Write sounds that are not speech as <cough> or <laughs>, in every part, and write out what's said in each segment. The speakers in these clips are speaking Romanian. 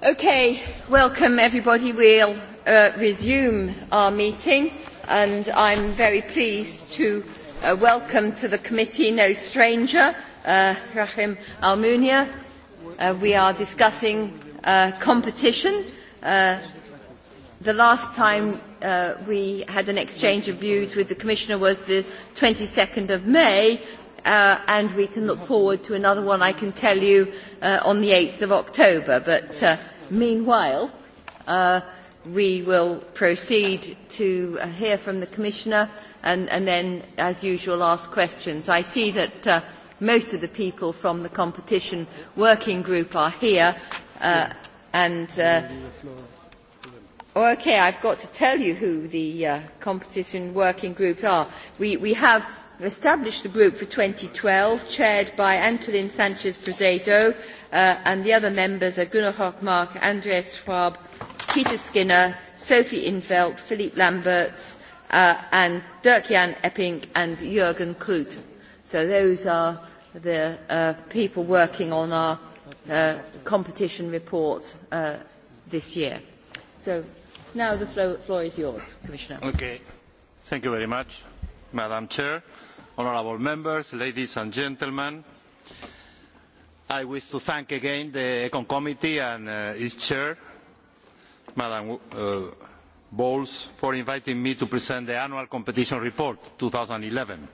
Okay, welcome everybody. We'll uh, resume our meeting and I'm very pleased to uh, welcome to the committee no stranger, uh, Rahim Almunia. Uh, we are discussing uh, competition. Uh, the last time uh, we had an exchange of views with the Commissioner was the 22nd of May Uh, and we can look forward to another one, I can tell you, uh, on the 8th of October. But uh, meanwhile, we will proceed to hear from the Commissioner and, then, as usual, ask questions. I see that most of the people from the competition working group are here. and okay, I've got to tell you who the competition working group are. we have established the group for 2012, chaired by Antolin Sanchez presedo uh, and the other members are Gunnar Hockmark, Andreas Schwab, Peter Skinner, Sophie Infeld, Philippe Lamberts, uh, and Dirk-Jan Epping and Jürgen Klute. So those are the uh, people working on our uh, competition report uh, this year. So now the floor, floor is yours, Commissioner. Okay. Thank you very much, Madam Chair honourable members ladies and gentlemen i wish to thank again the econ committee and uh, its chair ms uh, bowles for inviting me to present the annual competition report. two thousand and eleven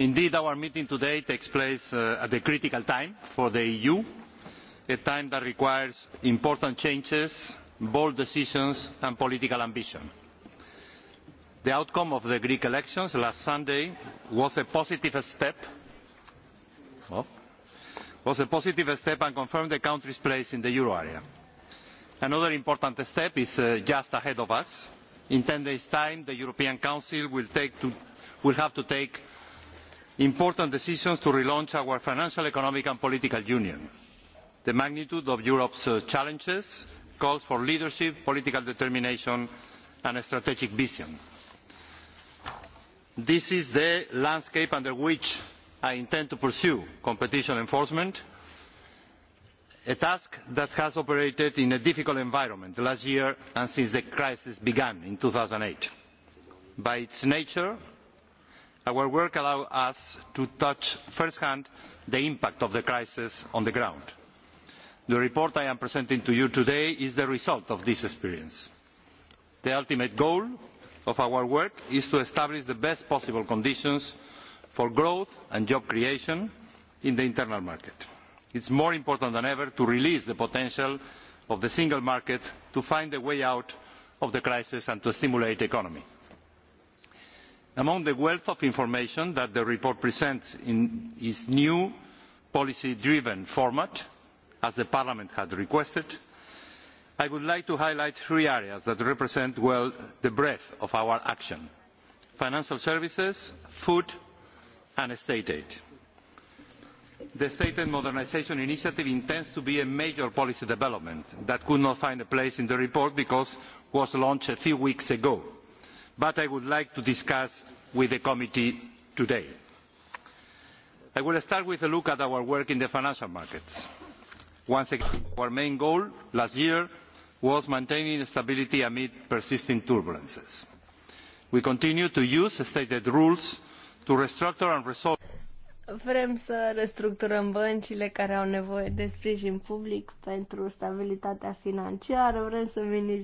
indeed our meeting today takes place uh, at a critical time for the eu a time that requires important changes bold decisions and political ambition the outcome of the greek elections last sunday was a positive step oh. was a positive step and confirmed the country's place in the euro area. another important step is uh, just ahead of us. in ten days' time the european council will, have to take important decisions to relaunch our financial economic and political union. the magnitude of europe's uh, challenges calls for leadership political determination and a strategic vision this is the landscape under which i intend to pursue competition enforcement a task that has operated in a difficult environment last year and since the crisis began in. two thousand and eight by its nature our work allows us to touch first hand the impact of the crisis on the ground. the report i am presenting to you today is the result of this experience. the ultimate goal of our work is to establish the best possible conditions for growth and job creation in the internal market. it is more important than ever to release the potential of the single market to find a way out of the crisis and to stimulate the economy. among the wealth of information that the report presents in its new policy driven format as parliament had requested i would like to highlight three areas that represent well the breadth of our action financial services food and state aid. the state aid modernisation initiative intends to be a major policy development that could not find a place in the report because it was launched a few weeks ago but i would like to discuss with the committee today. i will start with a look at our work in the financial markets. once again our main goal last year was maintaining stability amid persisting turbulences. we continue to use stated rules to restructure and resolve Vrem să restructurăm băncile care au nevoie de sprijin public pentru stabilitatea financiară, vrem să, minim,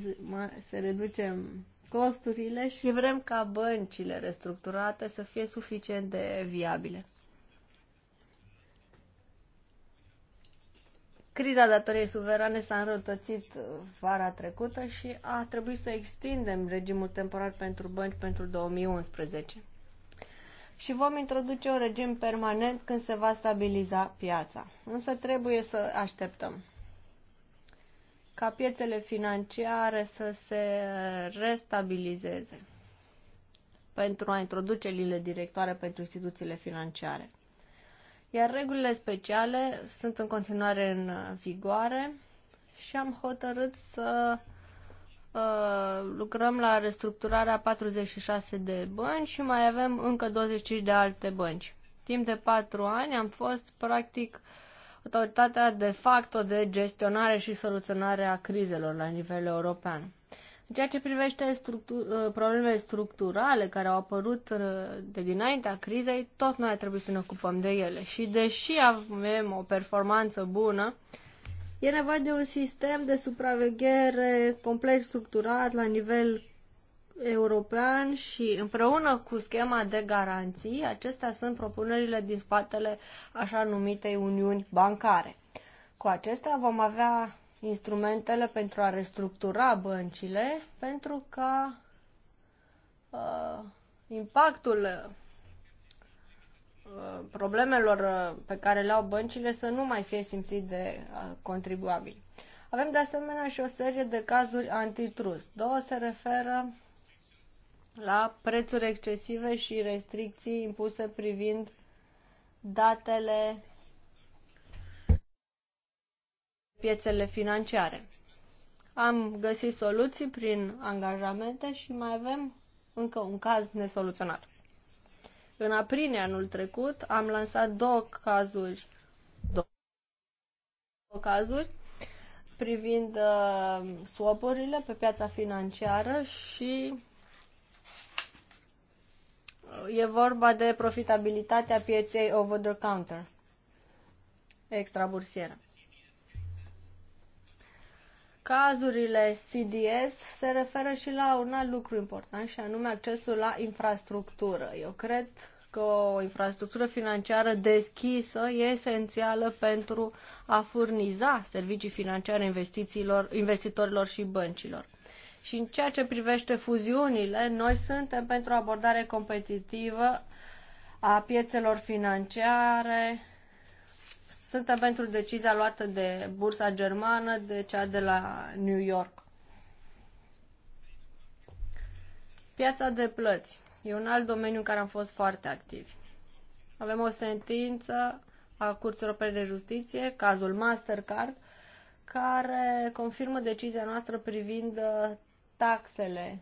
să reducem costurile și vrem ca băncile restructurate să fie suficient de viabile. Criza datoriei suverane s-a înrăutățit vara trecută și a trebuit să extindem regimul temporar pentru bănci pentru 2011. Și vom introduce un regim permanent când se va stabiliza piața. Însă trebuie să așteptăm ca piețele financiare să se restabilizeze pentru a introduce linile directoare pentru instituțiile financiare. Iar regulile speciale sunt în continuare în vigoare și am hotărât să uh, lucrăm la restructurarea 46 de bănci și mai avem încă 25 de alte bănci. Timp de 4 ani am fost practic autoritatea de facto de gestionare și soluționare a crizelor la nivel european. În ceea ce privește structu- ă, problemele structurale care au apărut ă, de dinaintea crizei, tot noi trebuie să ne ocupăm de ele. Și deși avem o performanță bună, e nevoie de un sistem de supraveghere complet structurat la nivel european și împreună cu schema de garanții, acestea sunt propunerile din spatele așa numitei Uniuni Bancare. Cu acestea vom avea instrumentele pentru a restructura băncile, pentru ca uh, impactul uh, problemelor uh, pe care le au băncile să nu mai fie simțit de contribuabil. Uh, contribuabili. Avem de asemenea și o serie de cazuri antitrust. Două se referă la prețuri excesive și restricții impuse privind datele piețele financiare. Am găsit soluții prin angajamente și mai avem încă un caz nesoluționat. În aprilie anul trecut am lansat două cazuri, două, cazuri privind uh, swapurile pe piața financiară și uh, e vorba de profitabilitatea pieței over the counter extrabursieră. Cazurile CDS se referă și la un alt lucru important și anume accesul la infrastructură. Eu cred că o infrastructură financiară deschisă e esențială pentru a furniza servicii financiare investițiilor, investitorilor și băncilor. Și în ceea ce privește fuziunile, noi suntem pentru abordare competitivă a piețelor financiare, suntem pentru decizia luată de bursa germană, de cea de la New York. Piața de plăți e un alt domeniu în care am fost foarte activi. Avem o sentință a Curții Europene de Justiție, cazul Mastercard, care confirmă decizia noastră privind uh, taxele.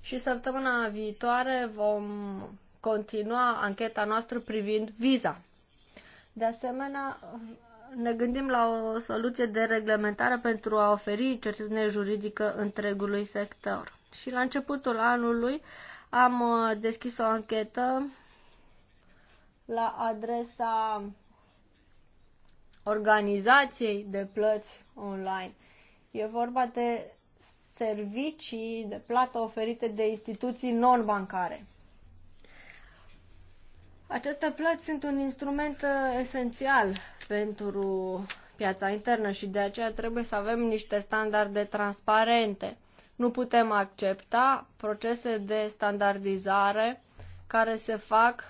Și săptămâna viitoare vom continua ancheta noastră privind viza. De asemenea, ne gândim la o soluție de reglementare pentru a oferi certitudine juridică întregului sector. Și la începutul anului am uh, deschis o anchetă la adresa organizației de plăți online. E vorba de servicii de plată oferite de instituții non-bancare. Aceste plăți sunt un instrument uh, esențial pentru piața internă și de aceea trebuie să avem niște standarde transparente. Nu putem accepta procese de standardizare care se fac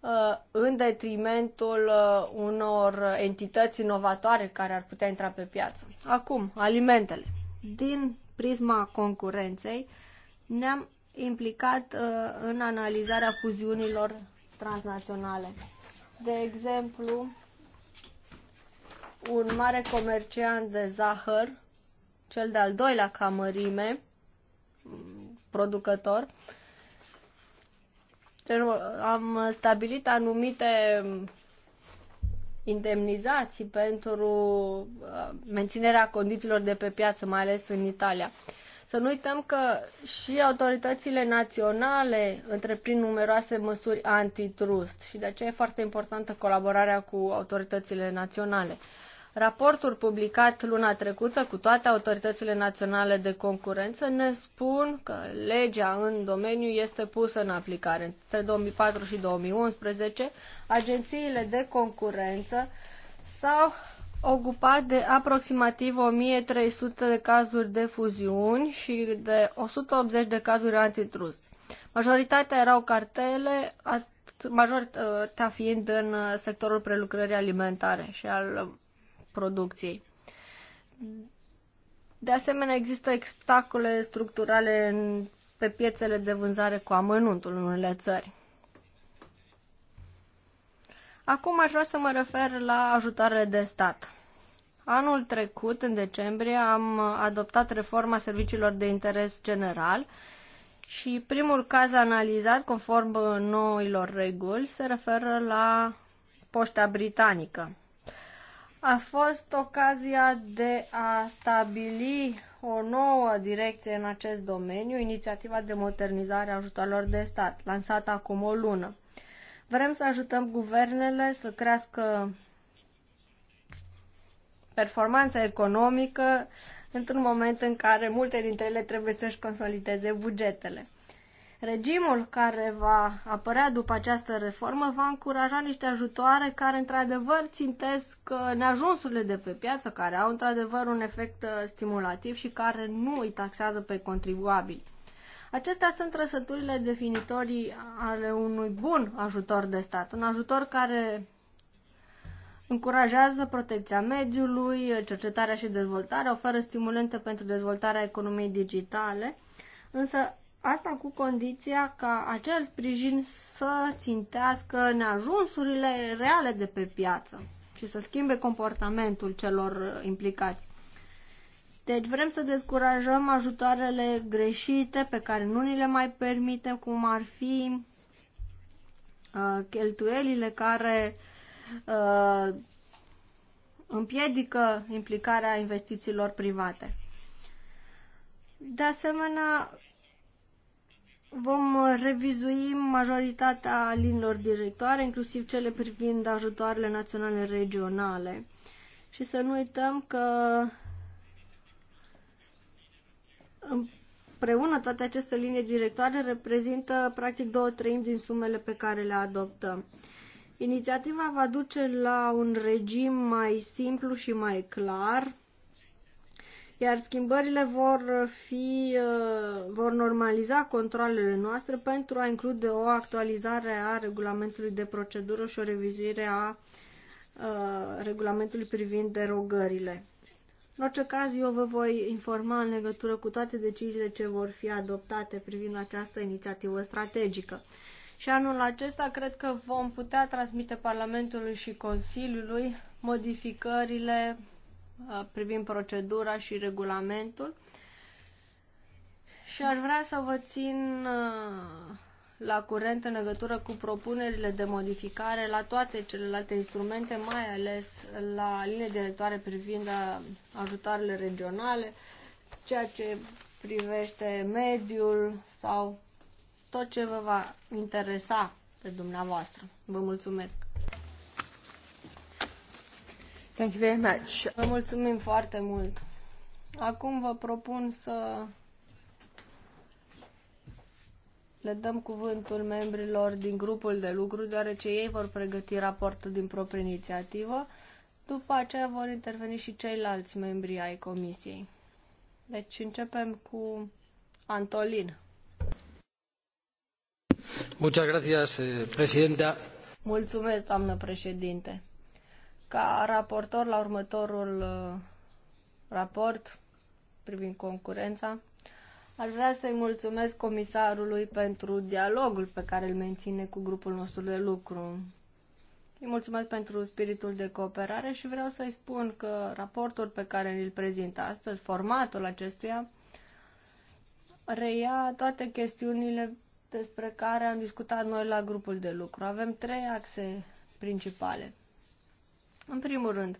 uh, în detrimentul uh, unor entități inovatoare care ar putea intra pe piață. Acum, alimentele. Din prisma concurenței, ne-am implicat uh, în analizarea fuziunilor transnaționale. De exemplu, un mare comerciant de zahăr, cel de-al doilea ca mărime, producător, am stabilit anumite indemnizații pentru uh, menținerea condițiilor de pe piață, mai ales în Italia. Să nu uităm că și autoritățile naționale întreprind numeroase măsuri antitrust și de aceea e foarte importantă colaborarea cu autoritățile naționale. Raportul publicat luna trecută cu toate autoritățile naționale de concurență ne spun că legea în domeniu este pusă în aplicare. Între 2004 și 2011, agențiile de concurență s-au ocupat de aproximativ 1300 de cazuri de fuziuni și de 180 de cazuri antitrust. Majoritatea erau cartele, majoritatea fiind în sectorul prelucrării alimentare și al producției. De asemenea, există obstacole structurale în, pe piețele de vânzare cu amănuntul în unele țări. Acum aș vrea să mă refer la ajutoarele de stat. Anul trecut, în decembrie, am adoptat reforma serviciilor de interes general și primul caz analizat, conform noilor reguli, se referă la poșta britanică. A fost ocazia de a stabili o nouă direcție în acest domeniu, inițiativa de modernizare a ajutoarelor de stat, lansată acum o lună. Vrem să ajutăm guvernele să crească performanța economică într-un moment în care multe dintre ele trebuie să-și consolideze bugetele. Regimul care va apărea după această reformă va încuraja niște ajutoare care într-adevăr țintesc uh, neajunsurile de pe piață, care au într-adevăr un efect uh, stimulativ și care nu îi taxează pe contribuabili. Acestea sunt trăsăturile definitorii ale unui bun ajutor de stat, un ajutor care încurajează protecția mediului, cercetarea și dezvoltarea, oferă stimulente pentru dezvoltarea economiei digitale, însă asta cu condiția ca acel sprijin să țintească neajunsurile reale de pe piață și să schimbe comportamentul celor implicați. Deci vrem să descurajăm ajutoarele greșite pe care nu ni le mai permitem, cum ar fi uh, cheltuielile care uh, împiedică implicarea investițiilor private. De asemenea, vom revizui majoritatea linilor directoare, inclusiv cele privind ajutoarele naționale regionale. Și să nu uităm că împreună toate aceste linii directoare reprezintă practic două treimi din sumele pe care le adoptăm. Inițiativa va duce la un regim mai simplu și mai clar, iar schimbările vor fi uh, vor normaliza controlele noastre pentru a include o actualizare a regulamentului de procedură și o revizuire a, a uh, regulamentului privind derogările. În orice caz, eu vă voi informa în legătură cu toate deciziile ce vor fi adoptate privind această inițiativă strategică. Și anul acesta cred că vom putea transmite Parlamentului și Consiliului modificările uh, privind procedura și regulamentul. Și aș vrea să vă țin uh, la curent în legătură cu propunerile de modificare la toate celelalte instrumente, mai ales la linie directoare privind ajutoarele regionale, ceea ce privește mediul sau tot ce vă va interesa pe dumneavoastră. Vă mulțumesc! Thank you very much. Vă mulțumim foarte mult! Acum vă propun să le dăm cuvântul membrilor din grupul de lucru, deoarece ei vor pregăti raportul din proprie inițiativă. După aceea vor interveni și ceilalți membri ai comisiei. Deci începem cu Antolin. Muchas gracias, eh, presidenta. Mulțumesc, doamnă președinte. Ca raportor la următorul uh, raport privind concurența, Aș vrea să-i mulțumesc comisarului pentru dialogul pe care îl menține cu grupul nostru de lucru. Îi mulțumesc pentru spiritul de cooperare și vreau să-i spun că raportul pe care îl prezint astăzi, formatul acestuia, reia toate chestiunile despre care am discutat noi la grupul de lucru. Avem trei axe principale. În primul rând,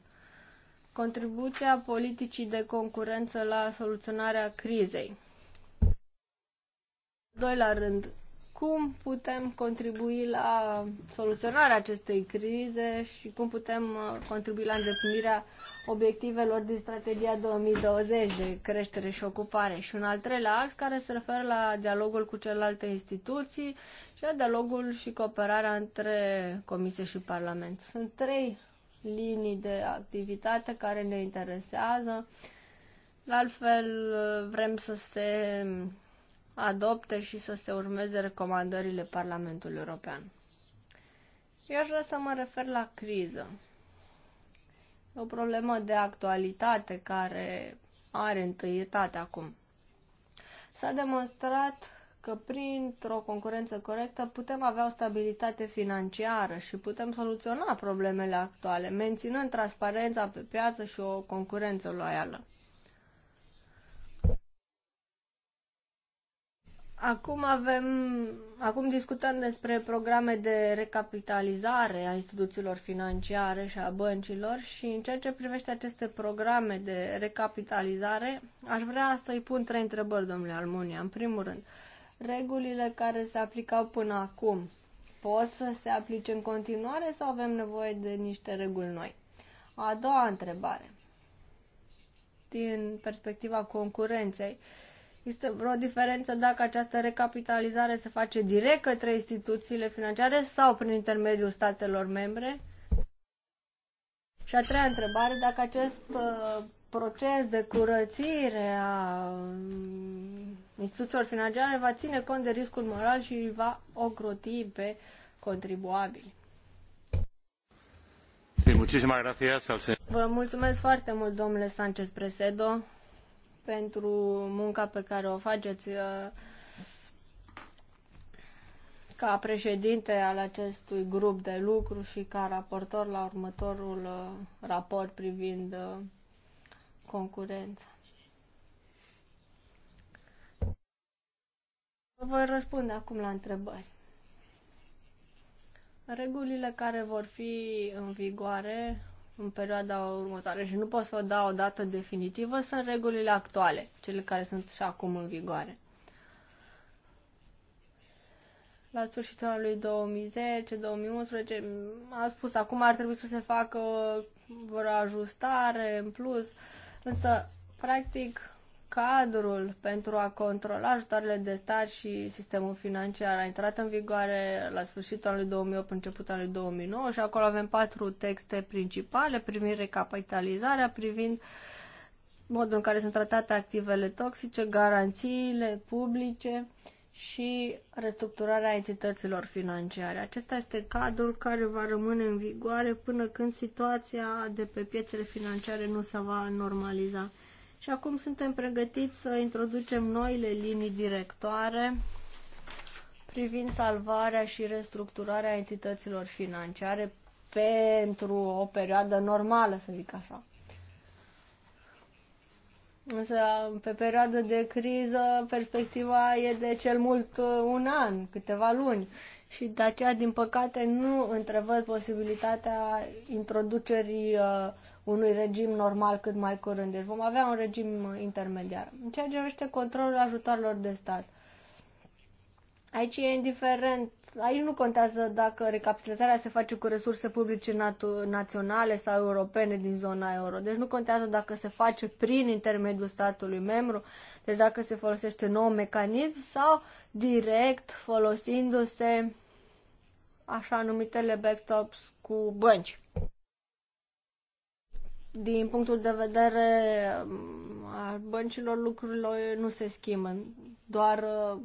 contribuția politicii de concurență la soluționarea crizei doilea rând, cum putem contribui la soluționarea acestei crize și cum putem uh, contribui la îndeplinirea obiectivelor din strategia 2020 de creștere și ocupare și un al treilea ax care se referă la dialogul cu celelalte instituții și la dialogul și cooperarea între Comisie și Parlament. Sunt trei linii de activitate care ne interesează. La altfel, uh, vrem să se adopte și să se urmeze recomandările Parlamentului European. Eu aș vrea să mă refer la criză. E o problemă de actualitate care are întâietate acum. S-a demonstrat că printr-o concurență corectă putem avea o stabilitate financiară și putem soluționa problemele actuale, menținând transparența pe piață și o concurență loială. Acum avem, acum discutăm despre programe de recapitalizare a instituțiilor financiare și a băncilor și în ceea ce privește aceste programe de recapitalizare, aș vrea să-i pun trei întrebări, domnule Almunia. În primul rând, regulile care se aplicau până acum pot să se aplice în continuare sau avem nevoie de niște reguli noi? A doua întrebare, din perspectiva concurenței, uh, este vreo diferență dacă această recapitalizare se face direct către instituțiile financiare sau prin intermediul statelor membre? Și a treia întrebare, dacă acest uh, proces de curățire a um, instituțiilor financiare va ține cont de riscul moral și va ocroti pe contribuabili. Vă mulțumesc foarte mult, domnule Sanchez Presedo pentru munca pe care o faceți uh, ca președinte al acestui grup de lucru și ca raportor la următorul uh, raport privind uh, concurența. Voi răspunde acum la întrebări. Regulile care vor fi în vigoare în perioada următoare și nu pot să o dau o dată definitivă, sunt regulile actuale, cele care sunt și acum în vigoare. La sfârșitul anului 2010-2011 am spus acum ar trebui să se facă vreo ajustare în plus, însă practic cadrul pentru a controla ajutoarele de stat și sistemul financiar a intrat în vigoare la sfârșitul anului 2008, începutul anului 2009 și acolo avem patru texte principale privind recapitalizarea, privind modul în care sunt tratate activele toxice, garanțiile publice și restructurarea entităților financiare. Acesta este cadrul care va rămâne în vigoare până când situația de pe piețele financiare nu se va normaliza și acum suntem pregătiți să introducem noile linii directoare privind salvarea și restructurarea entităților financiare pentru o perioadă normală, să zic așa. Însă, pe perioadă de criză, perspectiva e de cel mult un an, câteva luni și de aceea, din păcate, nu întrevăd posibilitatea introducerii uh, unui regim normal cât mai curând. Deci vom avea un regim uh, intermediar. În ceea ce privește controlul ajutoarelor de stat. Aici e indiferent, aici nu contează dacă recapitalizarea se face cu resurse publice natu- naționale sau europene din zona euro. Deci nu contează dacă se face prin intermediul statului membru, deci dacă se folosește nou mecanism sau direct folosindu-se așa numitele backstops cu bănci. Din punctul de vedere mm, al băncilor, lucrurile nu se schimbă, doar uh,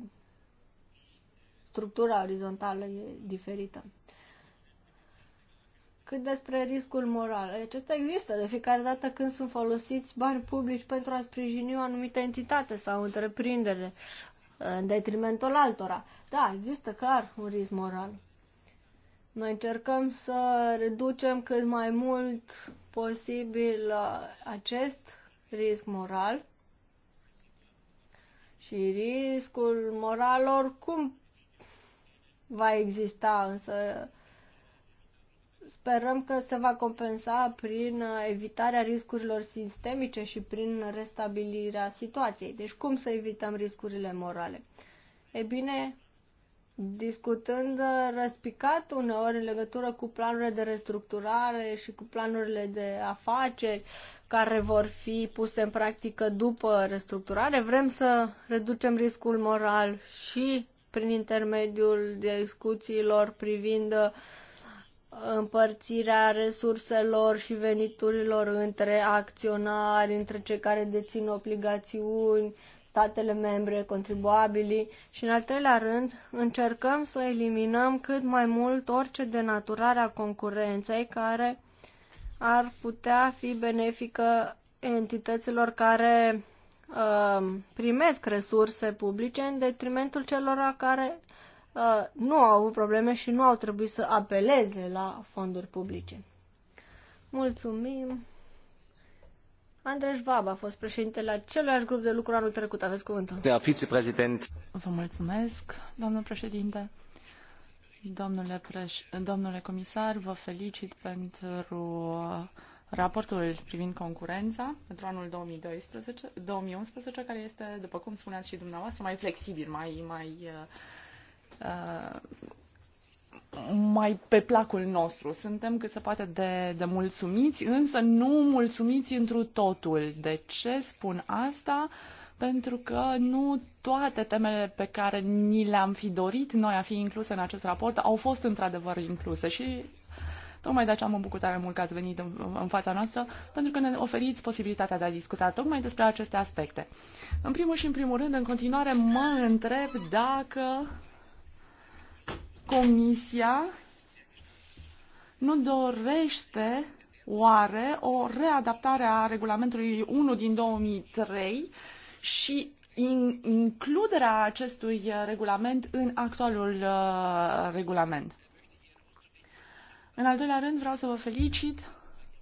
structura orizontală e diferită. Cât despre riscul moral, acesta există de fiecare dată când sunt folosiți bani publici pentru a sprijini o anumită entitate sau întreprindere în detrimentul altora. Da, există clar un risc moral. Noi încercăm să reducem cât mai mult posibil uh, acest risc moral și riscul moral oricum va exista, însă sperăm că se va compensa prin evitarea riscurilor sistemice și prin restabilirea situației. Deci cum să evităm riscurile morale? E bine, discutând răspicat uneori în legătură cu planurile de restructurare și cu planurile de afaceri care vor fi puse în practică după restructurare. Vrem să reducem riscul moral și prin intermediul discuțiilor privind uh, împărțirea resurselor și veniturilor între acționari, între cei care dețin obligațiuni, statele membre, contribuabilii și, în al treilea rând, încercăm să eliminăm cât mai mult orice denaturare a concurenței care ar putea fi benefică entităților care uh, primesc resurse publice în detrimentul celor care uh, nu au avut probleme și nu au trebuit să apeleze la fonduri publice. Mulțumim! Andrej Vab a fost la același grup de lucru anul trecut. Aveți cuvântul. Da, fiți prezident. Vă mulțumesc, domnul președinte. Domnule, preș- domnule comisar, vă felicit pentru raportul privind concurența pentru anul 2012, 2011, care este, după cum spuneați și dumneavoastră, mai flexibil, mai, mai, uh, uh, mai pe placul nostru. Suntem cât se poate de, de mulțumiți, însă nu mulțumiți întru totul. De ce spun asta? Pentru că nu toate temele pe care ni le-am fi dorit noi a fi incluse în acest raport au fost într-adevăr incluse și Tocmai de aceea mă bucur tare mult că ați venit în, în fața noastră, pentru că ne oferiți posibilitatea de a discuta tocmai despre aceste aspecte. În primul și în primul rând, în continuare, mă întreb dacă Comisia nu dorește oare o readaptare a regulamentului 1 din 2003 și in, includerea acestui regulament în actualul uh, regulament. În al doilea rând, vreau să vă felicit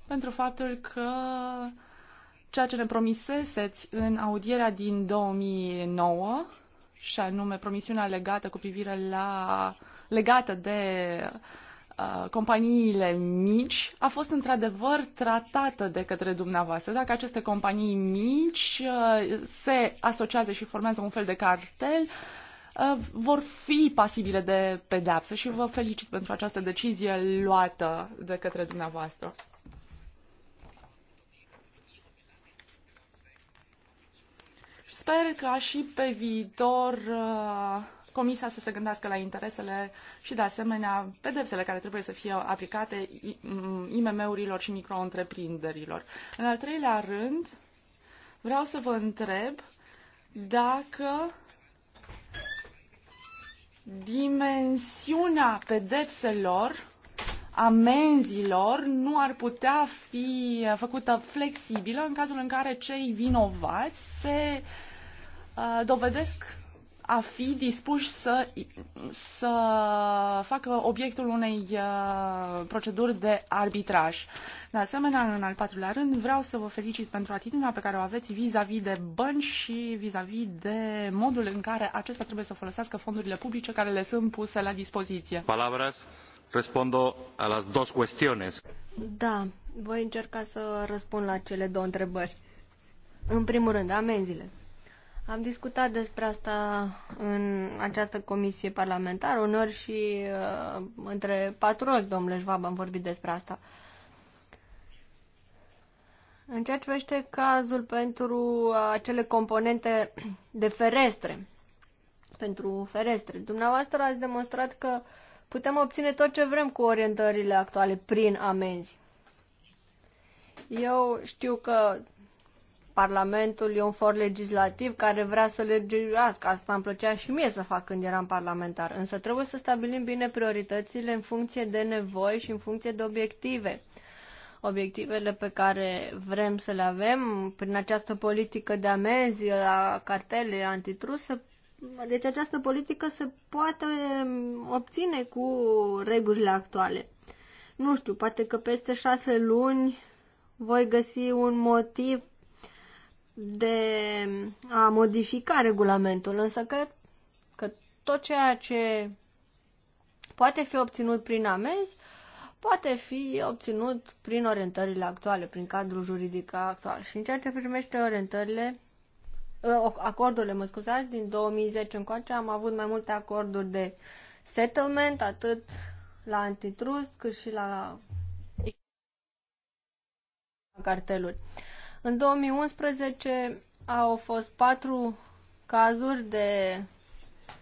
pentru faptul că ceea ce ne promiseseți în audierea din 2009, și anume promisiunea legată cu privire la legată de uh, companiile mici a fost într-adevăr tratată de către dumneavoastră. Dacă aceste companii mici uh, se asociază și formează un fel de cartel, uh, Uh, vor fi pasibile de pedeapsă și vă felicit pentru această decizie luată de către dumneavoastră. Sper ca și pe viitor uh, Comisia să se gândească la interesele și, de asemenea, pedepsele care trebuie să fie aplicate IMM-urilor și micro-întreprinderilor. În al treilea rând, vreau să vă întreb dacă dimensiunea pedepselor, amenzilor, nu ar putea fi făcută flexibilă în cazul în care cei vinovați se uh, dovedesc a fi dispuși să, să facă obiectul unei uh, proceduri de arbitraj. De asemenea, în al patrulea rând, vreau să vă felicit pentru atitudinea pe care o aveți vis-a-vis -vis de bănci și vis-a-vis -vis de modul în care acesta trebuie să folosească fondurile publice care le sunt puse la dispoziție. Palabras, respondo a las dos cuestiones. Da, voi încerca să răspund la cele două întrebări. În primul rând, amenziile. Am discutat despre asta în această comisie parlamentară, unor și uh, între patroni, domnule Șvab, am vorbit despre asta. În ceea ce privește cazul pentru uh, acele componente de ferestre, pentru ferestre, dumneavoastră ați demonstrat că putem obține tot ce vrem cu orientările actuale prin amenzi. Eu știu că Parlamentul e un for legislativ care vrea să legiuiască. Asta îmi plăcea și mie să fac când eram parlamentar. Însă trebuie să stabilim bine prioritățile în funcție de nevoi și în funcție de obiective. Obiectivele pe care vrem să le avem prin această politică de amenzi la cartele antitruse, deci această politică se poate mm, obține cu regulile actuale. Nu știu, poate că peste șase luni voi găsi un motiv de a modifica regulamentul, însă cred că tot ceea ce poate fi obținut prin amenzi poate fi obținut prin orientările actuale, prin cadrul juridic actual. Și în ceea ce primește orientările, ă, acordurile, mă scuzați, din 2010 încoace am avut mai multe acorduri de settlement, atât la antitrust cât și la carteluri. Uh, în 2011 au fost patru cazuri de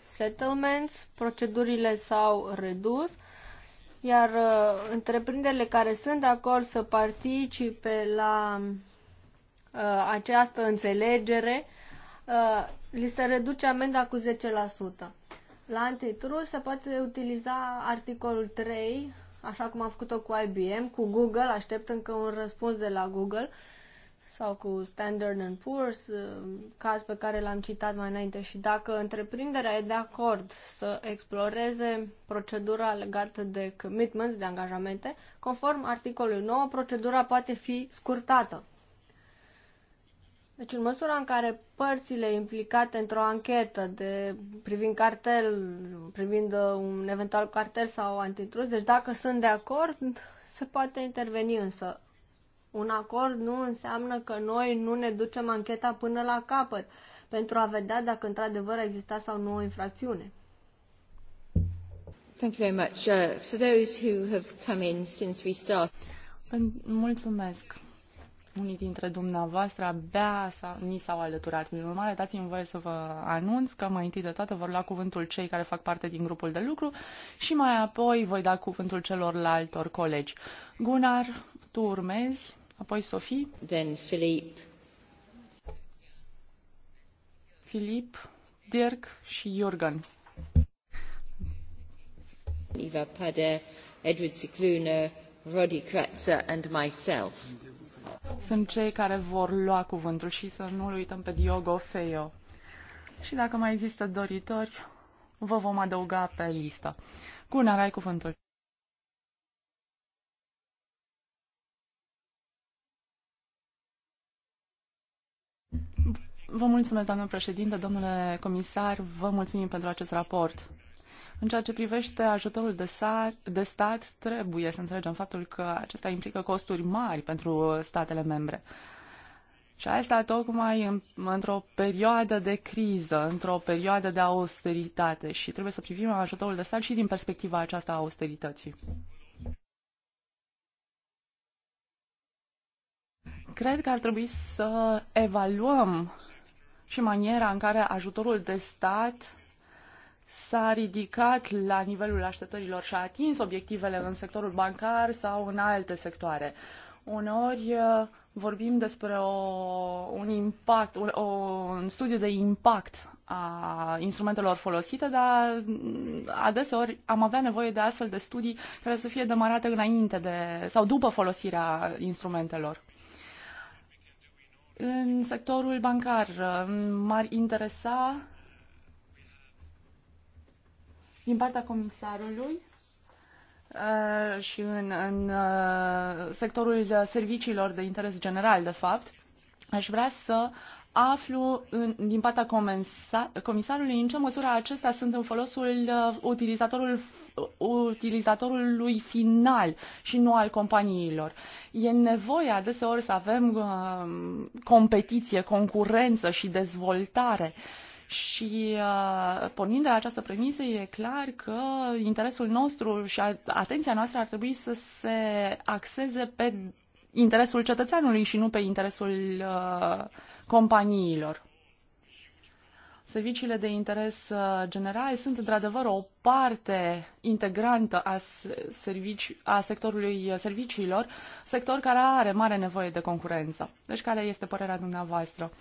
settlements, procedurile s-au redus, iar uh, întreprinderile care sunt de acord să participe la uh, această înțelegere, uh, li se reduce amenda cu 10%. La antitrust se poate utiliza articolul 3, așa cum am făcut-o cu IBM, cu Google, aștept încă un răspuns de la Google, uh, sau cu Standard Poor's, uh, caz pe care l-am citat mai înainte, și dacă întreprinderea e de acord să exploreze procedura legată de commitments, de angajamente, conform articolului 9, procedura poate fi scurtată. Deci, în măsura în care părțile implicate într-o anchetă de, privind cartel, privind uh, un eventual cartel sau antitrust, deci dacă sunt de acord, se poate interveni însă un acord nu înseamnă că noi nu ne ducem ancheta până la capăt pentru a vedea dacă într-adevăr exista sau nu o infracțiune. Thank you very much. Uh, for those who have come in since we started. Mulțumesc. Unii dintre dumneavoastră abia s-a, ni s-au alăturat. Prin urmare, dați-mi voie să vă anunț că mai întâi de toate vor lua cuvântul cei care fac parte din grupul de lucru și mai apoi voi da cuvântul celorlaltor colegi. Gunnar, tu urmezi apoi Sophie. Then Philippe. Filip, Dirk și Jorgen. Iva Pader, Edward Cicluna, Rodi Kratzer and myself. Sunt cei care vor lua cuvântul și să nu-l uităm pe Diogo Feio. Și dacă mai există doritori, vă vom adăuga pe listă. Gunnar, ai cuvântul. Vă mulțumesc, doamnă președinte, domnule comisar, vă mulțumim pentru acest raport. În ceea ce privește ajutorul de, de stat, trebuie să înțelegem faptul că acesta implică costuri mari pentru statele membre. Și asta tocmai în, într-o perioadă de criză, într-o perioadă de austeritate și trebuie să privim ajutorul de stat și din perspectiva aceasta a austerității. Cred că ar trebui să evaluăm și maniera în care ajutorul de stat s-a ridicat la nivelul așteptărilor și a atins obiectivele în sectorul bancar sau în alte sectoare. Uneori uh, vorbim despre o, un impact, o, un studiu de impact a instrumentelor folosite, dar mm, adeseori am avea nevoie de astfel de studii care să fie demarate înainte de sau după folosirea instrumentelor. În sectorul bancar m-ar interesa din partea comisarului uh, și în, în uh, sectorul serviciilor de interes general, de fapt, aș vrea să aflu în, din partea comensar, comisarului în ce măsură acestea sunt în folosul uh, utilizatorul, utilizatorului final și nu al companiilor. E nevoie adeseori să avem uh, competiție, concurență și dezvoltare. Și uh, pornind de la această premisă, e clar că interesul nostru și atenția noastră ar trebui să se axeze pe interesul cetățeanului și nu pe interesul uh, companiilor. Serviciile de interes uh, general sunt într-adevăr o parte integrantă a, servici, a sectorului uh, serviciilor, sector care are mare nevoie de concurență. Deci care este părerea dumneavoastră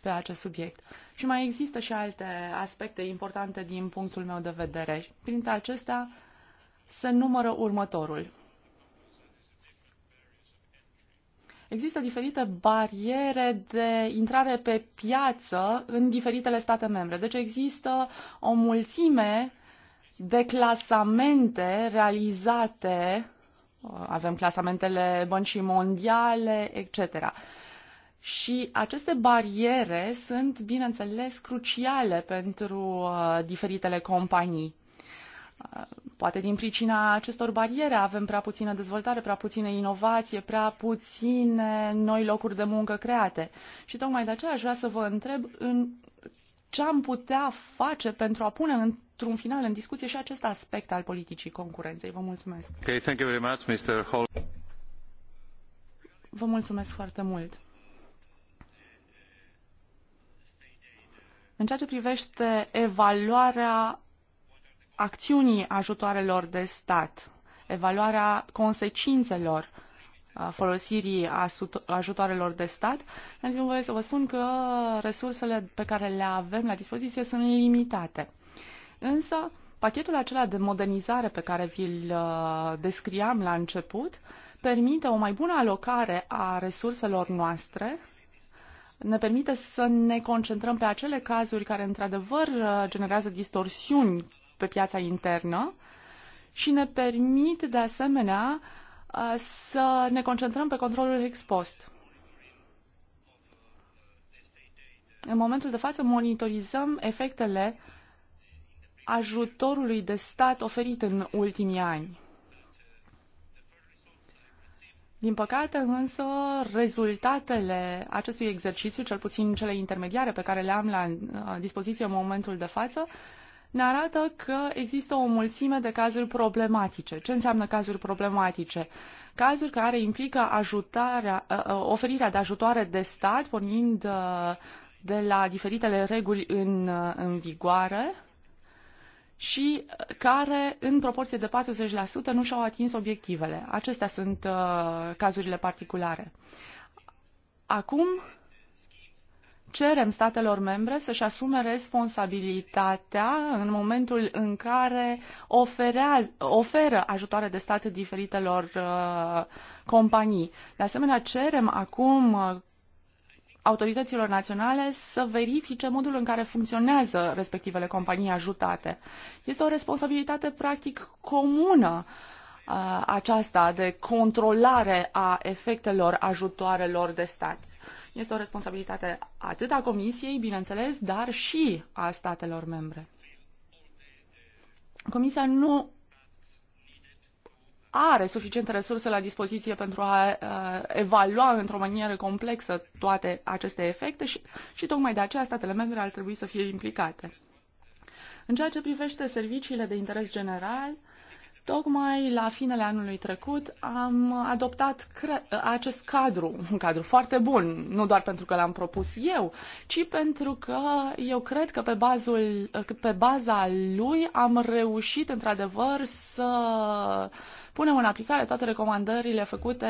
pe acest subiect? Și mai există și alte aspecte importante din punctul meu de vedere. Printre acestea se numără următorul. Există diferite bariere de intrare pe piață în diferitele state membre. Deci există o mulțime de clasamente realizate, avem clasamentele băncii mondiale, etc. Și aceste bariere sunt, bineînțeles, cruciale pentru uh, diferitele companii. Poate din pricina acestor bariere avem prea puțină dezvoltare, prea puțină inovație, prea puține noi locuri de muncă create. Și tocmai de aceea aș vrea să vă întreb în ce am putea face pentru a pune într-un final în discuție și acest aspect al politicii concurenței. Vă mulțumesc. Okay, thank you very much, Mr. Hall. Vă mulțumesc foarte mult. În ceea ce privește evaluarea acțiunii ajutoarelor de stat, evaluarea consecințelor uh, folosirii ajutoarelor de stat, dați-mi voie să vă spun că resursele pe care le avem la dispoziție sunt limitate. Însă, pachetul acela de modernizare pe care vi-l uh, descriam la început permite o mai bună alocare a resurselor noastre ne permite să ne concentrăm pe acele cazuri care într-adevăr uh, generează distorsiuni pe piața internă și ne permit de asemenea uh, să ne concentrăm pe controlul ex post. În momentul de față monitorizăm efectele ajutorului de stat oferit în ultimii ani. Din păcate, însă, rezultatele acestui exercițiu, cel puțin cele intermediare pe care le am la uh, dispoziție în momentul de față, ne arată că există o mulțime de cazuri problematice. Ce înseamnă cazuri problematice? Cazuri care implică ajutarea, ă, ă, oferirea de ajutoare de stat, pornind ă, de la diferitele reguli în, în vigoare și care, în proporție de 40%, nu și-au atins obiectivele. Acestea sunt cazurile particulare. Acum, cerem statelor membre să-și asume responsabilitatea în momentul în care oferea, oferă ajutoare de stat diferitelor uh, companii. De asemenea, cerem acum uh, autorităților naționale să verifice modul în care funcționează respectivele companii ajutate. Este o responsabilitate practic comună uh, aceasta de controlare a efectelor ajutoarelor de stat. Este o responsabilitate atât a Comisiei, bineînțeles, dar și a statelor membre. Comisia nu are suficiente resurse la dispoziție pentru a uh, evalua într-o manieră complexă toate aceste efecte și, și tocmai de aceea statele membre ar trebui să fie implicate. În ceea ce privește serviciile de interes general, uh, Tocmai la finele anului trecut am adoptat acest cadru, un cadru foarte bun, nu doar pentru că l-am propus eu, ci pentru că eu cred că pe, bazul, pe baza lui am reușit într-adevăr să punem în aplicare toate recomandările făcute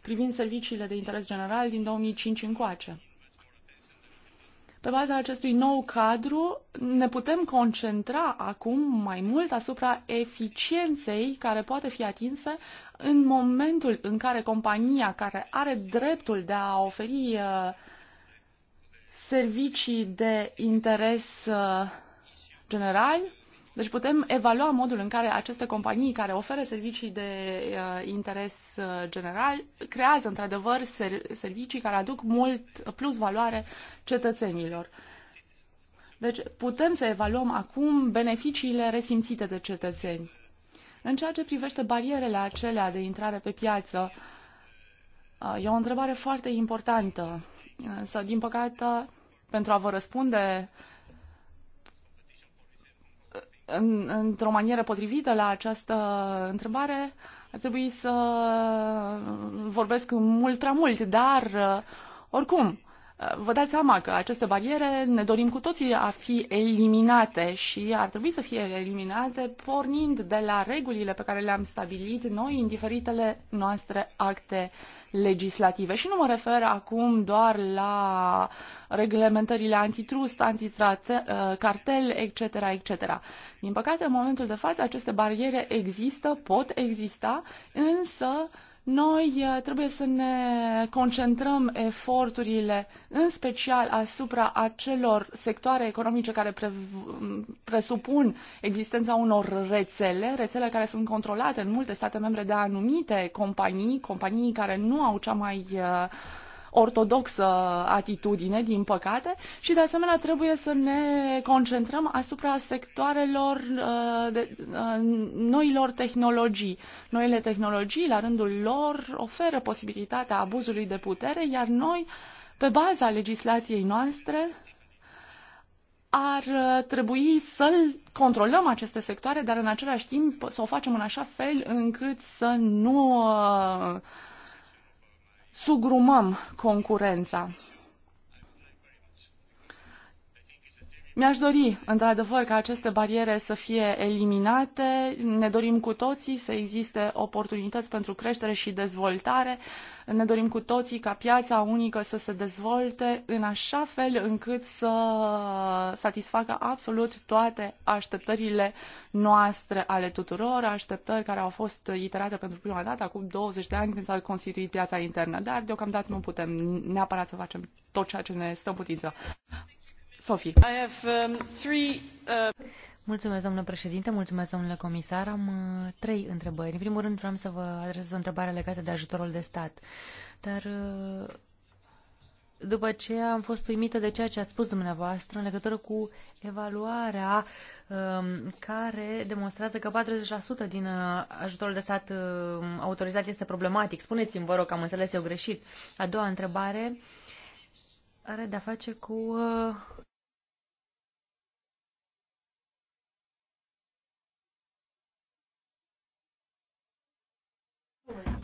privind serviciile de interes general din 2005 încoace. Pe baza acestui nou cadru ne putem concentra acum mai mult asupra eficienței care poate fi atinsă în momentul în care compania care are dreptul de a oferi uh, servicii de interes uh, general deci putem evalua modul în care aceste companii care oferă servicii de uh, interes uh, general creează într-adevăr ser- servicii care aduc mult plus valoare cetățenilor. Deci putem să evaluăm acum beneficiile resimțite de cetățeni. În ceea ce privește barierele acelea de intrare pe piață, uh, e o întrebare foarte importantă. Însă, din păcate, pentru a vă răspunde uh, în, într-o manieră potrivită la această întrebare, ar trebui să vorbesc mult prea mult, dar uh, oricum, Vă dați seama că aceste bariere ne dorim cu toții a fi eliminate și ar trebui să fie eliminate pornind de la regulile pe care le-am stabilit noi în diferitele noastre acte legislative. Și nu mă refer acum doar la reglementările antitrust, uh, cartel etc., etc. Din păcate, în momentul de față, aceste bariere există, pot exista, însă noi uh, trebuie să ne concentrăm eforturile în special asupra acelor sectoare economice care pre mm, presupun existența unor rețele, rețele care sunt controlate în multe state membre de anumite companii, companii care nu au cea mai uh, ortodoxă atitudine, din păcate, și de asemenea trebuie să ne concentrăm asupra sectoarelor uh, de, uh, noilor tehnologii. Noile tehnologii, la rândul lor, oferă posibilitatea abuzului de putere, iar noi, pe baza legislației noastre, ar uh, trebui să controlăm aceste sectoare, dar în același timp să o facem în așa fel încât să nu uh, sugrumăm concurența. Mi-aș dori, într-adevăr, ca aceste bariere să fie eliminate. Ne dorim cu toții să existe oportunități pentru creștere și dezvoltare. Ne dorim cu toții ca piața unică să se dezvolte în așa fel încât să satisfacă absolut toate așteptările noastre ale tuturor, așteptări care au fost iterate pentru prima dată acum 20 de ani când s-a constituit piața internă. Dar deocamdată nu putem neapărat să facem tot ceea ce ne stă în putință. Um, uh, mulțumesc, președinte, mulțumesc, comisar. Am uh, trei întrebări. În primul rând, vreau să vă adresez o întrebare legată de ajutorul de stat. Dar uh, după ce am fost uimită de ceea ce ați spus dumneavoastră în legătură cu evaluarea um, care demonstrează că 40% din ajutorul de stat um, autorizat este problematic. Spuneți-mi, vă rog, că am înțeles eu greșit. A doua întrebare are de-a face cu uh,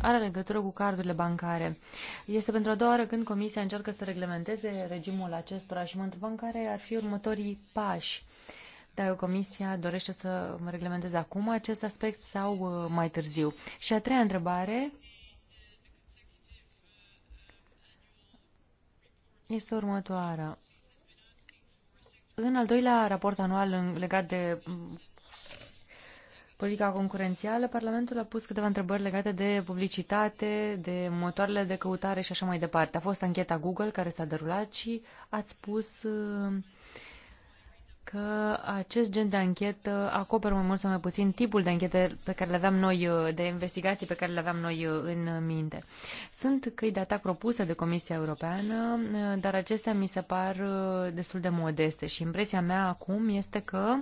are legătură cu cardurile bancare. Este pentru a doua oară când Comisia încearcă să reglementeze regimul acestora și mă întrebam care ar fi următorii pași. Dacă Comisia dorește să reglementeze acum acest aspect sau uh, mai târziu. Și a treia întrebare este următoarea. În al doilea raport anual legat de mm, politica concurențială, Parlamentul a pus câteva întrebări legate de publicitate, de motoarele de căutare și așa mai departe. A fost ancheta Google care s-a derulat și ați spus mm, că acest gen de anchetă acoperă mai mult sau mai puțin tipul de anchete pe care le aveam noi, uh, de investigații pe care le aveam noi uh, în minte. Sunt căi de atac propuse de Comisia Europeană, uh, dar acestea mi se par destul de modeste și impresia mea acum este că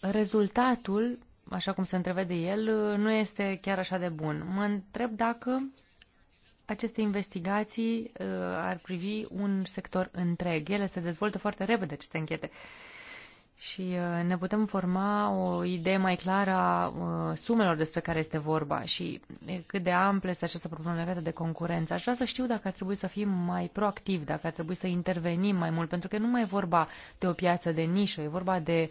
rezultatul, așa cum se întrevede el, nu este chiar așa de bun. Mă întreb dacă aceste investigații uh, ar privi un sector întreg. Ele se dezvoltă foarte repede aceste închete. Și uh, ne putem forma o idee mai clară a uh, sumelor despre care este vorba și cât de ample este această problemă legată de concurență. Aș vrea să știu dacă ar trebui să fim mai proactivi, dacă ar trebui să intervenim mai mult, pentru că nu mai e vorba de o piață de nișă, e vorba de uh,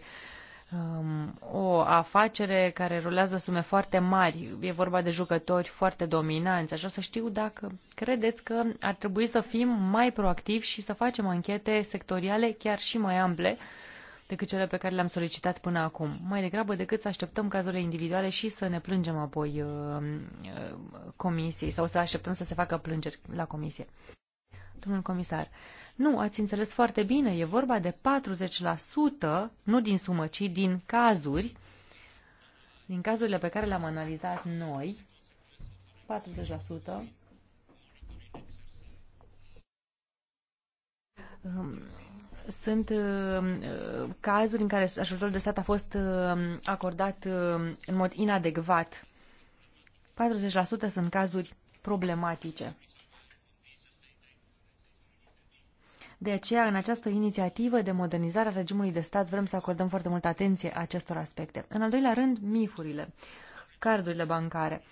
Um, o afacere care rulează sume foarte mari, e vorba de jucători foarte dominanți, așa să știu dacă credeți că ar trebui să fim mai proactivi și să facem anchete sectoriale chiar și mai ample decât cele pe care le-am solicitat până acum, mai degrabă decât să așteptăm cazurile individuale și să ne plângem apoi uh, uh comisiei sau să așteptăm să se facă plângeri la comisie. Domnul comisar, uh, nu, ați înțeles foarte bine, e vorba de 40%, nu din sumă, ci din cazuri, din cazurile pe care le-am analizat noi, 40%, um, sunt um, cazuri în care ajutorul de stat a fost um, acordat în mod inadecvat. 40% sunt cazuri problematice. De aceea, în această inițiativă de modernizare a regimului de stat, vrem să acordăm foarte multă atenție acestor aspecte. În al doilea rând, mifurile, cardurile bancare.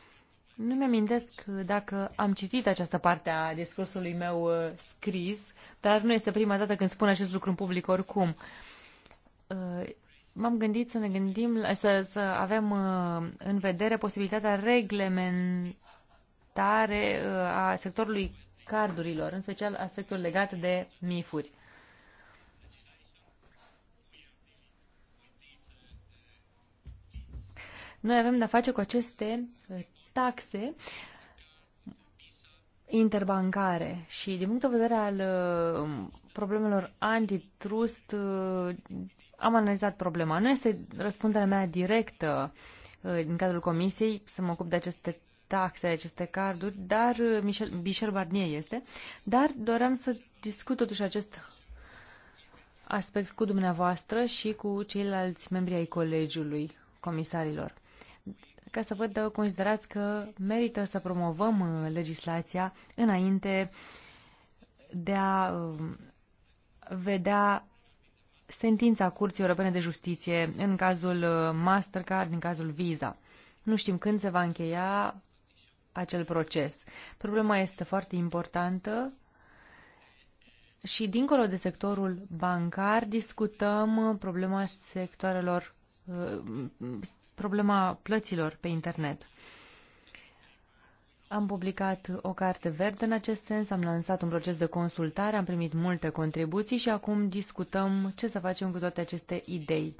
Nu mi-amintesc dacă am citit această parte a discursului meu uh, scris, dar nu este prima dată când spun acest lucru în public oricum. Uh, m-am gândit să ne gândim, să, să avem uh, în vedere posibilitatea reglementare a sectorului cardurilor, în special aspectul legat de mifuri. Noi avem de-a face cu aceste uh, taxe interbancare și din punctul de vedere al uh, problemelor antitrust uh, am analizat problema. Nu este răspunderea mea directă în cadrul comisiei să mă ocup de aceste taxe aceste carduri, dar uh, Michel, Michel Barnier este, dar doream să discut totuși acest aspect cu dumneavoastră și cu ceilalți membri ai colegiului comisarilor. Ca să văd dacă uh, considerați că merită să promovăm uh, legislația înainte de a um, vedea sentința Curții Europene de Justiție în cazul Mastercard, în cazul Visa. Nu știm când se va încheia, acel proces. Problema este foarte importantă și dincolo de sectorul bancar discutăm problema sectoarelor uh, problema plăților pe internet. Am publicat o carte verde în acest sens, am lansat un proces de consultare, am primit multe contribuții și acum discutăm ce să facem cu toate aceste idei.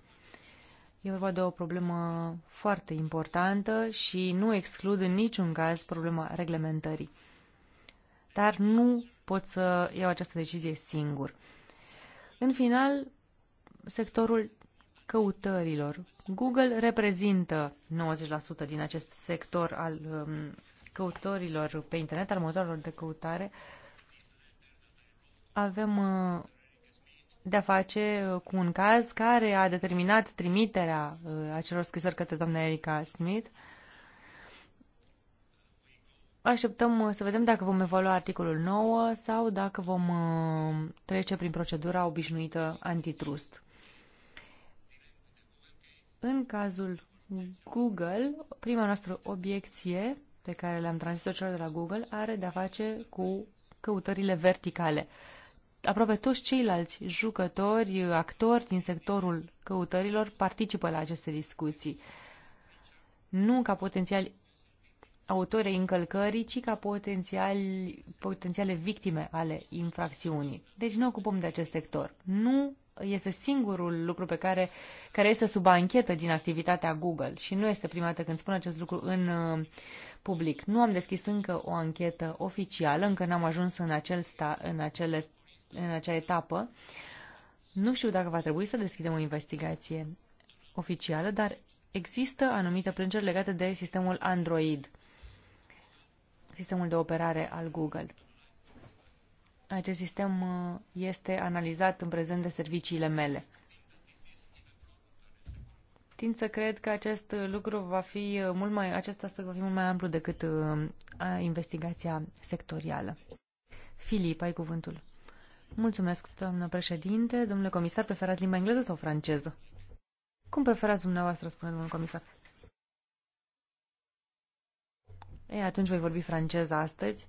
E vorba de o problemă foarte importantă și nu exclud în niciun caz problema reglementării. Dar nu pot să iau această decizie singur. În final, sectorul căutărilor. Google reprezintă 90% din acest sector al um, căutărilor pe internet, al motorilor de căutare. Avem uh, de-a face uh, cu un caz care a determinat trimiterea uh, acelor scrisori către doamna Erika Smith. Așteptăm uh, să vedem dacă vom evalua articolul 9 sau dacă vom trece prin procedura obișnuită antitrust. În cazul Google, prima noastră obiecție pe care le-am transmis-o celor de la Google are de-a face cu căutările verticale aproape toți ceilalți jucători, actori din sectorul căutărilor participă la aceste discuții. Nu ca potențiali autori încălcării, ci ca potențiali, potențiale victime ale infracțiunii. Deci ne ocupăm de acest sector. Nu este singurul lucru pe care, care este sub anchetă din activitatea Google și nu este prima dată când spun acest lucru în uh, public. Nu am deschis încă o anchetă oficială, încă n-am ajuns în, acel sta, în acele în acea etapă. Nu știu dacă va trebui să deschidem o investigație oficială, dar există anumite plângeri legate de sistemul Android, sistemul de operare al Google. Acest sistem uh, este analizat în prezent de serviciile mele. Tind să cred că acest lucru va fi uh, mult mai, acest aspect va fi mult mai amplu decât uh, investigația sectorială. Filip, ai cuvântul. Mulțumesc, doamnă președinte. Domnule comisar, preferați limba engleză sau franceză? Cum preferați dumneavoastră, spune domnul comisar? Ei, atunci voi vorbi franceză astăzi.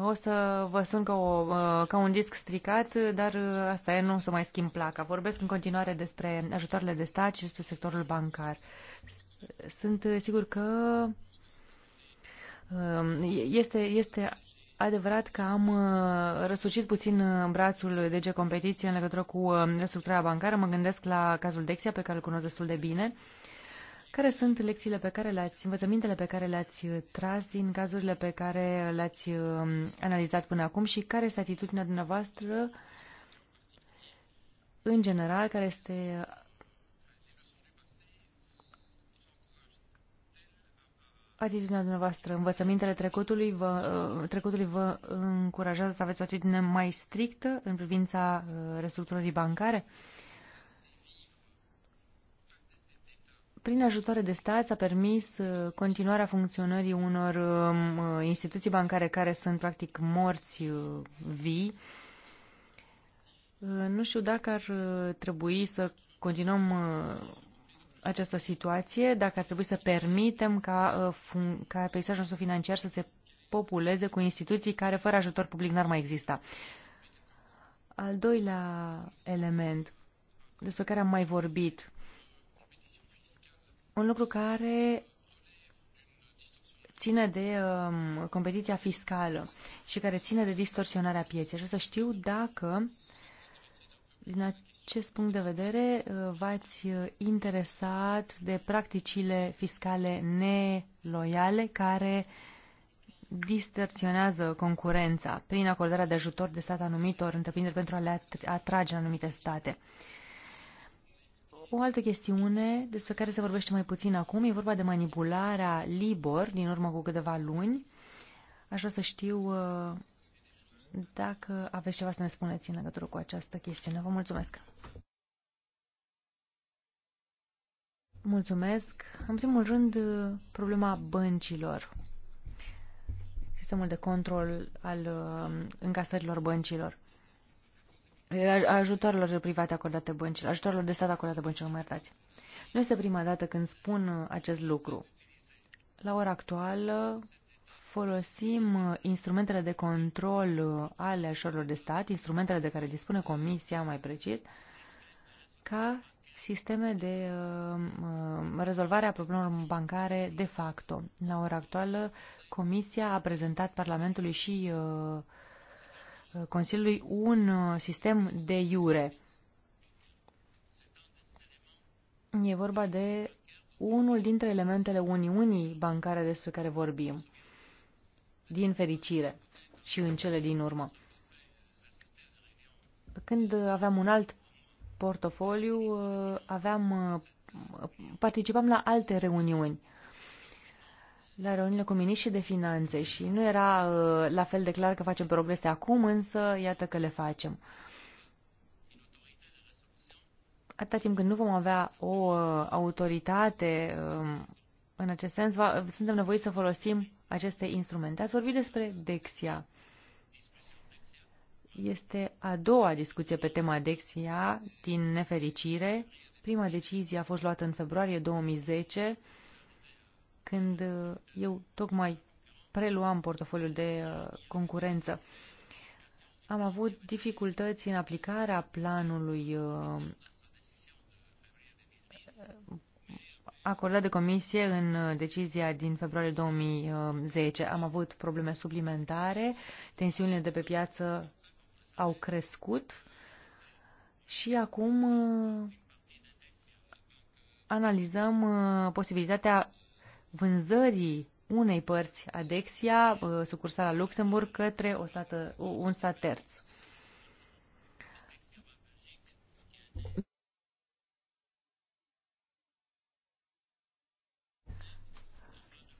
O să vă sun ca, o, uh, ca un disc stricat, dar asta e, nu o să mai schimb placa. Vorbesc în continuare despre ajutoarele de stat și despre sectorul bancar. Sunt sigur că Um, este, este adevărat că am uh, răsucit puțin uh, brațul DG Competiție în legătură cu uh, restructurarea bancară. Mă gândesc la cazul Dexia, pe care îl cunosc destul de bine. Care sunt lecțiile pe care le-ați, învățămintele pe care le-ați tras din cazurile pe care le-ați analizat până acum și care este atitudinea dumneavoastră în general, care este Atitudinea dumneavoastră, învățămintele trecutului vă, uh, trecutului vă încurajează să aveți o atitudine mai strictă în privința uh, restructurării bancare? Prin ajutoare de stat s-a permis uh, continuarea funcționării unor um, instituții bancare care sunt practic morți vii. Nu știu dacă ar trebui să continuăm această situație, dacă ar trebui să permitem ca, uh, ca peisajul nostru financiar să se populeze cu instituții care fără ajutor public n-ar mai exista. Al doilea element despre care am mai vorbit, un lucru care ține de um, competiția fiscală și care ține de distorsionarea pieței. Și să știu dacă din acest punct de vedere uh, v-ați uh, interesat de practicile fiscale neloiale care distorsionează concurența prin acordarea de ajutor de stat anumitor întreprinderi pentru a le atrage în anumite state. O altă chestiune despre care se vorbește mai puțin acum e vorba de manipularea Libor din urmă cu câteva luni. Aș vrea să știu uh, dacă aveți ceva să ne spuneți în legătură cu această chestiune, vă mulțumesc. Mulțumesc. În primul rând, problema băncilor. Sistemul de control al um, încasărilor băncilor. Ajutoarelor private acordate băncilor, ajutoarelor de stat acordate băncilor, mă iertați. Nu este prima dată când spun uh, acest lucru. La ora actuală, folosim uh, instrumentele de control uh, ale așorilor de stat, instrumentele de care dispune Comisia, mai precis, ca sisteme de uh, uh, rezolvare a problemelor bancare de facto. La ora actuală, Comisia a prezentat Parlamentului și uh, Consiliului un uh, sistem de iure. E vorba de unul dintre elementele Uniunii bancare despre care vorbim din fericire și în cele din urmă. Când aveam un alt portofoliu, aveam, participam la alte reuniuni, la reuniunile cu miniștri de finanțe și nu era la fel de clar că facem progrese acum, însă iată că le facem. Atâta timp când nu vom avea o uh, autoritate um, în acest sens, va, suntem nevoiți să folosim aceste instrumente. Ați vorbit despre Dexia. Este a doua discuție pe tema Dexia, din nefericire. Prima decizie a fost luată în februarie 2010, când uh, eu tocmai preluam portofoliul de uh, concurență. Am avut dificultăți în aplicarea planului uh, acordat de comisie în uh, decizia din februarie 2010. Uh, Am avut probleme suplimentare, tensiunile de pe piață au crescut și acum uh, analizăm posibilitatea vânzării unei părți Adexia, sucursala Luxemburg, către o stată, un stat terț.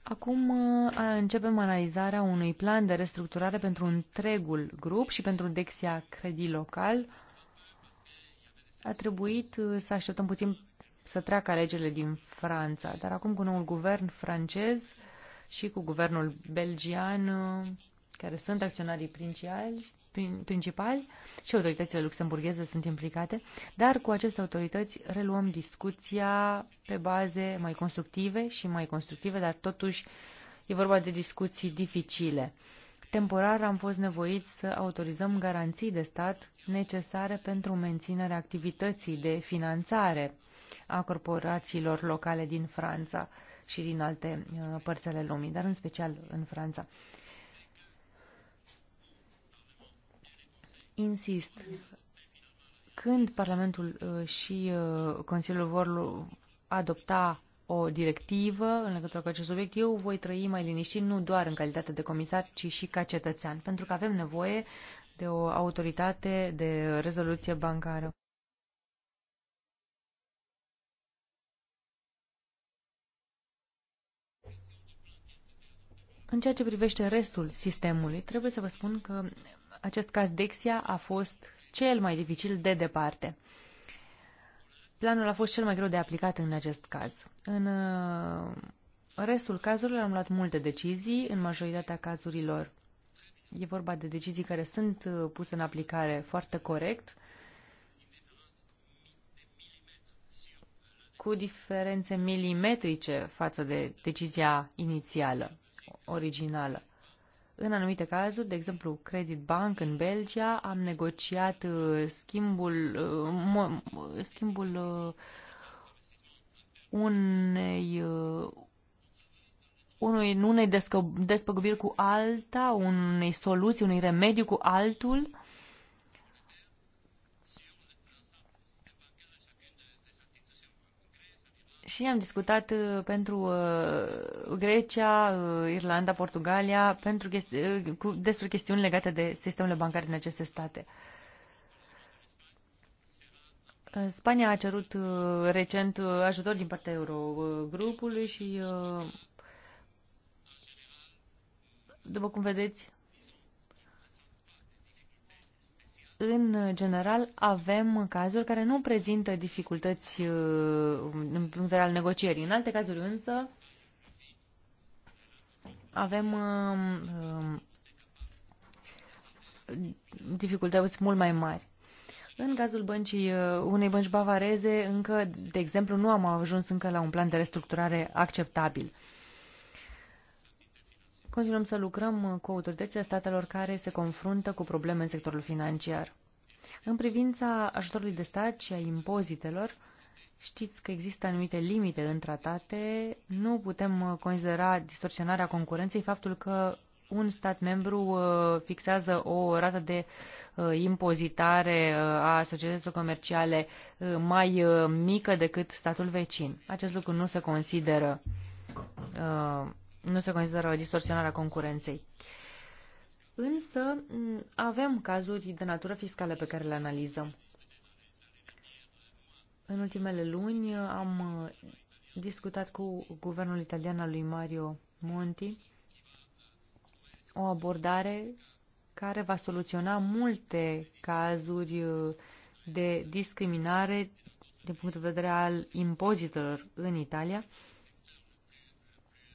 Acum uh, începem analizarea unui plan de restructurare pentru întregul grup și pentru Dexia Credit Local. A trebuit uh, să așteptăm puțin să treacă alegerile din Franța, dar acum cu noul guvern francez și cu guvernul belgian, uh, care sunt acționarii principali, principali și autoritățile luxemburgheze sunt implicate, dar cu aceste autorități reluăm discuția pe baze mai constructive și mai constructive, dar totuși e vorba de discuții dificile. Temporar am fost nevoiți să autorizăm garanții de stat necesare pentru menținerea activității de finanțare a corporațiilor locale din Franța și din alte uh, părți ale lumii, dar în special în Franța. Insist, când Parlamentul uh, și uh, Consiliul vor adopta o directivă în legătură cu acest subiect, eu voi trăi mai liniștit nu doar în calitate de comisar, ci și ca cetățean, pentru că avem nevoie de o autoritate de rezoluție bancară. În ceea ce privește restul sistemului, trebuie să vă spun că acest caz Dexia a fost cel mai dificil de departe. Planul a fost cel mai greu de aplicat în acest caz. În uh, restul cazurilor am luat multe decizii, în majoritatea cazurilor e vorba de decizii care sunt uh, puse în aplicare foarte corect, cu diferențe milimetrice față de decizia inițială, originală în anumite cazuri, de exemplu Credit Bank în Belgia, am negociat uh, schimbul, uh, schimbul uh, unei unui, unei despăgubiri cu alta, unei soluții, unui remediu cu altul și am discutat uh, pentru uh, Grecia, uh, Irlanda, Portugalia, pentru cu, despre chestiuni legate de sistemele bancare în aceste state. Spania a cerut recent ajutor din partea Eurogrupului și, după cum vedeți, în general, avem cazuri care nu prezintă dificultăți uh, în punct de al negocierii. În alte cazuri, însă, avem um, um, dificultăți mult mai mari. În cazul băncii, uh, unei bănci bavareze, încă, de exemplu, nu am ajuns încă la un plan de restructurare acceptabil. Continuăm să lucrăm uh, cu autoritățile statelor care se confruntă cu probleme în sectorul financiar. În privința ajutorului de stat și a impozitelor, știți că există anumite limite în tratate. Nu putem uh, considera distorsionarea concurenței faptul că un stat membru uh, fixează o rată de impozitare a societăților comerciale mai mică decât statul vecin. Acest lucru nu se consideră nu se consideră o distorsionare a concurenței. Însă avem cazuri de natură fiscală pe care le analizăm. În ultimele luni uh, am uh, discutat cu guvernul italian al lui Mario Monti o abordare care va soluționa multe cazuri uh, de discriminare din punct de vedere al impozitelor în Italia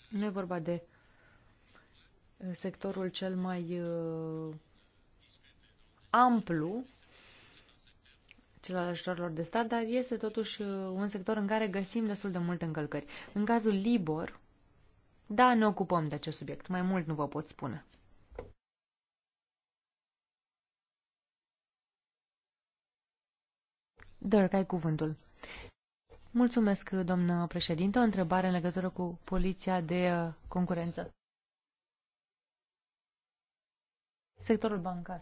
nu e vorba de uh, sectorul cel mai uh, amplu cel al ajutorilor de stat, dar este totuși uh, un sector în care găsim destul de multe încălcări. În cazul Libor, da, ne ocupăm de acest subiect. Mai mult nu vă pot spune. Dar ai cuvântul. Mulțumesc, doamnă președinte. O întrebare în legătură cu poliția de uh, concurență. Sectorul bancar.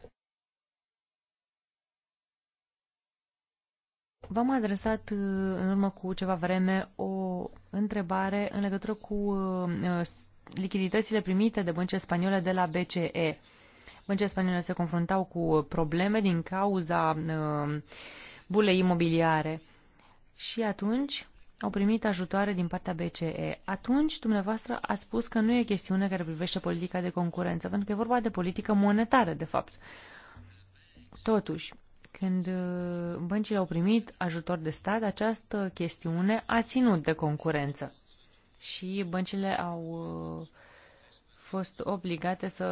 V-am adresat uh, în urmă cu ceva vreme o întrebare în legătură cu uh, lichiditățile primite de băncile spaniole de la BCE. Băncile spaniole se confruntau cu probleme din cauza bulei imobiliare și atunci au primit ajutoare din partea BCE. Atunci, dumneavoastră, ați spus că nu e chestiune care privește politica de concurență, pentru că e vorba de politică monetară, de fapt. Totuși, când uh, băncile au primit ajutor de stat, această chestiune a ținut de concurență și băncile au uh, fost obligate să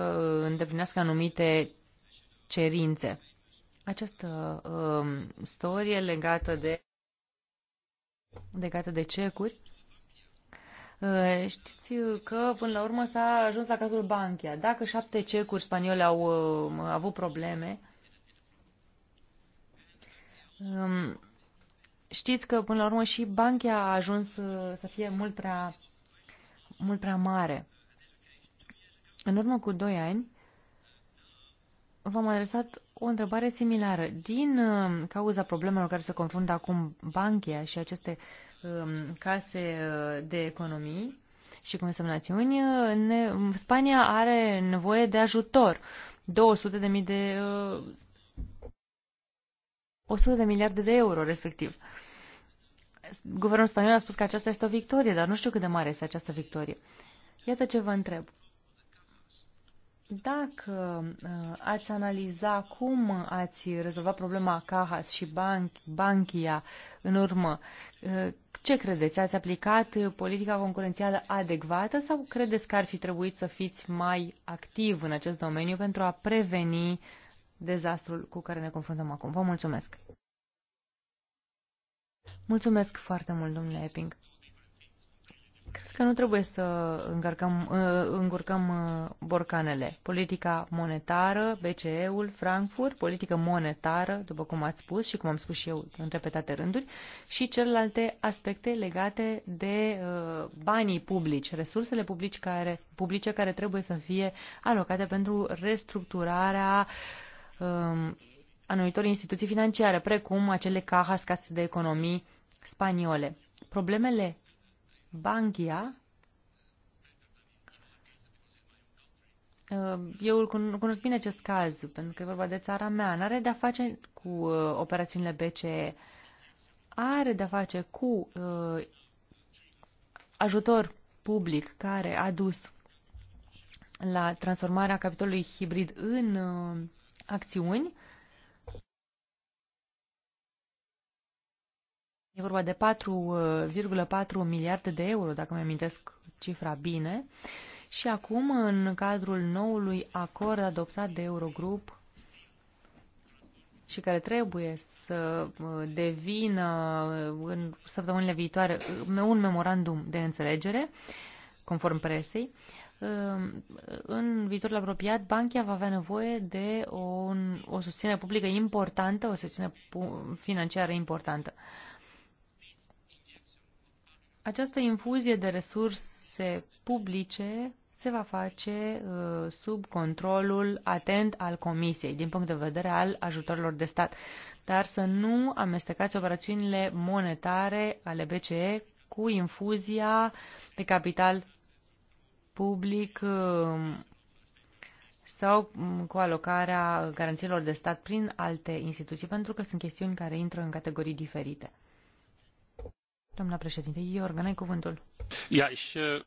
îndeplinească anumite cerințe. Această uh, storie legată de legată de cecuri. Uh, știți că până la urmă s-a ajuns la cazul Banchia. Dacă șapte cecuri spaniole au uh, avut probleme, um, știți că până la urmă și Banchia a ajuns uh, să fie mult prea, mult prea mare. În urmă cu doi ani, v-am adresat o întrebare similară. Din uh, cauza problemelor care se confruntă acum Banchia și aceste um, uh, case de economii și consemnațiuni, uh, ne, Spania are nevoie de ajutor. 200 de mii de... Uh, 100 de miliarde de euro, respectiv. Guvernul spaniol a spus că aceasta este o victorie, dar nu știu cât de mare este această victorie. Iată ce vă întreb. Dacă uh, ați analiza cum ați rezolvat problema Cahas și Banchia în urmă, uh, ce credeți? Ați aplicat politica concurențială adecvată sau credeți că ar fi trebuit să fiți mai activ în acest domeniu pentru a preveni dezastrul cu care ne confruntăm acum? Vă mulțumesc! Mulțumesc foarte mult, domnule Epping. Cred că nu trebuie să încărcăm, ă, încurcăm ă, borcanele. Politica monetară, BCE-ul, Frankfurt, politică monetară, după cum ați spus și cum am spus și eu în repetate rânduri, și celelalte aspecte legate de ă, banii publici, resursele publici care, publice care trebuie să fie alocate pentru restructurarea um, anumitor instituții financiare, precum acele cajas case de economii spaniole. Problemele Banchia. Eu îl cunosc bine acest caz, pentru că e vorba de țara mea. N-are de-a face cu uh, operațiunile BCE. Are de-a face cu uh, ajutor public care a dus la transformarea capitolului hibrid în uh, acțiuni E vorba de 4,4 miliarde de euro, dacă mi amintesc cifra bine. Și acum, în cadrul noului acord adoptat de Eurogrup și care trebuie să uh, devină uh, în săptămânile viitoare uh, un memorandum de înțelegere, conform presei, în viitorul apropiat, Banchia va avea nevoie de o, o susținere publică importantă, o susținere financiară importantă. Această infuzie de resurse publice se va face uh, sub controlul atent al Comisiei, din punct de vedere al ajutorilor de stat. Dar să nu amestecați operațiunile monetare ale BCE cu infuzia de capital public uh, sau mm, cu alocarea garanțiilor de stat prin alte instituții, pentru că sunt chestiuni care intră în categorii diferite. Doamna președinte, Iorgan, ai cuvântul. Ia și... Uh,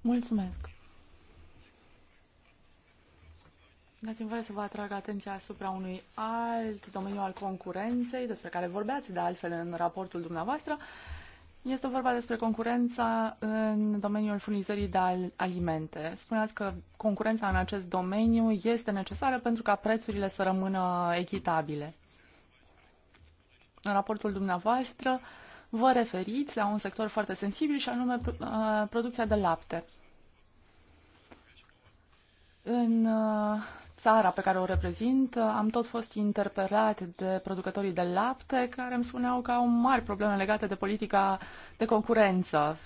Mulțumesc. Dați-mi voie să vă atrag atenția asupra unui alt domeniu al concurenței, despre care vorbeați de altfel în raportul dumneavoastră. Este vorba despre concurența în domeniul furnizării de alimente. Spuneați că concurența în acest domeniu este necesară pentru ca prețurile să rămână echitabile. În raportul dumneavoastră uh, vă referiți la un sector foarte sensibil și anume uh, producția de lapte. În uh, țara pe care o reprezint, uh, am tot fost interpelat de producătorii de lapte care îmi spuneau că au mari probleme legate de politica de concurență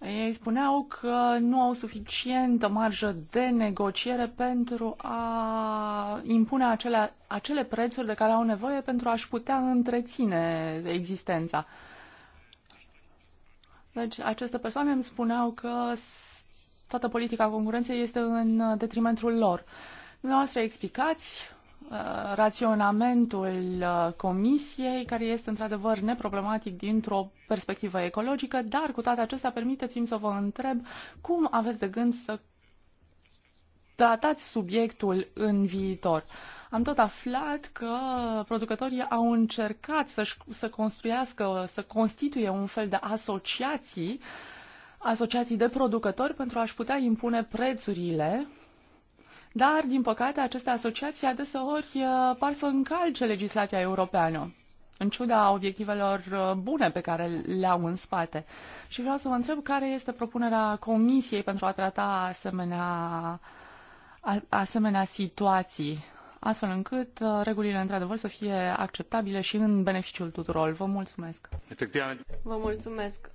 ei spuneau că nu au suficientă marjă de negociere pentru a impune acele, acele prețuri de care au nevoie pentru a-și putea întreține existența. Deci aceste persoane îmi spuneau că toată politica concurenței este în detrimentul lor. Dumneavoastră explicați Uh, raționamentul uh, comisiei, care este într-adevăr neproblematic dintr-o perspectivă ecologică, dar cu toate acestea permiteți-mi să vă întreb cum aveți de gând să tratați subiectul în viitor. Am tot aflat că producătorii au încercat să, să construiască, să constituie un fel de asociații, asociații de producători pentru a-și putea impune prețurile dar, din păcate, aceste asociații adeseori uh, par să încalce legislația europeană în ciuda obiectivelor uh, bune pe care le au în spate. Și vreau să vă întreb care este propunerea Comisiei pentru a trata asemenea, asemenea situații, astfel încât uh, regulile într-adevăr să fie acceptabile și în beneficiul tuturor. Vă mulțumesc! Vă mulțumesc!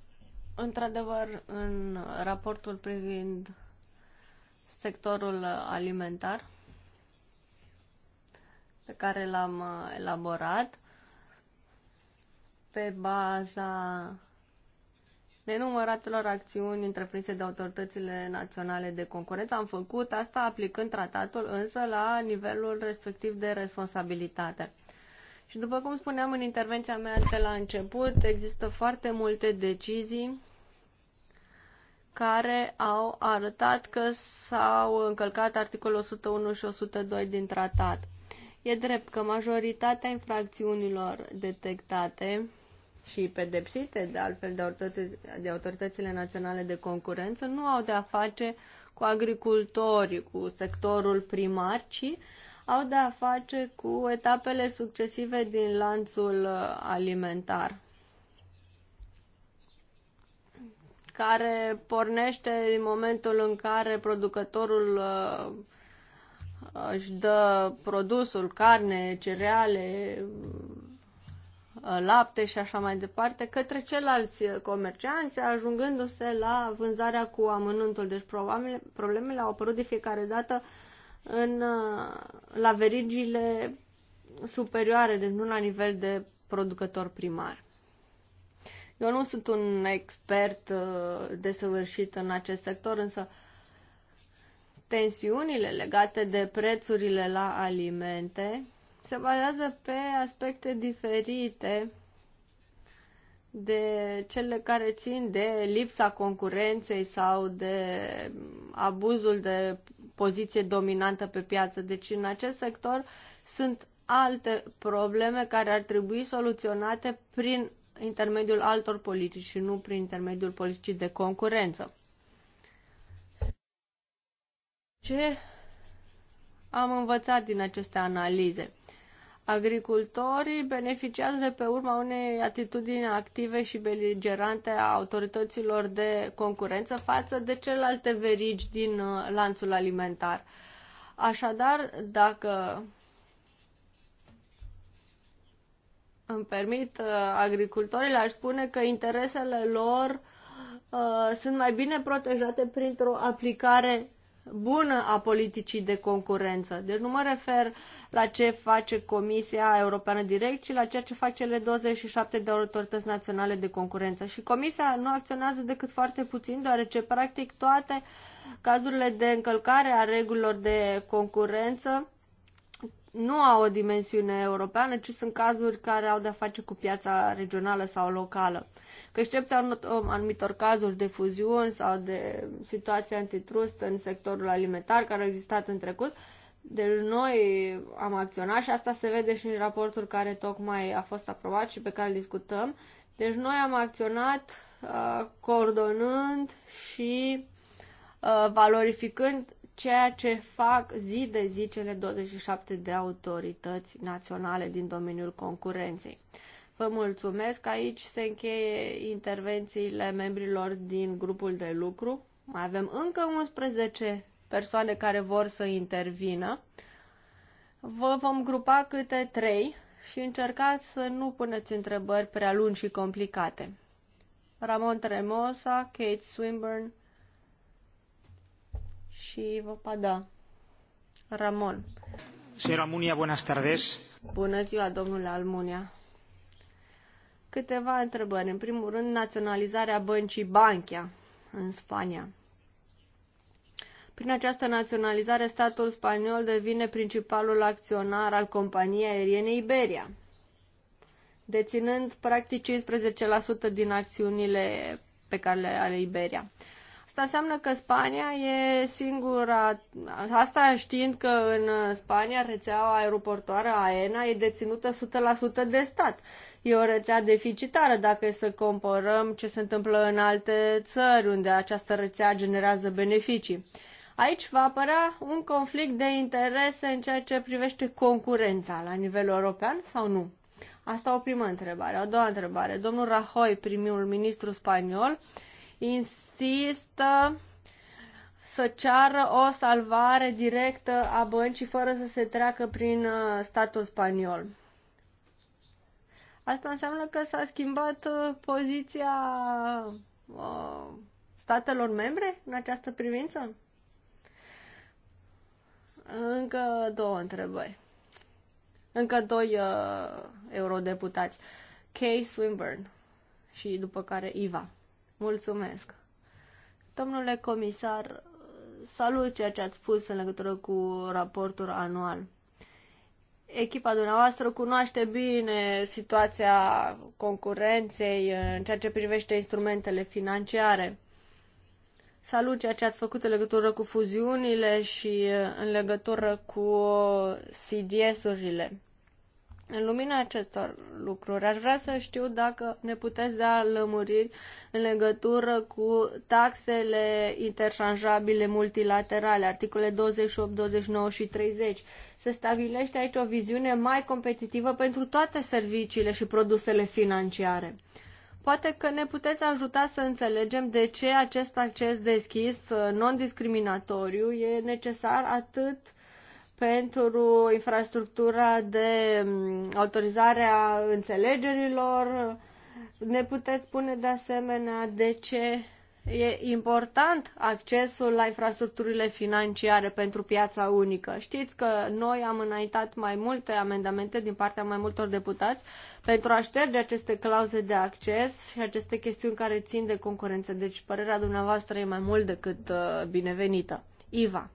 Într-adevăr, în raportul privind sectorul uh, alimentar pe care l-am uh, elaborat pe baza nenumăratelor acțiuni întreprinse de autoritățile naționale de concurență. Am făcut asta aplicând tratatul însă la nivelul respectiv de responsabilitate. Și după cum spuneam în intervenția mea de la început, există foarte multe decizii care au arătat că s-au încălcat articolul 101 și 102 din tratat. E drept că majoritatea infracțiunilor detectate și pedepsite de altfel de, autorități, de autoritățile naționale de concurență nu au de a face cu agricultori, cu sectorul primar, ci au de a face cu etapele succesive din lanțul alimentar. care pornește din momentul în care producătorul uh, își dă produsul, carne, cereale, uh, lapte și așa mai departe, către ceilalți comercianți, ajungându-se la vânzarea cu amănuntul. Deci problemele au apărut de fiecare dată în, uh, la verigile superioare, deci nu la nivel de producător primar. Eu nu sunt un expert uh, desăvârșit în acest sector, însă tensiunile legate de prețurile la alimente se bazează pe aspecte diferite de cele care țin de lipsa concurenței sau de abuzul de poziție dominantă pe piață. Deci în acest sector sunt alte probleme care ar trebui soluționate prin intermediul altor politici și nu prin intermediul politicii de concurență. Ce am învățat din aceste analize? Agricultorii beneficiază de pe urma unei atitudini active și beligerante a autorităților de concurență față de celelalte verigi din uh, lanțul alimentar. Așadar, dacă îmi permit uh, agricultorii, aș spune că interesele lor uh, sunt mai bine protejate printr-o aplicare bună a politicii de concurență. Deci nu mă refer la ce face Comisia Europeană direct, ci la ceea ce fac cele 27 de autorități naționale de concurență. Și Comisia nu acționează decât foarte puțin, deoarece practic toate cazurile de încălcare a regulilor de concurență nu au o dimensiune europeană, ci sunt cazuri care au de-a face cu piața regională sau locală. Cu excepția um, anumitor cazuri de fuziuni sau de situații antitrust în sectorul alimentar care au existat în trecut, deci noi am acționat și asta se vede și în raportul care tocmai a fost aprobat și pe care îl discutăm. Deci noi am acționat uh, coordonând și uh, valorificând ceea ce fac zi de zi cele 27 de autorități naționale din domeniul concurenței. Vă mulțumesc. Aici se încheie intervențiile membrilor din grupul de lucru. Mai avem încă 11 persoane care vor să intervină. Vă vom grupa câte 3 și încercați să nu puneți întrebări prea lungi și complicate. Ramon Tremosa, Kate Swinburne, și vă pada. Ramon. Señor Almunia, buenas tardes. Bună ziua, domnule Almunia. Câteva întrebări. În primul rând, naționalizarea băncii Bankia în Spania. Prin această naționalizare, statul spaniol devine principalul acționar al companiei aeriene Iberia, deținând practic 15% din acțiunile pe care le are Iberia. Asta înseamnă că Spania e singura, asta știind că în Spania rețeaua aeroportoară AENA e deținută 100% de stat. E o rețea deficitară dacă e să comparăm ce se întâmplă în alte țări unde această rețea generează beneficii. Aici va apărea un conflict de interese în ceea ce privește concurența la nivel european sau nu? Asta o primă întrebare. A doua întrebare. Domnul Rajoy, primul ministru spaniol, ins- insistă să ceară o salvare directă a băncii fără să se treacă prin uh, statul spaniol. Asta înseamnă că s-a schimbat uh, poziția uh, statelor membre în această privință? Încă două întrebări. Încă doi uh, eurodeputați. Kay Swinburne și după care Iva. Mulțumesc! Domnule comisar, salut ceea ce ați spus în legătură cu raportul anual. Echipa dumneavoastră cunoaște bine situația concurenței în ceea ce privește instrumentele financiare. Salut ceea ce ați făcut în legătură cu fuziunile și în legătură cu CDS-urile. În lumina acestor lucruri, aș vrea să știu dacă ne puteți da lămuriri în legătură cu taxele interșanjabile multilaterale, articole 28, 29 și 30. Se stabilește aici o viziune mai competitivă pentru toate serviciile și produsele financiare. Poate că ne puteți ajuta să înțelegem de ce acest acces deschis, non-discriminatoriu, e necesar atât uh, pentru infrastructura de mm, autorizare a înțelegerilor. Ne puteți spune de asemenea de ce e important accesul la infrastructurile financiare pentru piața unică. Știți că noi am înaintat mai multe amendamente din partea mai multor deputați pentru a șterge aceste clauze de acces și aceste chestiuni care țin de concurență. Deci părerea dumneavoastră e mai mult decât uh, binevenită. Iva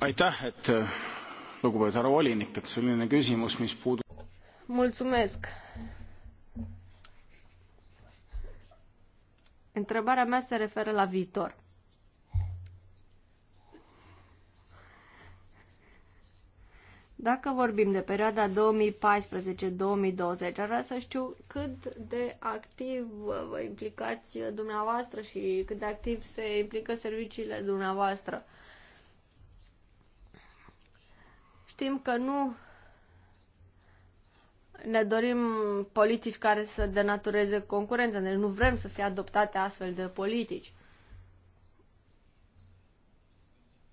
aitäh, et äh, et selline küsimus, mis puudu-. mulțumesc. Întrebarea mea se referă la viitor. Dacă vorbim de perioada 2014-2020, ar vrea să știu cât de activ vă implicați dumneavoastră și cât de activ se implică serviciile dumneavoastră Știm că nu ne dorim politici care să denatureze concurența, deci nu vrem să fie adoptate astfel de politici.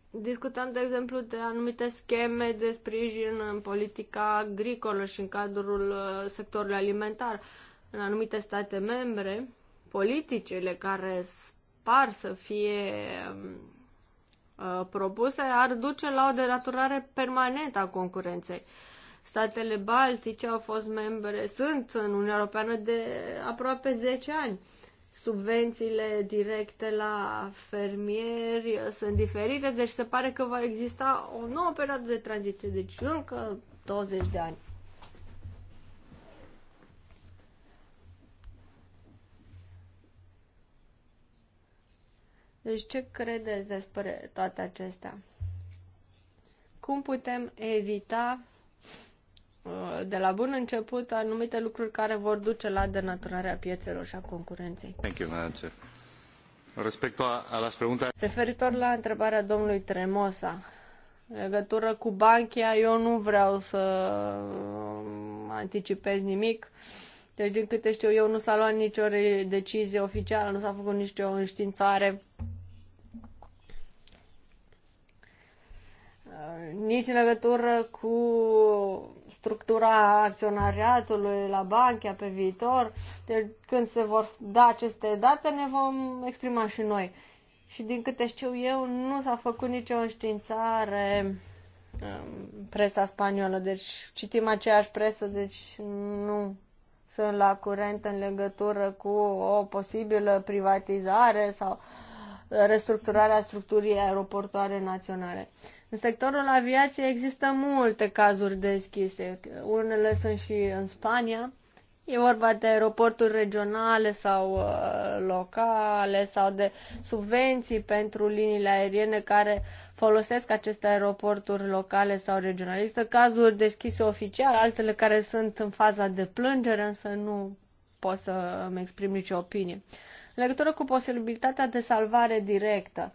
Discutăm, de exemplu, de anumite scheme de sprijin în politica agricolă și în cadrul uh, sectorului alimentar. În anumite state membre, politicile care par să fie um, Uh, propuse ar duce la o denaturare permanentă a concurenței. Statele Baltice au fost membre, sunt în Uniunea Europeană de aproape 10 ani. Subvențiile directe la fermieri sunt diferite, deci se pare că va exista o nouă perioadă de tranziție, deci încă 20 de ani. Deci ce credeți despre toate acestea? Cum putem evita uh, de la bun început anumite lucruri care vor duce la denaturarea piețelor și a concurenței? Thank you, manager. Respecto a la pregunta... Referitor la întrebarea domnului Tremosa, legătură cu Banchia, eu nu vreau să uh, anticipez nimic. Deci, din câte știu eu, nu s-a luat nicio decizie oficială, nu s-a făcut nicio înștiințare nici în legătură cu structura acționariatului la banca pe viitor. Deci când se vor da aceste date ne vom exprima și noi. Și din câte știu eu, nu s-a făcut nicio înștiințare presa spaniolă. Deci citim aceeași presă, deci nu sunt la curent în legătură cu o posibilă privatizare sau restructurarea structurii aeroportoare naționale. În sectorul aviației există multe cazuri deschise. Unele sunt și în Spania. E vorba de aeroporturi regionale sau uh, locale sau de subvenții pentru liniile aeriene care folosesc aceste aeroporturi locale sau regionale. Există cazuri deschise oficial, altele care sunt în faza de plângere, însă nu pot să îmi exprim nicio opinie. În legătură cu posibilitatea de salvare directă,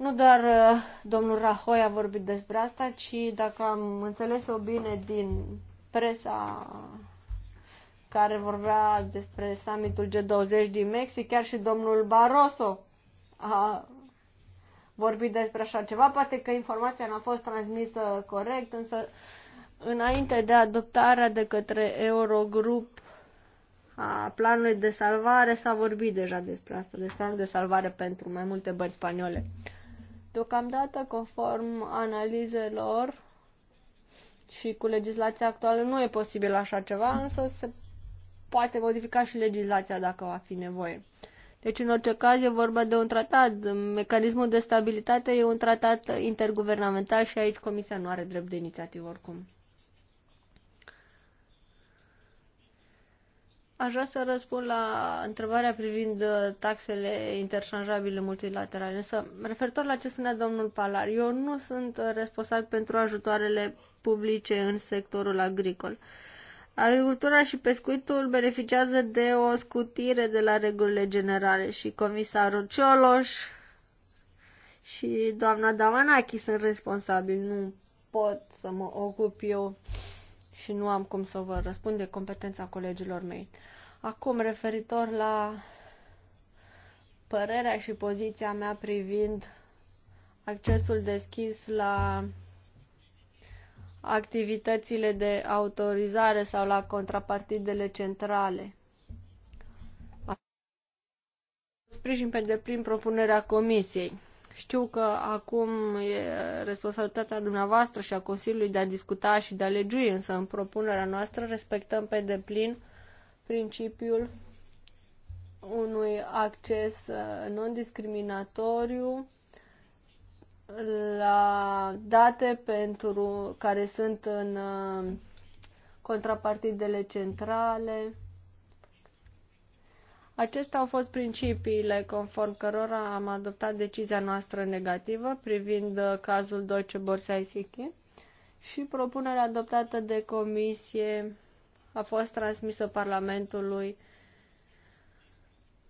nu doar uh, domnul Rahoi a vorbit despre asta, ci dacă am înțeles-o bine din presa care vorbea despre summitul G20 din Mexic, chiar și domnul Barroso a vorbit despre așa ceva. Poate că informația nu a fost transmisă corect, însă înainte de adoptarea de către Eurogrup a planului de salvare s-a vorbit deja despre asta, despre planul de salvare pentru mai multe bări spaniole. Deocamdată, conform analizelor și cu legislația actuală, nu e posibil așa ceva, însă se poate modifica și legislația dacă va fi nevoie. Deci, în orice caz, e vorba de un tratat. Mecanismul de stabilitate e un tratat interguvernamental și aici Comisia nu are drept de inițiativă oricum. Aș vrea să răspund la întrebarea privind uh, taxele interșanjabile multilaterale. Însă, referitor la ce spunea domnul Palar, eu nu sunt uh, responsabil pentru ajutoarele publice în sectorul agricol. Agricultura și pescuitul beneficiază de o scutire de la regulile generale și comisarul Cioloș și doamna Damanachi sunt responsabili. Nu pot să mă ocup eu uh, și nu am cum să vă răspund, de competența colegilor mei. Acum, referitor la părerea și poziția mea privind accesul deschis la activitățile de autorizare sau la contrapartidele centrale. Sprijin pe deplin propunerea Comisiei. Știu că acum e responsabilitatea dumneavoastră și a Consiliului de a discuta și de a legiui, însă în propunerea noastră respectăm pe deplin principiul unui acces uh, non-discriminatoriu la date pentru care sunt în uh, contrapartidele centrale Acestea au fost principiile conform cărora am adoptat decizia noastră negativă privind uh, cazul Deutsche Börse ICK și propunerea adoptată de comisie a fost transmisă Parlamentului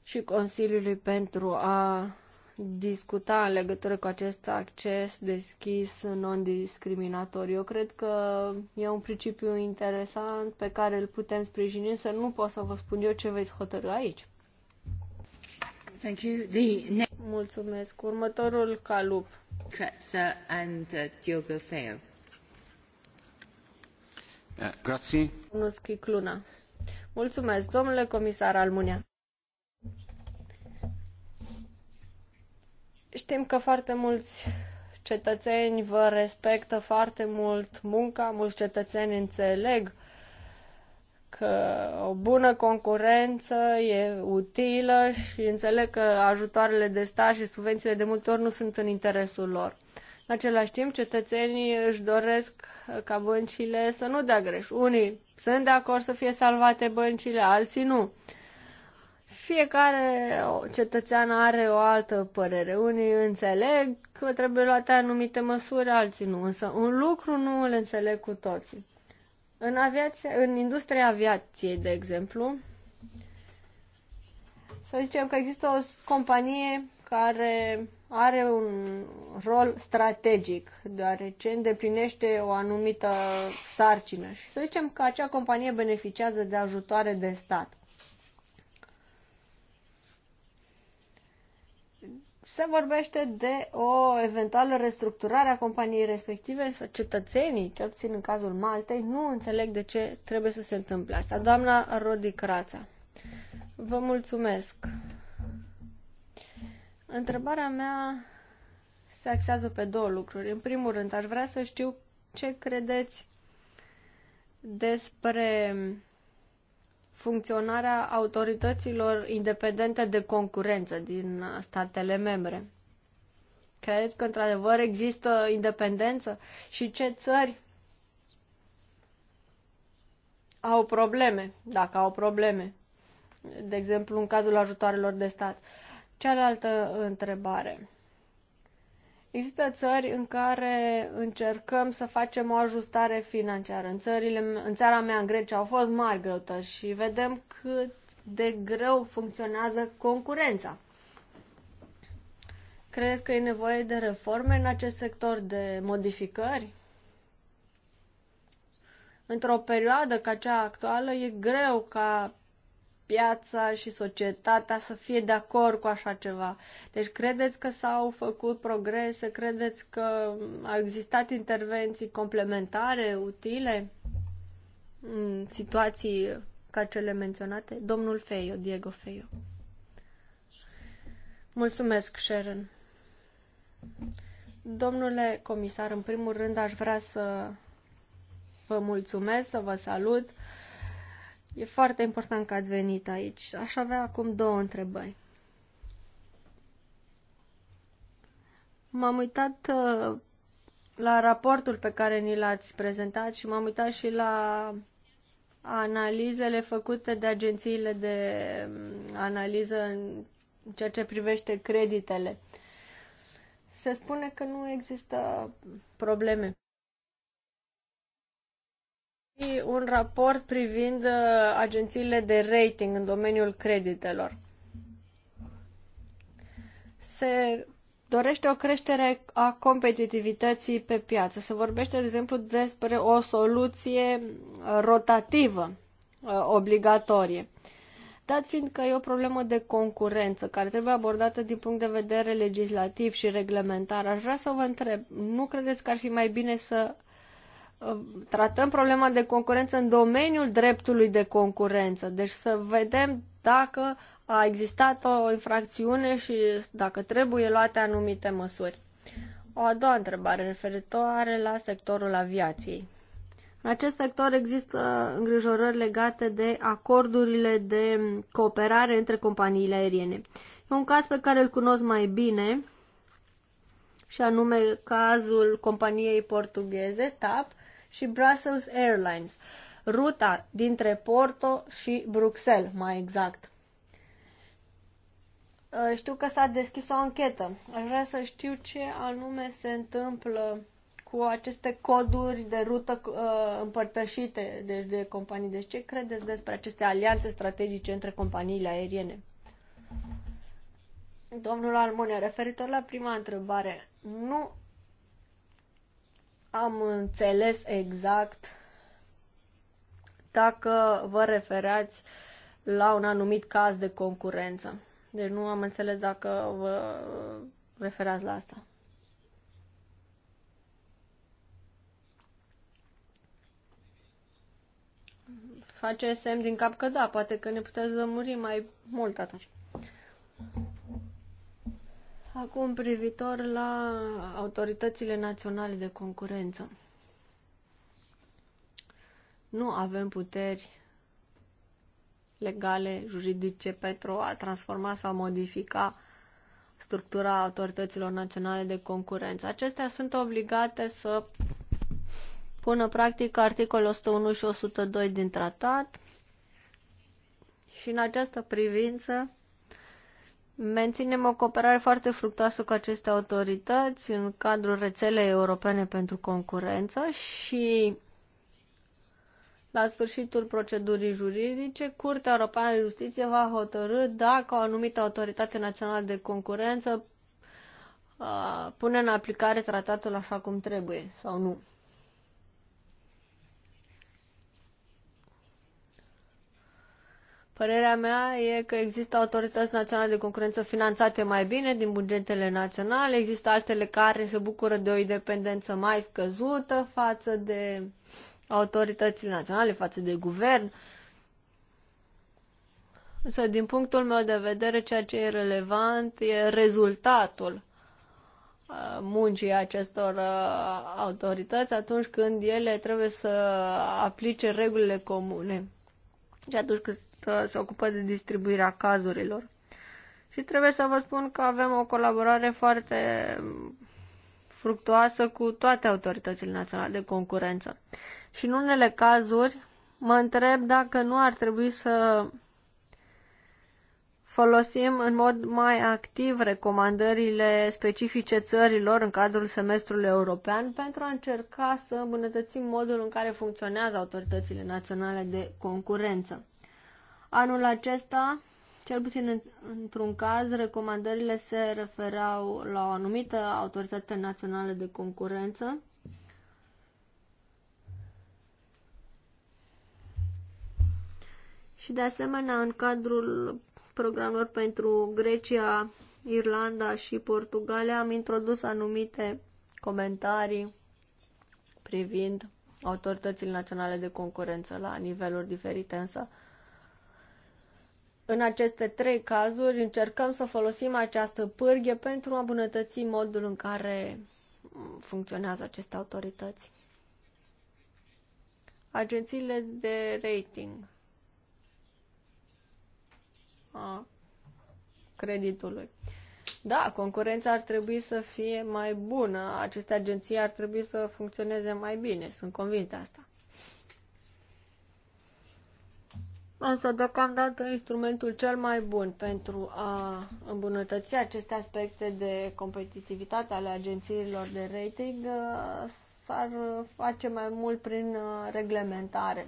și Consiliului pentru a discuta în legătură cu acest acces deschis, non-discriminatoriu. Eu cred că e un principiu interesant pe care îl putem sprijini, să nu pot să vă spun eu ce veți hotărâ aici. Thank you. The... Mulțumesc. Următorul calup. Kratzer and uh, Diogo Feo. Uh, grazie. Cluna. Mulțumesc, domnule comisar Almunia. Știm că foarte mulți cetățeni vă respectă foarte mult munca, mulți cetățeni înțeleg uh, că o bună concurență e utilă și înțeleg că ajutoarele de stat și subvențiile de multe ori nu sunt în interesul lor. În același timp, cetățenii își doresc ca băncile să nu dea greș. Unii sunt de acord să fie salvate băncile, alții nu. Fiecare cetățean are o altă părere. Unii înțeleg că trebuie luate anumite măsuri, alții nu. Însă un lucru nu îl înțeleg cu toții. În, aviație, în industria aviației, de exemplu, să zicem că există o companie care are un rol strategic, deoarece îndeplinește o anumită sarcină și să zicem că acea companie beneficiază de ajutoare de stat. se vorbește de o eventuală restructurare a companiei respective, să cetățenii, cel puțin în cazul Maltei, nu înțeleg de ce trebuie să se întâmple asta. Doamna Rodi Crața, vă mulțumesc. Întrebarea mea se axează pe două lucruri. În primul rând, aș vrea să știu ce credeți despre funcționarea autorităților independente de concurență din statele membre. Credeți că într-adevăr există independență? Și ce țări au probleme, dacă au probleme? De exemplu, în cazul ajutoarelor de stat. Cealaltă întrebare. Există țări în care încercăm să facem o ajustare financiară. În, țările, în țara mea, în Grecia, au fost mari greutăți și vedem cât de greu funcționează concurența. Credeți că e nevoie de reforme în acest sector, de modificări? Într-o perioadă ca cea actuală, e greu ca piața și societatea să fie de acord cu așa ceva. Deci credeți că s-au făcut progrese, credeți că au existat intervenții complementare, utile în situații ca cele menționate? Domnul Feio, Diego Feio. Mulțumesc, Sharon. Domnule comisar, în primul rând aș vrea să vă mulțumesc, să vă salut. Uh, E foarte important că ați venit aici. Aș avea acum două întrebări. M-am uitat uh, la raportul pe care ni l-ați prezentat și m-am uitat și la analizele făcute de agențiile de mm, analiză în ceea ce privește creditele. Se spune că nu există probleme și un raport privind uh, agențiile de rating în domeniul creditelor. Se dorește o creștere a competitivității pe piață. Se vorbește, de exemplu, despre o soluție uh, rotativă uh, obligatorie. Dat fiind că e o problemă de concurență care trebuie abordată din punct de vedere legislativ și reglementar, aș vrea să vă întreb, nu credeți că ar fi mai bine să tratăm problema de concurență în domeniul dreptului de concurență. Deci să vedem dacă a existat o infracțiune și dacă trebuie luate anumite măsuri. O a doua întrebare referitoare la sectorul aviației. În acest sector există îngrijorări legate de acordurile de cooperare între companiile aeriene. E un caz pe care îl cunosc mai bine, și anume cazul companiei portugheze TAP, și Brussels Airlines, ruta dintre Porto și Bruxelles, mai exact. Uh, știu că s-a deschis o anchetă. Aș vrea să știu ce anume se întâmplă cu aceste coduri de rută uh, împărtășite deci de companii. Deci ce credeți despre aceste alianțe strategice între companiile aeriene? Domnul Almonia, referitor la prima întrebare, nu am înțeles exact dacă vă referați la un anumit caz de concurență. Deci nu am înțeles dacă vă referați la asta. Face semn din cap că da, poate că ne puteți lămuri mai mult atunci. Acum privitor la autoritățile naționale de concurență. Nu avem puteri legale, juridice pentru a transforma sau modifica structura autorităților naționale de concurență. Acestea sunt obligate să pună practic articolul 101 și 102 din tratat și în această privință Menținem o cooperare foarte fructoasă cu aceste autorități în cadrul rețelei europene pentru concurență și la sfârșitul procedurii juridice, Curtea Europeană de Justiție va hotărâ dacă o anumită autoritate națională de concurență uh, pune în aplicare tratatul așa cum trebuie sau nu. Părerea mea e că există autorități naționale de concurență finanțate mai bine din bugetele naționale, există altele care se bucură de o independență mai scăzută față de autoritățile naționale, față de guvern. Însă, din punctul meu de vedere, ceea ce e relevant e rezultatul uh, muncii acestor uh, autorități atunci când ele trebuie să aplice regulile comune. Și atunci când Uh, se ocupă de distribuirea cazurilor. Și trebuie să vă spun că avem o colaborare foarte mm, fructuoasă cu toate autoritățile naționale de concurență. Și în unele cazuri mă întreb dacă nu ar trebui să folosim în mod mai activ recomandările specifice țărilor în cadrul semestrului european pentru a încerca să îmbunătățim modul în care funcționează autoritățile naționale de concurență. Anul acesta, cel puțin într-un caz, recomandările se referau la o anumită autoritate națională de concurență, și de asemenea în cadrul programelor pentru Grecia, Irlanda și Portugalia am introdus anumite comentarii privind autoritățile naționale de concurență la niveluri diferite, însă în aceste trei cazuri încercăm să folosim această pârghie pentru a îmbunătăți modul în care funcționează aceste autorități. Agențiile de rating a creditului. Da, concurența ar trebui să fie mai bună. Aceste agenții ar trebui să funcționeze mai bine. Sunt convins de asta. Însă, deocamdată, instrumentul cel mai bun pentru a îmbunătăți aceste aspecte de competitivitate ale agențiilor de rating uh, s-ar face mai mult prin uh, reglementare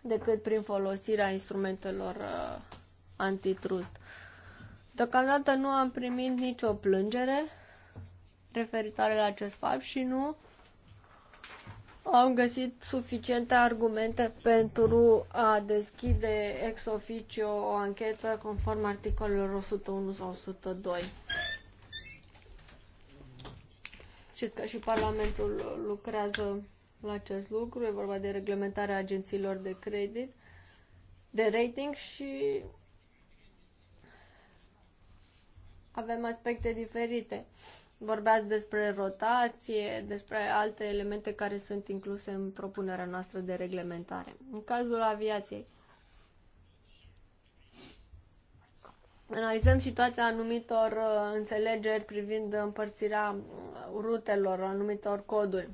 decât prin folosirea instrumentelor uh, antitrust. Deocamdată nu am primit nicio plângere referitoare la acest fapt și nu am găsit suficiente argumente pentru a deschide ex officio o anchetă conform articolelor 101 sau 102. Știți că și Parlamentul lucrează la acest lucru, e vorba de reglementarea agențiilor de credit, de rating și avem aspecte diferite. Uh, Vorbeați despre rotație, despre alte elemente care sunt incluse în propunerea noastră de reglementare. În cazul aviației, analizăm situația anumitor uh, înțelegeri privind împărțirea uh, rutelor, anumitor coduri.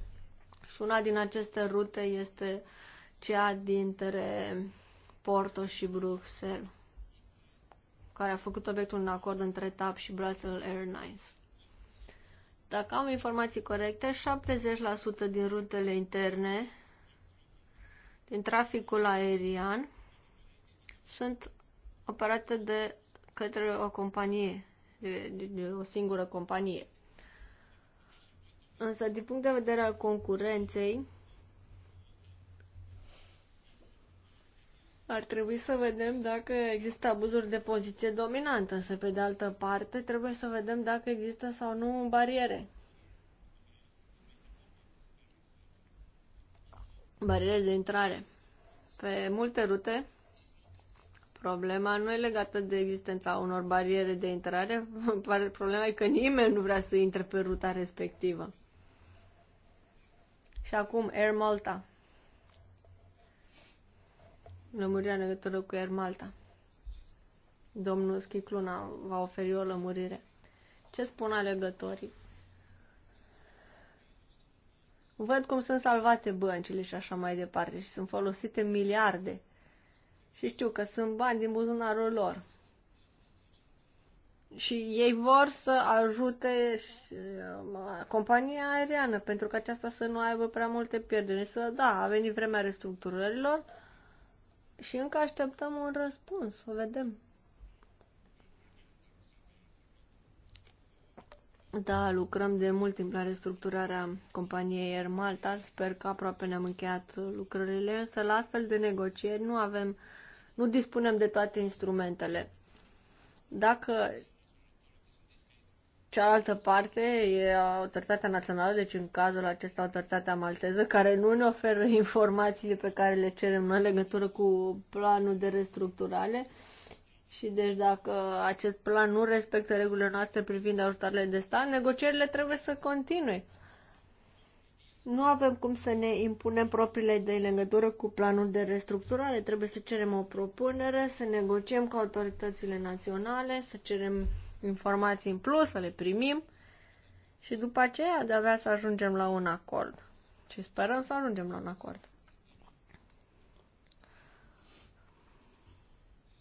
Și una din aceste rute este cea dintre Porto și Bruxelles, care a făcut obiectul un acord între TAP și Brussels Airlines dacă am informații corecte, 70% din rutele interne, din traficul aerian, sunt operate de către o companie, de, de, de o singură companie. Însă, din punct de vedere al concurenței, Ar trebui să vedem dacă există abuzuri de poziție dominantă, însă pe de altă parte trebuie să vedem dacă există sau nu bariere. Bariere de intrare. Pe multe rute, problema nu e legată de existența unor bariere de intrare, <laughs> problema e că nimeni nu vrea să intre pe ruta respectivă. Și acum Air Malta lămurirea în legătură cu Air Malta. Domnul Schicluna va oferi o lămurire. Ce spun alegătorii? Văd cum sunt salvate băncile și așa mai departe și sunt folosite miliarde. Și știu că sunt bani din buzunarul lor. Și ei vor să ajute uh, compania aeriană pentru că aceasta să nu aibă prea multe pierderi. Să, da, a venit vremea restructurărilor, și încă așteptăm un răspuns, o vedem. Da, lucrăm de mult timp la restructurarea companiei Air Malta. Sper că aproape ne-am încheiat lucrările, însă la astfel de negocieri nu avem, nu dispunem de toate instrumentele. Dacă Cealaltă parte e autoritatea națională, deci în cazul acesta autoritatea malteză, care nu ne oferă <laughs> informațiile pe care le cerem în legătură cu planul de restructurare. Și deci dacă acest plan nu respectă regulile noastre privind ajutoarele de stat, negocierile trebuie să continue. Nu avem cum să ne impunem propriile de legătură cu planul de restructurare. Trebuie să cerem o propunere, să negociem cu autoritățile naționale, să cerem informații în plus, să le primim și după aceea de avea să ajungem la un acord. Și sperăm să ajungem la un acord.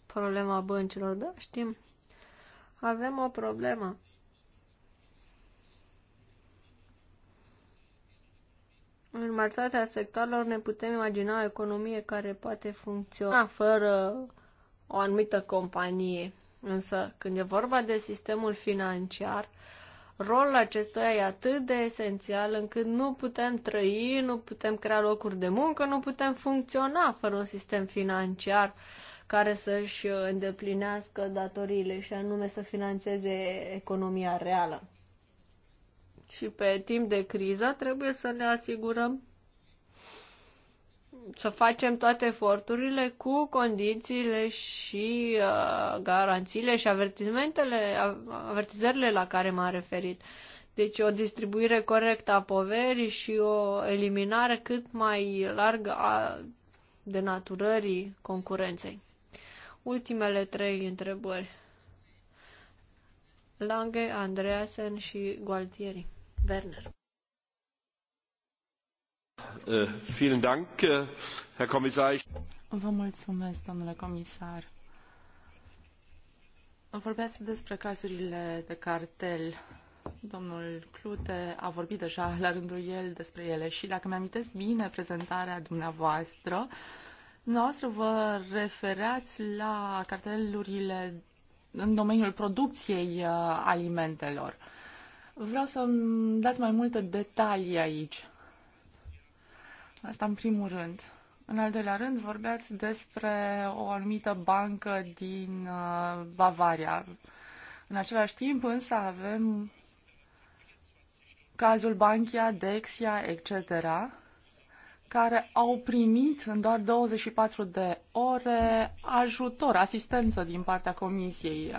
Problema băncilor, da, știm. Avem o problemă. În majoritatea sectorilor ne putem imagina o economie care poate funcționa fără o anumită companie. Însă, când e vorba de sistemul financiar, rolul acestuia e atât de esențial încât nu putem trăi, nu putem crea locuri de muncă, nu putem funcționa fără un sistem financiar care să-și îndeplinească datoriile și anume să financeze economia reală. Și pe timp de criză trebuie să ne asigurăm să facem toate eforturile cu condițiile și uh, garanțiile și avertizmentele, avertizările la care m-am referit. Deci o distribuire corectă a poverii și o eliminare cât mai largă a denaturării concurenței. Ultimele trei întrebări. Lange, Andreasen și Gualtieri. Werner. Äh, äh, vă mulțumesc, domnule comisar. Vorbeați despre cazurile de cartel. Domnul Clute a vorbit deja la rândul el despre ele și dacă mi-amintesc bine prezentarea dumneavoastră, dumneavoastră vă refereați la cartelurile în domeniul producției uh, alimentelor. Vreau să-mi dați mai multe detalii aici. Asta în primul rând. În al doilea rând, vorbeați despre o anumită bancă din uh, Bavaria. În același timp, însă, avem cazul Banchia, Dexia, etc., care au primit în doar 24 de ore ajutor, asistență din partea comisiei.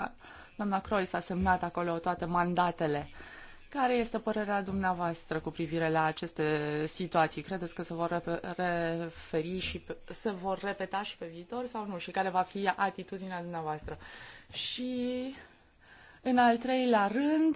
Doamna s a semnat acolo toate mandatele. Uh, care este părerea dumneavoastră cu privire la aceste situații? Credeți că se vor referi și se vor repeta și pe viitor sau nu? Și care va fi atitudinea dumneavoastră? Și în al treilea rând,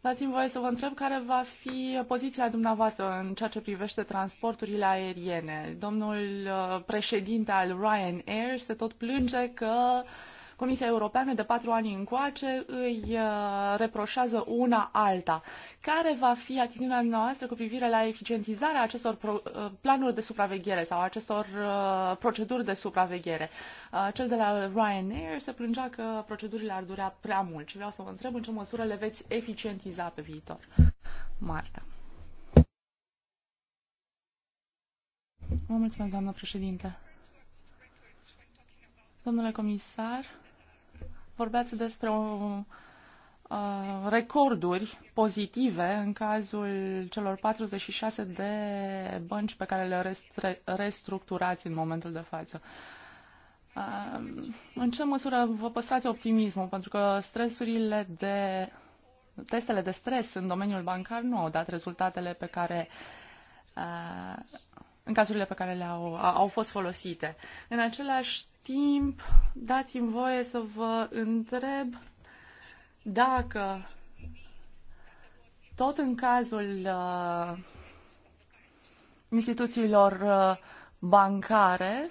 dați-mi voie să vă întreb care va fi poziția dumneavoastră în ceea ce privește transporturile aeriene. Domnul uh, președinte al Ryanair se tot plânge că uh, Comisia Europeană de patru ani încoace îi uh, reproșează una alta. Care va fi atitudinea noastră cu privire la eficientizarea acestor uh, planuri de supraveghere sau acestor uh, proceduri de supraveghere? Cel de la Ryanair se plângea că procedurile ar durea prea mult și vreau să vă întreb în ce măsură le veți eficientiza pe viitor. Marta. Vă mulțumesc, doamnă președinte. Domnule comisar, vorbeați despre o, uh, recorduri pozitive în cazul celor 46 de bănci pe care le restre, restructurați în momentul de față. Uh, în ce măsură vă păstrați optimismul? Pentru că stresurile de testele de stres în domeniul bancar nu au dat rezultatele pe care uh, în cazurile pe care le-au au fost folosite. În același timp, dați-mi voie să vă întreb dacă tot în cazul uh, instituțiilor uh, bancare,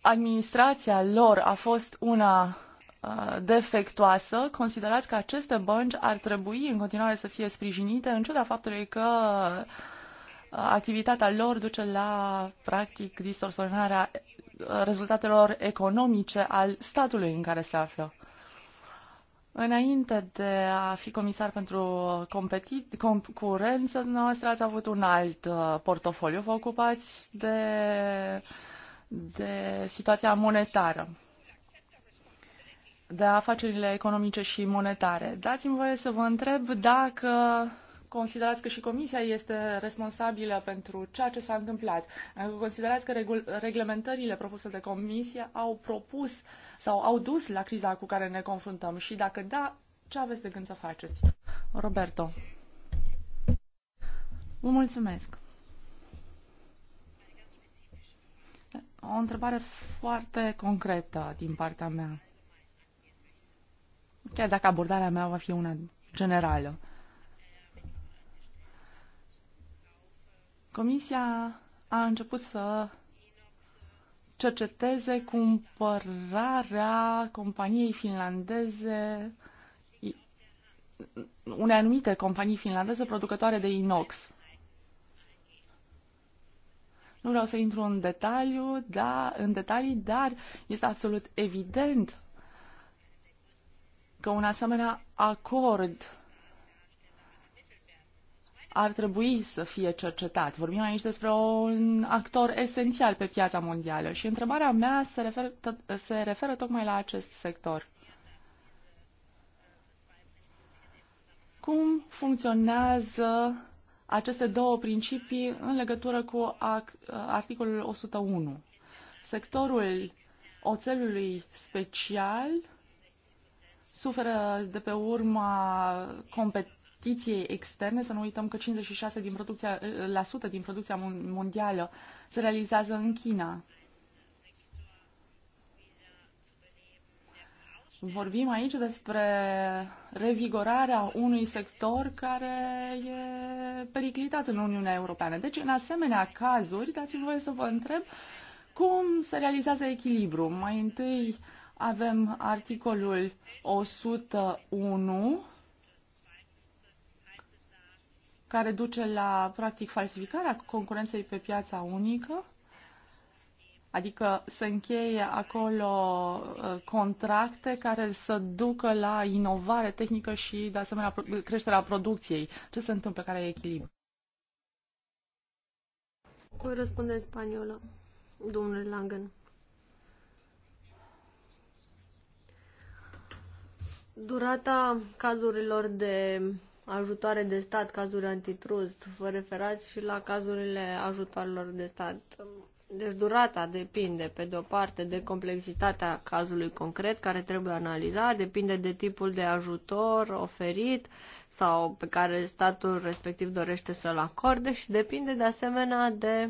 administrația lor a fost una uh, defectuoasă, considerați că aceste bănci ar trebui în continuare să fie sprijinite în ciuda faptului că uh, activitatea lor duce la, practic, distorsionarea eh, rezultatelor economice al statului în care se află. Înainte de a fi comisar pentru competi concurență, noastră, ați avut un alt uh, portofoliu. Vă ocupați de, de situația monetară, de afacerile economice și monetare. Dați-mi voie să vă întreb dacă considerați că și Comisia este responsabilă pentru ceea ce s-a întâmplat, dacă considerați că reglementările propuse de Comisie au propus sau au dus la criza cu care ne confruntăm și dacă da, ce aveți de gând să faceți? Roberto. Vă mulțumesc. O întrebare foarte concretă din partea mea. Chiar dacă abordarea mea va fi una generală. Comisia a început să cerceteze cumpărarea companiei finlandeze, unei anumite companii finlandeze producătoare de inox. Nu vreau să intru în detaliu, da, în detalii, dar este absolut evident că un asemenea acord ar trebui să fie cercetat. Vorbim aici despre un actor esențial pe piața mondială și întrebarea mea se referă, se referă tocmai la acest sector. Cum funcționează aceste două principii în legătură cu articolul 101? Sectorul oțelului special suferă de pe urma competenței investiției externe, să nu uităm că 56% din producția, la sută din producția mondială se realizează în China. Vorbim aici despre revigorarea unui sector care e periclitat în Uniunea Europeană. Deci, în asemenea cazuri, dați-mi voie să vă întreb cum se realizează echilibru. Mai întâi avem articolul 101 care duce la, practic, falsificarea concurenței pe piața unică, adică să încheie acolo uh, contracte care să ducă la inovare tehnică și, de asemenea, creșterea producției. Ce se întâmplă? Care e echilibru? Voi răspunde în spaniolă, domnule Langen. Durata cazurilor de ajutoare de stat, cazuri antitrust, vă referați și la cazurile ajutoarelor de stat. Deci durata depinde, pe de o parte, de complexitatea cazului concret care trebuie analizat, depinde de tipul de ajutor oferit sau pe care statul respectiv dorește să-l acorde și depinde de asemenea de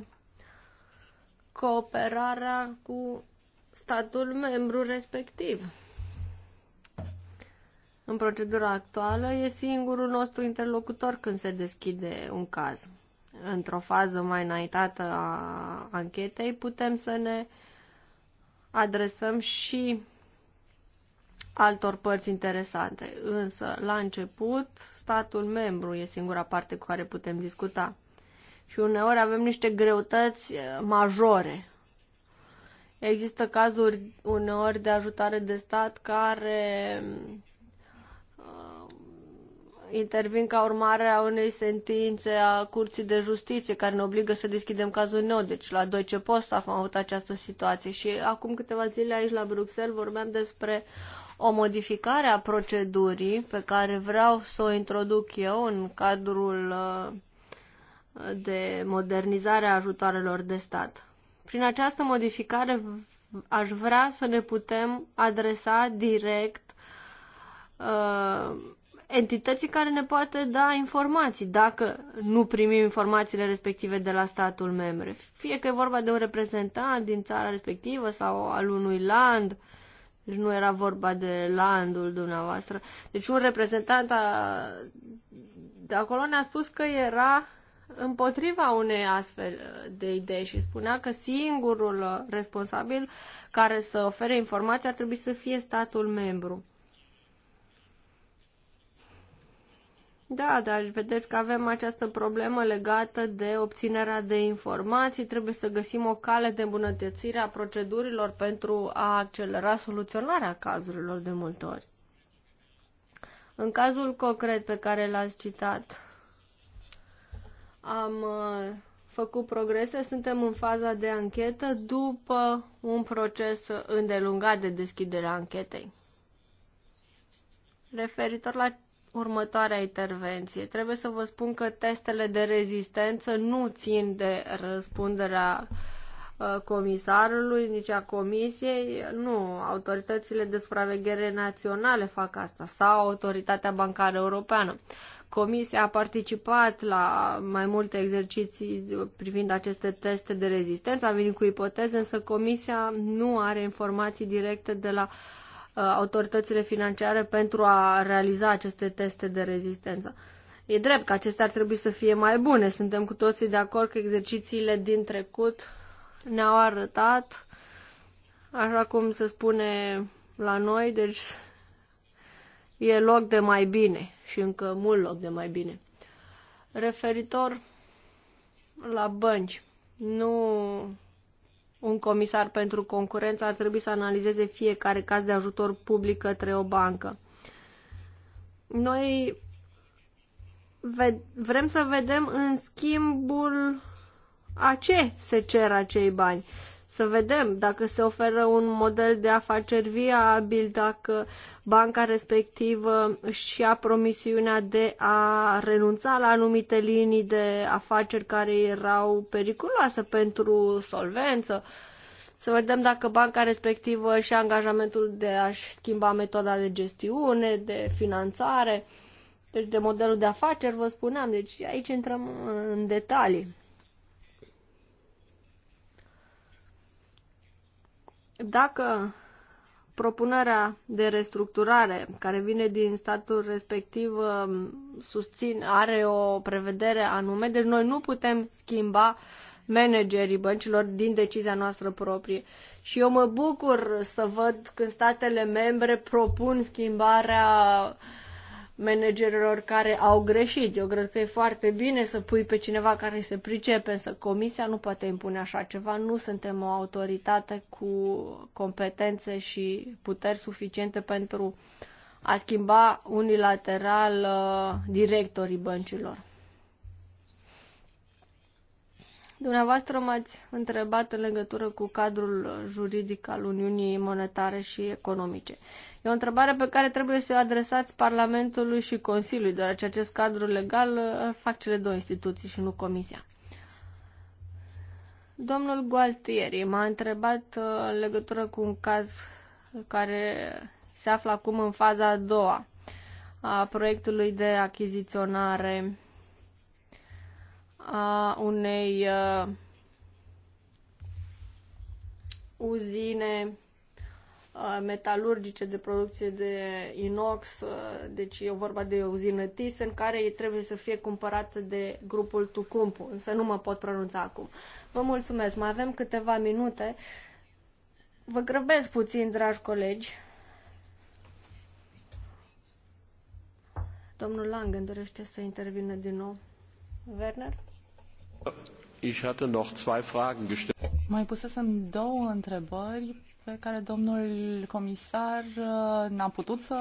cooperarea cu statul membru respectiv în procedura actuală, e singurul nostru interlocutor când se deschide un caz. Într-o fază mai înaintată a anchetei, putem să ne adresăm și altor părți interesante. Însă, la început, statul membru e singura parte cu care putem discuta. Și uneori avem niște greutăți eh, majore. Există cazuri uneori de ajutare de stat care intervin ca urmare a unei sentințe a Curții de Justiție care ne obligă să deschidem cazul nou. Deci la Deutsche Post am avut această situație și acum câteva zile aici la Bruxelles vorbeam despre o modificare a procedurii pe care vreau să o introduc eu în cadrul uh, de modernizare a ajutoarelor de stat. Prin această modificare aș vrea să ne putem adresa direct uh, entității care ne poate da informații dacă nu primim informațiile respective de la statul membru, Fie că e vorba de un reprezentant din țara respectivă sau al unui land, deci nu era vorba de landul dumneavoastră. Deci un reprezentant a... de acolo ne-a spus că era împotriva unei astfel de idei și spunea că singurul responsabil care să ofere informații ar trebui să fie statul membru. Da, dar vedeți că avem această problemă legată de obținerea de informații. Trebuie să găsim o cale de îmbunătățire a procedurilor pentru a accelera soluționarea cazurilor de multe ori. În cazul concret pe care l-ați citat, am uh, făcut progrese, suntem în faza de anchetă după un proces îndelungat de deschidere a anchetei. Referitor la următoarea intervenție. Trebuie să vă spun că testele de rezistență nu țin de răspunderea uh, comisarului, nici a comisiei, nu, autoritățile de supraveghere naționale fac asta sau autoritatea bancară europeană. Comisia a participat la mai multe exerciții privind aceste teste de rezistență, a venit cu ipoteze, însă comisia nu are informații directe de la uh, Uh, autoritățile financiare pentru a realiza aceste teste de rezistență. E drept că acestea ar trebui să fie mai bune. Suntem cu toții de acord că exercițiile din trecut ne-au arătat, așa cum se spune la noi, deci e loc de mai bine și încă mult loc de mai bine. Referitor la bănci, nu un comisar pentru concurență ar trebui să analizeze fiecare caz de ajutor public către o bancă. Noi vrem să vedem în schimbul a ce se cer acei bani. Să vedem dacă se oferă un model de afaceri viabil, dacă banca respectivă și a promisiunea de a renunța la anumite linii de afaceri care erau periculoase pentru solvență. Să vedem dacă banca respectivă și angajamentul de a-și schimba metoda de gestiune, de finanțare. Deci de modelul de afaceri, vă spuneam, deci aici intrăm în detalii. Dacă propunerea de restructurare care vine din statul respectiv um, susțin, are o prevedere anume, deci noi nu putem schimba managerii băncilor din decizia noastră proprie. Și eu mă bucur să văd când statele membre propun schimbarea uh, managerilor care au greșit. Eu cred că e foarte bine să pui pe cineva care se pricepe, însă comisia nu poate impune așa ceva. Nu suntem o autoritate cu competențe și puteri suficiente pentru a schimba unilateral uh, directorii băncilor. Dumneavoastră m-ați întrebat în legătură cu cadrul juridic al Uniunii Monetare și Economice. E o întrebare pe care trebuie să o adresați Parlamentului și Consiliului, deoarece acest cadru legal uh, fac cele două instituții și nu Comisia. Domnul Gualtieri m-a întrebat uh, în legătură cu un caz care se află acum în faza a doua a proiectului de achiziționare a unei uh, uzine uh, metalurgice de producție de inox, uh, deci e vorba de o uzină Thyssen, care trebuie să fie cumpărată de grupul Tucumpu, însă nu mă pot pronunța acum. Vă mulțumesc, mai avem câteva minute. Vă grăbesc puțin, dragi colegi. Domnul Langen dorește să intervină din nou. Werner? Ich hatte noch zwei Fragen gestellt. Mai pusesem două întrebări pe care domnul comisar uh, n-a putut să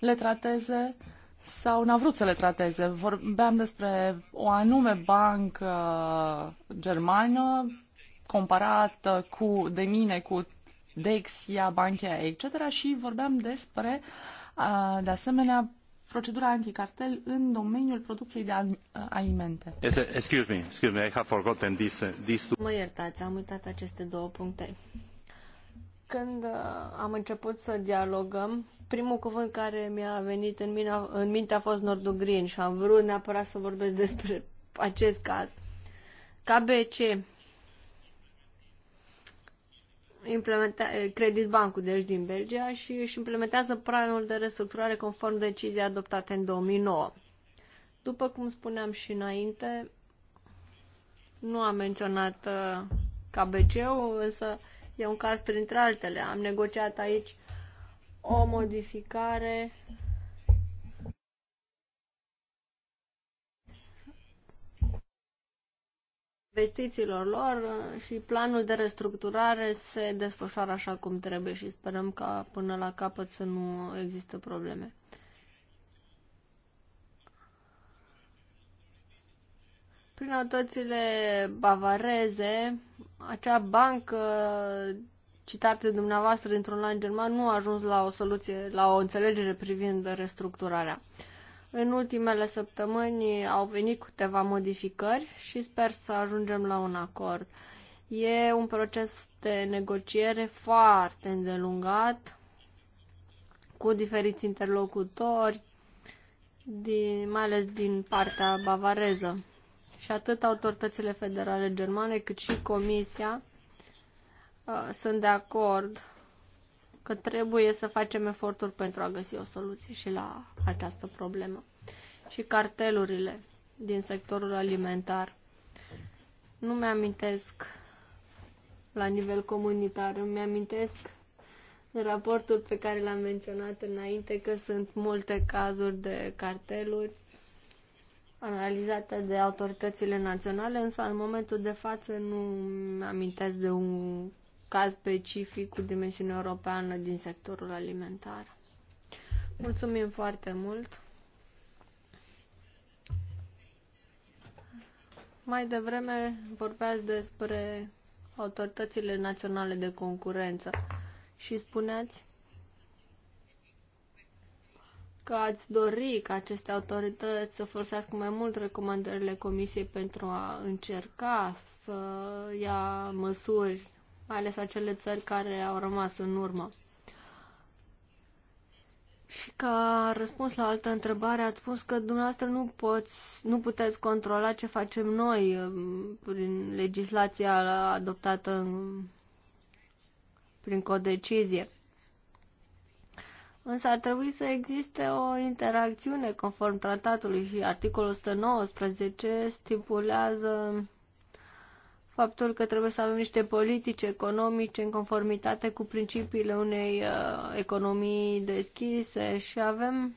le trateze sau n-a vrut să le trateze. Vorbeam despre o anume bancă germană comparată cu, de mine cu Dexia, Banchea, etc. și vorbeam despre, uh, de asemenea, procedura anticartel în domeniul producției de alimente. Excuse me, excuse me, I have forgotten this, uh, this two. Mă iertați, am uitat aceste două puncte. Când uh, am început să dialogăm, primul cuvânt care mi-a venit în, mine, în minte a fost Nordul Green și am vrut neapărat să vorbesc despre acest caz. KBC, Eh, Credit Bancul, deci din Belgia, și își implementează planul de restructurare conform deciziei adoptate în 2009. După cum spuneam și înainte, nu am menționat uh, KBC-ul, însă e un caz printre altele. Am negociat aici o modificare investițiilor lor uh, și planul de restructurare se desfășoară așa cum trebuie și sperăm ca până la capăt să nu există probleme. Prin autoritățile bavareze, acea bancă citată de dumneavoastră dintr-un lan german nu a ajuns la o soluție, la o înțelegere privind restructurarea. În ultimele săptămâni au venit câteva modificări și sper să ajungem la un acord. E un proces de negociere foarte îndelungat cu diferiți interlocutori, din, mai ales din partea bavareză. Și atât autoritățile federale germane cât și Comisia uh, sunt de acord că trebuie să facem eforturi pentru a găsi o soluție și la această problemă. Și cartelurile din sectorul alimentar. Nu mi-amintesc la nivel comunitar, îmi amintesc în raportul pe care l-am menționat înainte că sunt multe cazuri de carteluri analizate de autoritățile naționale, însă în momentul de față nu amintesc de un caz specific cu dimensiune europeană din sectorul alimentar. Mulțumim foarte mult! Mai devreme vorbeați despre autoritățile naționale de concurență și spuneați că ați dori ca aceste autorități să folosească mai mult recomandările Comisiei pentru a încerca să ia măsuri mai ales acele țări care au rămas în urmă. Și ca răspuns la altă întrebare, ați spus că dumneavoastră nu, poți, nu puteți controla ce facem noi um, prin legislația adoptată în, prin codecizie. Însă ar trebui să existe o interacțiune conform tratatului și articolul 119 stipulează faptul că trebuie să avem niște politici economice în conformitate cu principiile unei uh, economii deschise și avem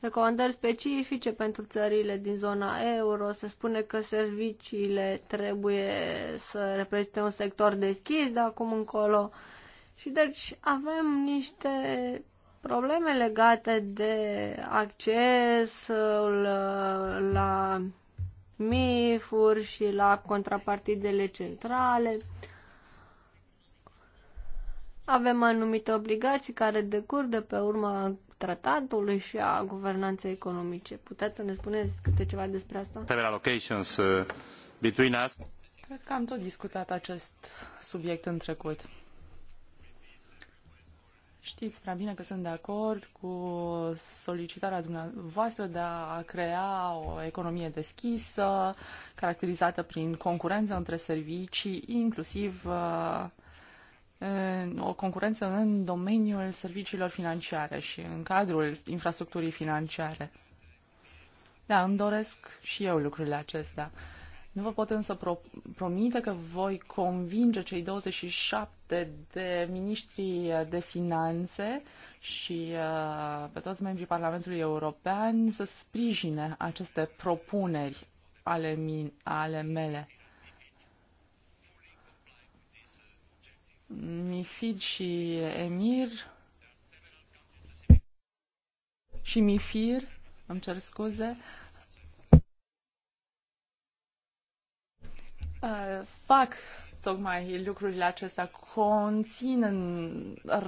recomandări specifice pentru țările din zona euro. Se spune că serviciile trebuie să reprezinte un sector deschis de acum încolo. Și deci avem niște probleme legate de accesul uh, la mifuri și la contrapartidele centrale. Avem anumite obligații care decur de pe urma tratatului și a guvernanței economice. Puteți să ne spuneți câte ceva despre asta? Several occasions uh, between us. Cred că am tot discutat acest subiect în trecut. Știți prea bine că sunt de acord cu solicitarea dumneavoastră de a crea o economie deschisă, caracterizată prin concurență între servicii, inclusiv uh, o concurență în domeniul serviciilor financiare și în cadrul infrastructurii financiare. Da, îmi doresc și eu lucrurile acestea. Uh, nu vă pot însă pro- promite că voi convinge cei 27 de miniștri eh, de finanțe și uh, pe toți membrii Parlamentului European să sprijine aceste propuneri ale, min- ale mele. MIFID și EMIR și MIFIR, îmi cer scuze, uh, Uh, fac tocmai lucrurile acestea, conțin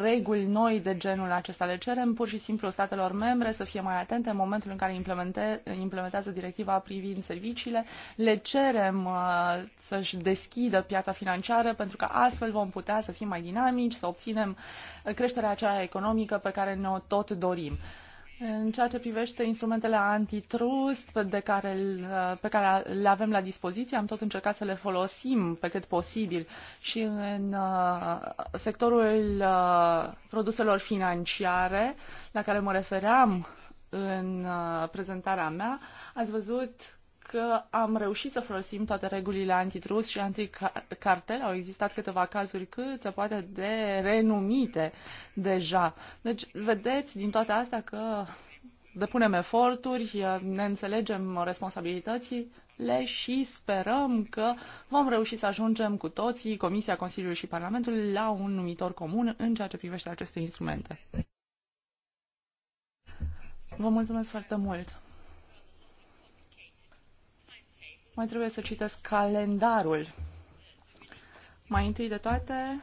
reguli noi de genul acesta. Le cerem pur și simplu statelor membre să fie mai atente în momentul în care implemente, implementează directiva privind serviciile. Le cerem uh, să-și deschidă piața financiară pentru că astfel vom putea să fim mai dinamici, să obținem creșterea aceea economică pe care ne-o tot dorim. Uh, în ceea ce privește instrumentele antitrust de care, pe care le avem la dispoziție, am tot încercat să le folosim pe cât posibil și în uh, sectorul uh, produselor financiare la care mă refeream în uh, prezentarea mea, ați văzut că am reușit să folosim toate regulile antitrust și anticartel. Au existat câteva cazuri cât se poate de renumite deja. Deci, vedeți din toate astea că depunem eforturi, ne înțelegem responsabilitățile și sperăm că vom reuși să ajungem cu toții, Comisia, Consiliul și Parlamentul, la un numitor comun în ceea ce privește aceste instrumente. Vă mulțumesc foarte mult! Mai trebuie să citesc calendarul. Mai întâi de toate,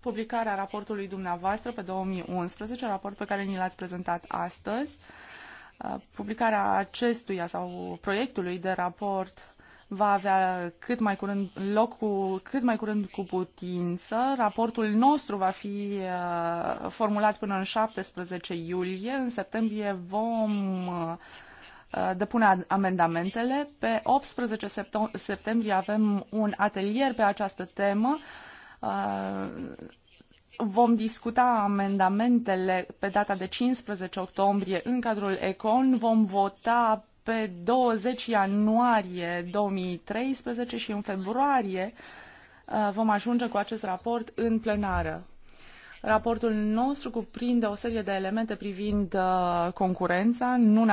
publicarea raportului dumneavoastră pe 2011, raport pe care ni l-ați prezentat astăzi. Uh, publicarea acestuia sau proiectului de raport va avea cât mai curând loc cu, cât mai curând cu putință. Raportul nostru va fi uh, formulat până în 17 iulie. În septembrie vom uh, Uh, depune amendamentele. Pe 18 septembrie avem un atelier pe această temă. Uh, vom discuta amendamentele pe data de 15 octombrie în cadrul ECON. Vom vota pe 20 ianuarie 2013 și în februarie uh, vom ajunge cu acest raport în plenară. Raportul nostru cuprinde o serie de elemente privind uh, concurența. Nu în,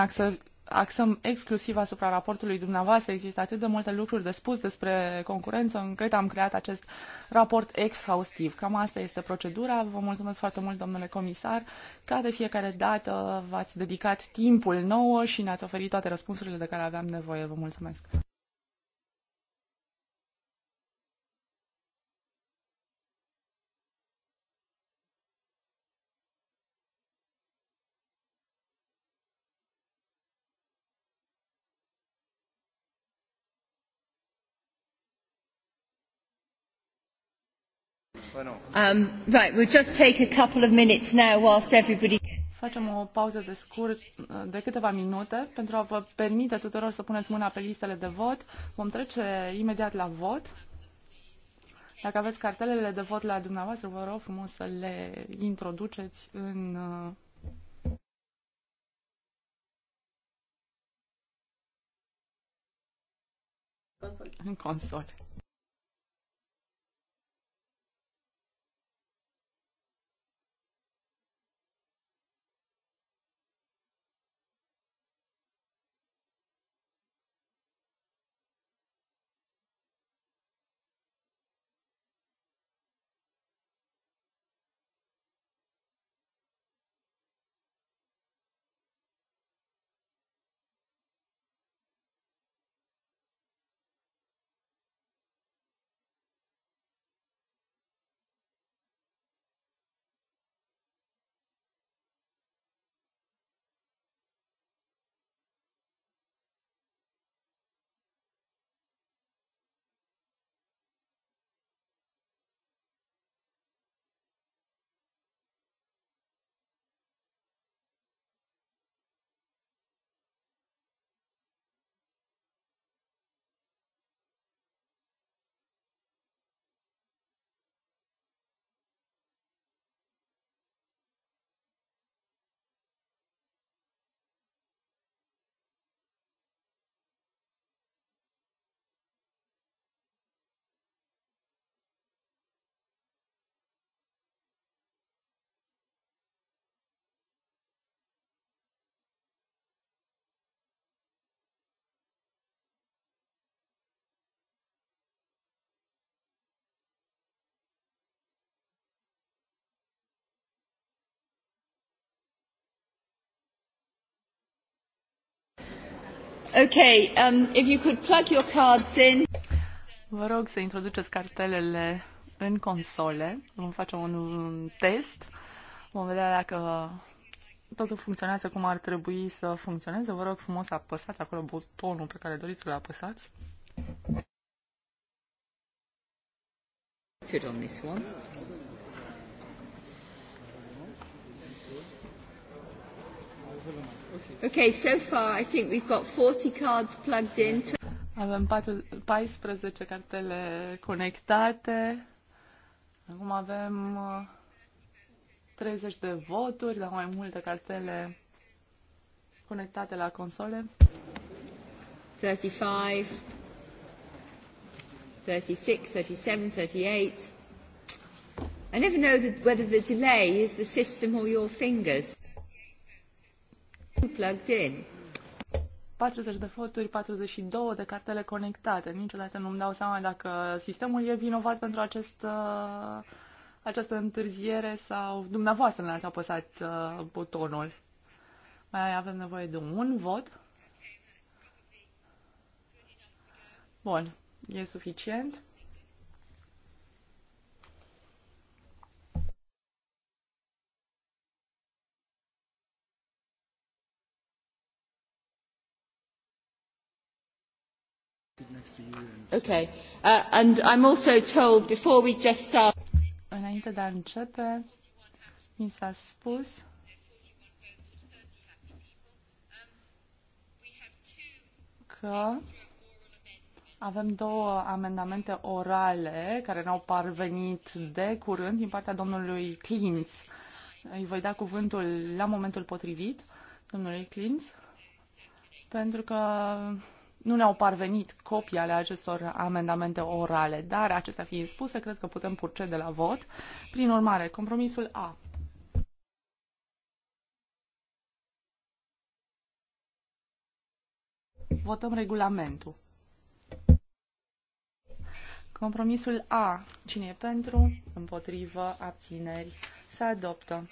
axăm exclusiv asupra raportului dumneavoastră. Există atât de multe lucruri de spus despre concurență încât am creat acest raport exhaustiv. Cam asta este procedura. Vă mulțumesc foarte mult, domnule comisar, ca de fiecare dată v-ați dedicat timpul nouă și ne-ați oferit toate răspunsurile de care aveam nevoie. Vă mulțumesc! Facem o pauză de scurt de câteva minute pentru a vă permite tuturor să puneți mâna pe listele de vot. Vom trece imediat la vot. Dacă aveți cartelele de vot la dumneavoastră, vă rog frumos să le introduceți în uh, în console. Okay, um, if you could plug your cards in. Vă rog să introduceți cartelele în console. Vom face un test. Vom vedea dacă totul funcționează cum ar trebui să funcționeze. Vă rog frumos apăsați acolo butonul pe care doriți să-l apăsați. on this one. Okay, so far I think we've got 40 cards plugged in. Avem 14 cartele conectate. Acum avem 30 uh, de voturi, dar mai multe cartele conectate la console. 35, 36, 37, 38. I never know the, whether the delay is the system or your fingers. Plugged in. 40 de foturi, 42 de cartele conectate. Niciodată nu-mi dau seama dacă sistemul e vinovat pentru acest, uh, această întârziere sau dumneavoastră ne-ați apăsat uh, butonul. Mai avem nevoie de un vot. Bun, e suficient. Okay. Uh, and I'm also told before we just start. Înainte de a începe, mi s-a spus că avem două amendamente orale care ne-au parvenit de curând din partea domnului Clintz. Îi voi da cuvântul la momentul potrivit domnului Clintz pentru că nu ne-au parvenit copii ale acestor amendamente orale, dar acestea fiind spuse, cred că putem de la vot. Prin urmare, compromisul A. Votăm regulamentul. Compromisul A. Cine e pentru? Împotrivă? Abțineri? Se adoptă.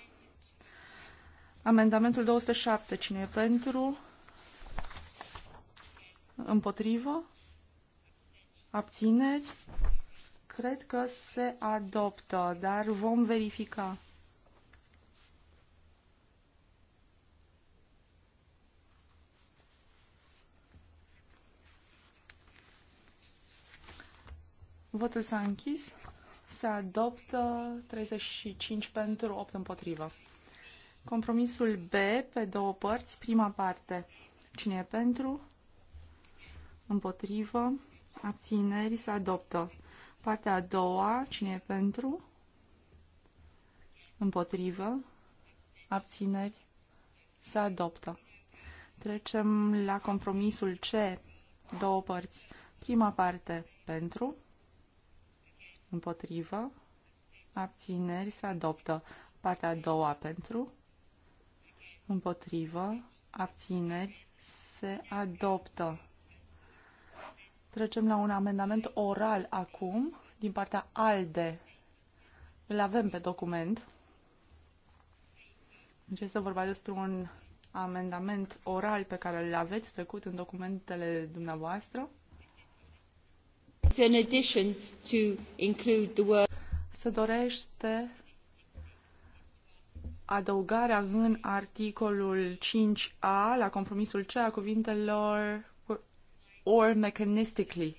Amendamentul 207. Cine e pentru? Împotrivă? Abțineri? Cred că se adoptă, dar vom verifica. Votul s-a închis. Se adoptă 35 pentru 8 împotrivă. Compromisul B pe două părți, prima parte. Cine e pentru? împotrivă, abțineri, se adoptă. Partea a doua, cine e pentru, împotrivă, abțineri, se adoptă. Trecem la compromisul C, două părți. Prima parte, pentru, împotrivă, abțineri, se adoptă. Partea a doua, pentru, împotrivă, abțineri, se adoptă. Trecem la un amendament oral acum, din partea ALDE. Îl avem pe document. Deci este vorba despre un amendament oral pe care îl aveți trecut în documentele dumneavoastră. In addition to include the word... Se dorește adăugarea în articolul 5a la compromisul C a cuvintelor or mechanistically.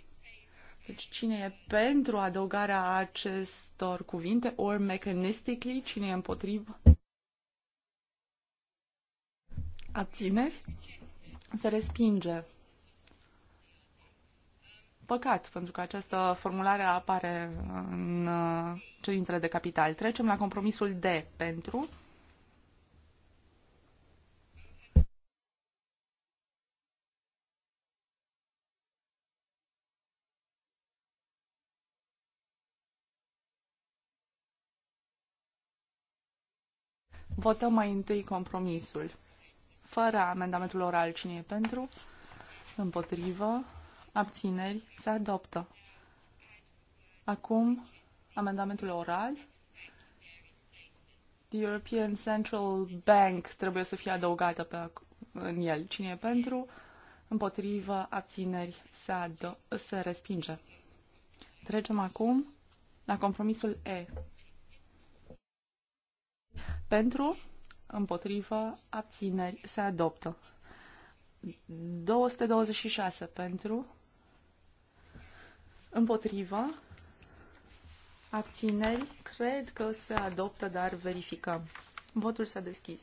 Deci cine e pentru adăugarea acestor cuvinte or mechanistically, cine e împotrivă? Abțineri? Se respinge. Păcat, pentru că această formulare apare în uh, cerințele de capital. Trecem la compromisul D pentru Votăm mai întâi compromisul. Fără amendamentul oral, cine e pentru? Împotrivă. Abțineri. Se adoptă. Acum, amendamentul oral. The European Central Bank trebuie să fie adăugată pe, în el. Cine e pentru? Împotrivă. Abțineri. Se, se respinge. Trecem acum la compromisul E. Pentru, împotrivă, abțineri, se adoptă. 226 pentru, împotrivă, abțineri, cred că se adoptă, dar verificăm. Votul s-a deschis.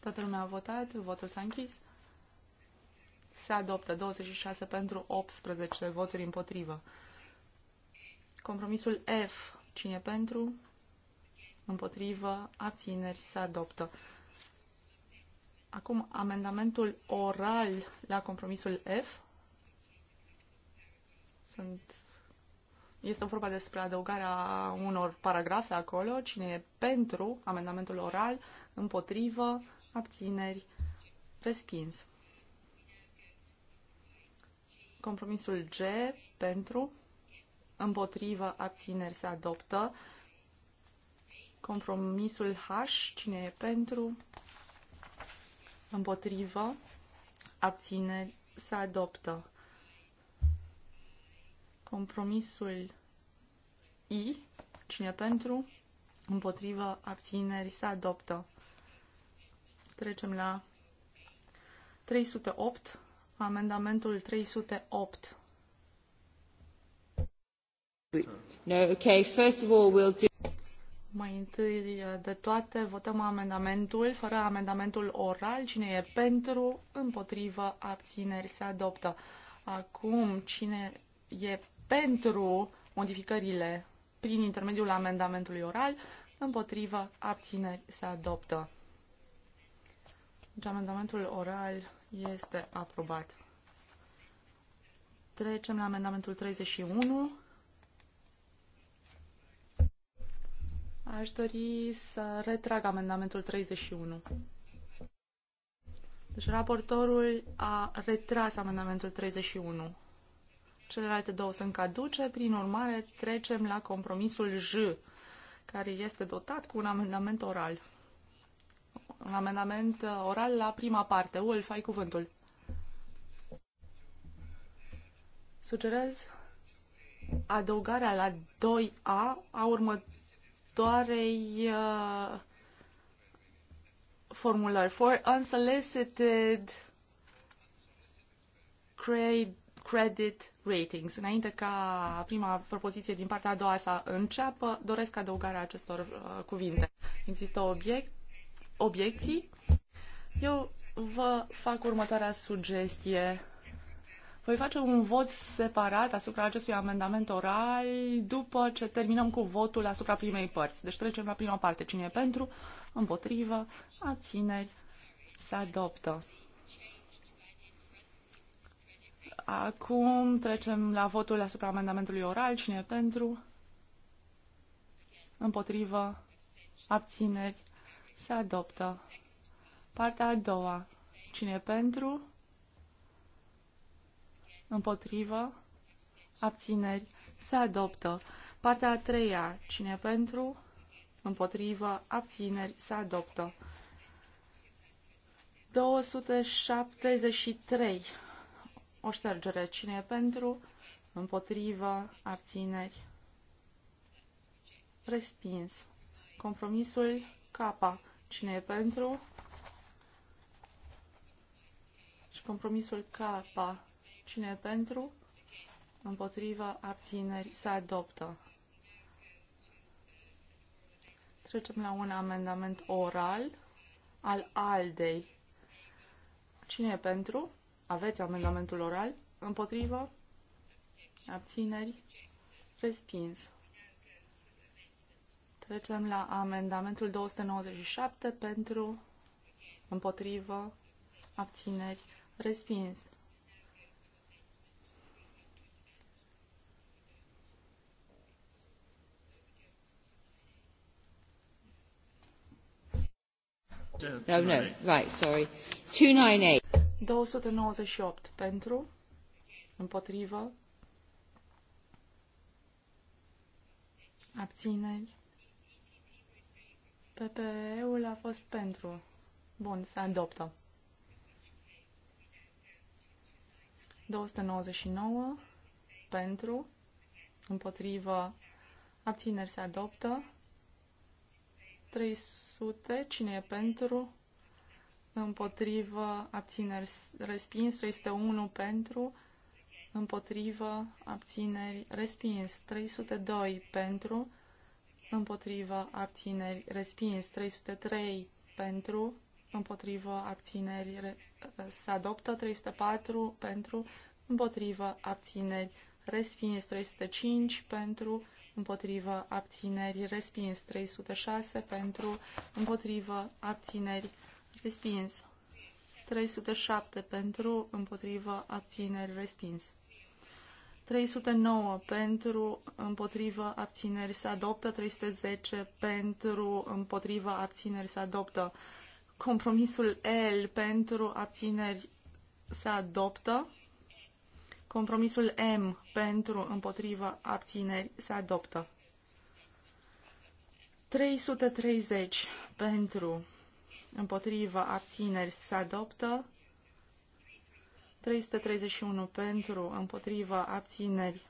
Toată lumea a votat, votul s-a închis. Se adoptă 26 pentru 18 voturi împotrivă. Compromisul F. Cine pentru? Împotrivă. Abțineri. Se adoptă. Acum, amendamentul oral la compromisul F. Sunt... Este vorba despre adăugarea unor paragrafe acolo. Cine e pentru amendamentul oral, împotrivă, abțineri, respins. Compromisul G, pentru, împotrivă, abțineri se adoptă. Compromisul H, cine e pentru, împotrivă, abțineri se adoptă. Compromisul I, cine e pentru, împotrivă, abțineri se adoptă. Trecem la 308, amendamentul 308. No, okay. First of all, we'll do... Mai întâi de toate votăm amendamentul fără amendamentul oral. Cine e pentru, împotrivă, abțineri, se adoptă. Acum, cine e pentru modificările prin intermediul amendamentului oral, împotrivă, abțineri, se adoptă. Deci amendamentul oral este aprobat. Trecem la amendamentul 31. Aș dori să retrag amendamentul 31. Deci raportorul a retras amendamentul 31. Celelalte două sunt caduce, prin urmare trecem la compromisul J, care este dotat cu un amendament oral. Un amendament uh, oral la prima parte. Ulf, ai cuvântul. Sugerez adăugarea la 2A a următoarei următoarei uh, formulări. For unsolicited credit ratings. Înainte ca prima propoziție din partea a doua să înceapă, doresc adăugarea acestor uh, cuvinte. Există obiect, obiecții? Eu vă fac următoarea sugestie voi face un vot separat asupra acestui amendament oral după ce terminăm cu votul asupra primei părți. Deci trecem la prima parte. Cine e pentru? Împotrivă? Abțineri? Se adoptă. Acum trecem la votul asupra amendamentului oral. Cine e pentru? Împotrivă? Abțineri? Se adoptă. Partea a doua. Cine e pentru? împotrivă, abțineri, se adoptă. Partea a treia, cine pentru, împotrivă, abțineri, se adoptă. 273, o ștergere, cine pentru, împotrivă, abțineri, respins. Compromisul K, cine e pentru, și compromisul K, Cine e pentru? Împotrivă, abțineri, se adoptă. Trecem la un amendament oral al ALDEI. Cine e pentru? Aveți amendamentul oral? Împotrivă? Abțineri? Respins. Trecem la amendamentul 297 pentru, împotrivă, abțineri, respins. No, no, right, sorry. 298 pentru, împotrivă, abțineri. PPE-ul a fost pentru. Bun, se adoptă. 299 pentru, împotrivă, abțineri se adoptă. 300. Cine e pentru? Împotrivă. Abțineri. Respins. 301 pentru. Împotrivă. Abțineri. Respins. 302 pentru. Împotrivă. Abțineri. Respins. 303 pentru. Împotrivă. Abțineri. Se adoptă. 304 pentru. Împotrivă. Abțineri. Respins. 305 pentru împotrivă, abțineri, respins. 306 pentru, împotrivă, abțineri, respins. 307 pentru, împotrivă, abțineri, respins. 309 pentru, împotrivă, abțineri, se adoptă. 310 pentru, împotrivă, abțineri, se adoptă. Compromisul L pentru abțineri se adoptă. Compromisul M pentru împotriva abțineri se adoptă. 330 pentru împotriva abțineri se adoptă. 331 pentru împotriva abțineri.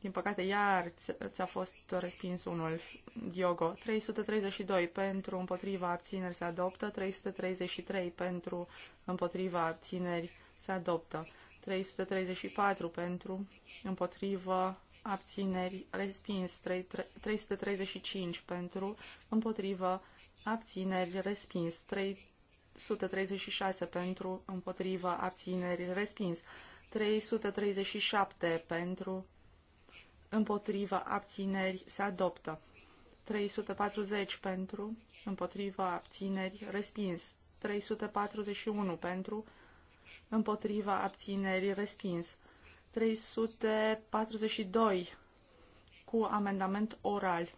Din păcate, iar ți-a fost respins unul, Diogo. 332 pentru împotriva abțineri se adoptă. 333 pentru împotriva abțineri se adoptă. 334 pentru, împotrivă, abțineri, respins, 3, 335 pentru, împotrivă, abțineri, respins, 336 pentru, împotrivă, abțineri, respins, 337 pentru, împotrivă, abțineri, se adoptă, 340 pentru, împotrivă, abțineri, respins, 341 pentru, împotriva abținerii respins. 342 cu amendament oral.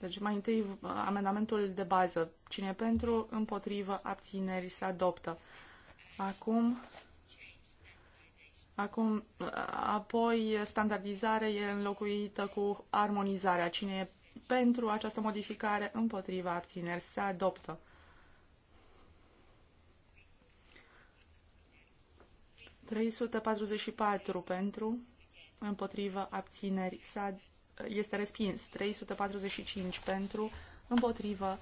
Deci mai întâi amendamentul de bază. Cine pentru, împotrivă, abținerii se adoptă. Acum, acum, apoi standardizare e înlocuită cu armonizarea. Cine e pentru această modificare, împotriva, abțineri se adoptă. 344 pentru, împotrivă, abțineri, este respins. 345 pentru, împotrivă,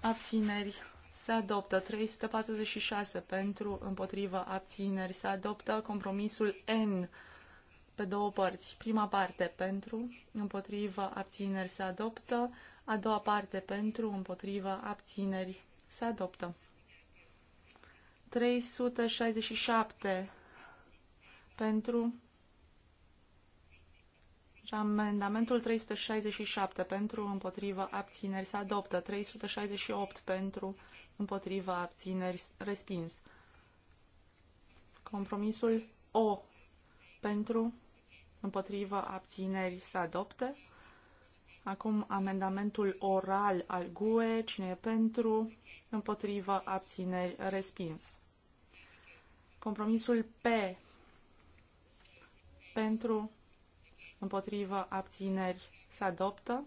abțineri, se adoptă. 346 pentru, împotrivă, abțineri, se adoptă. Compromisul N pe două părți. Prima parte pentru, împotrivă, abțineri, se adoptă. A doua parte pentru, împotrivă, abțineri, se adoptă. 367 pentru amendamentul 367 pentru împotriva abțineri se adoptă, 368 pentru împotriva abțineri respins. Compromisul O pentru împotriva abțineri se adoptă. Acum amendamentul oral al GUE, cine e pentru, împotriva abțineri respins. Compromisul P pentru, împotrivă, abțineri se adoptă.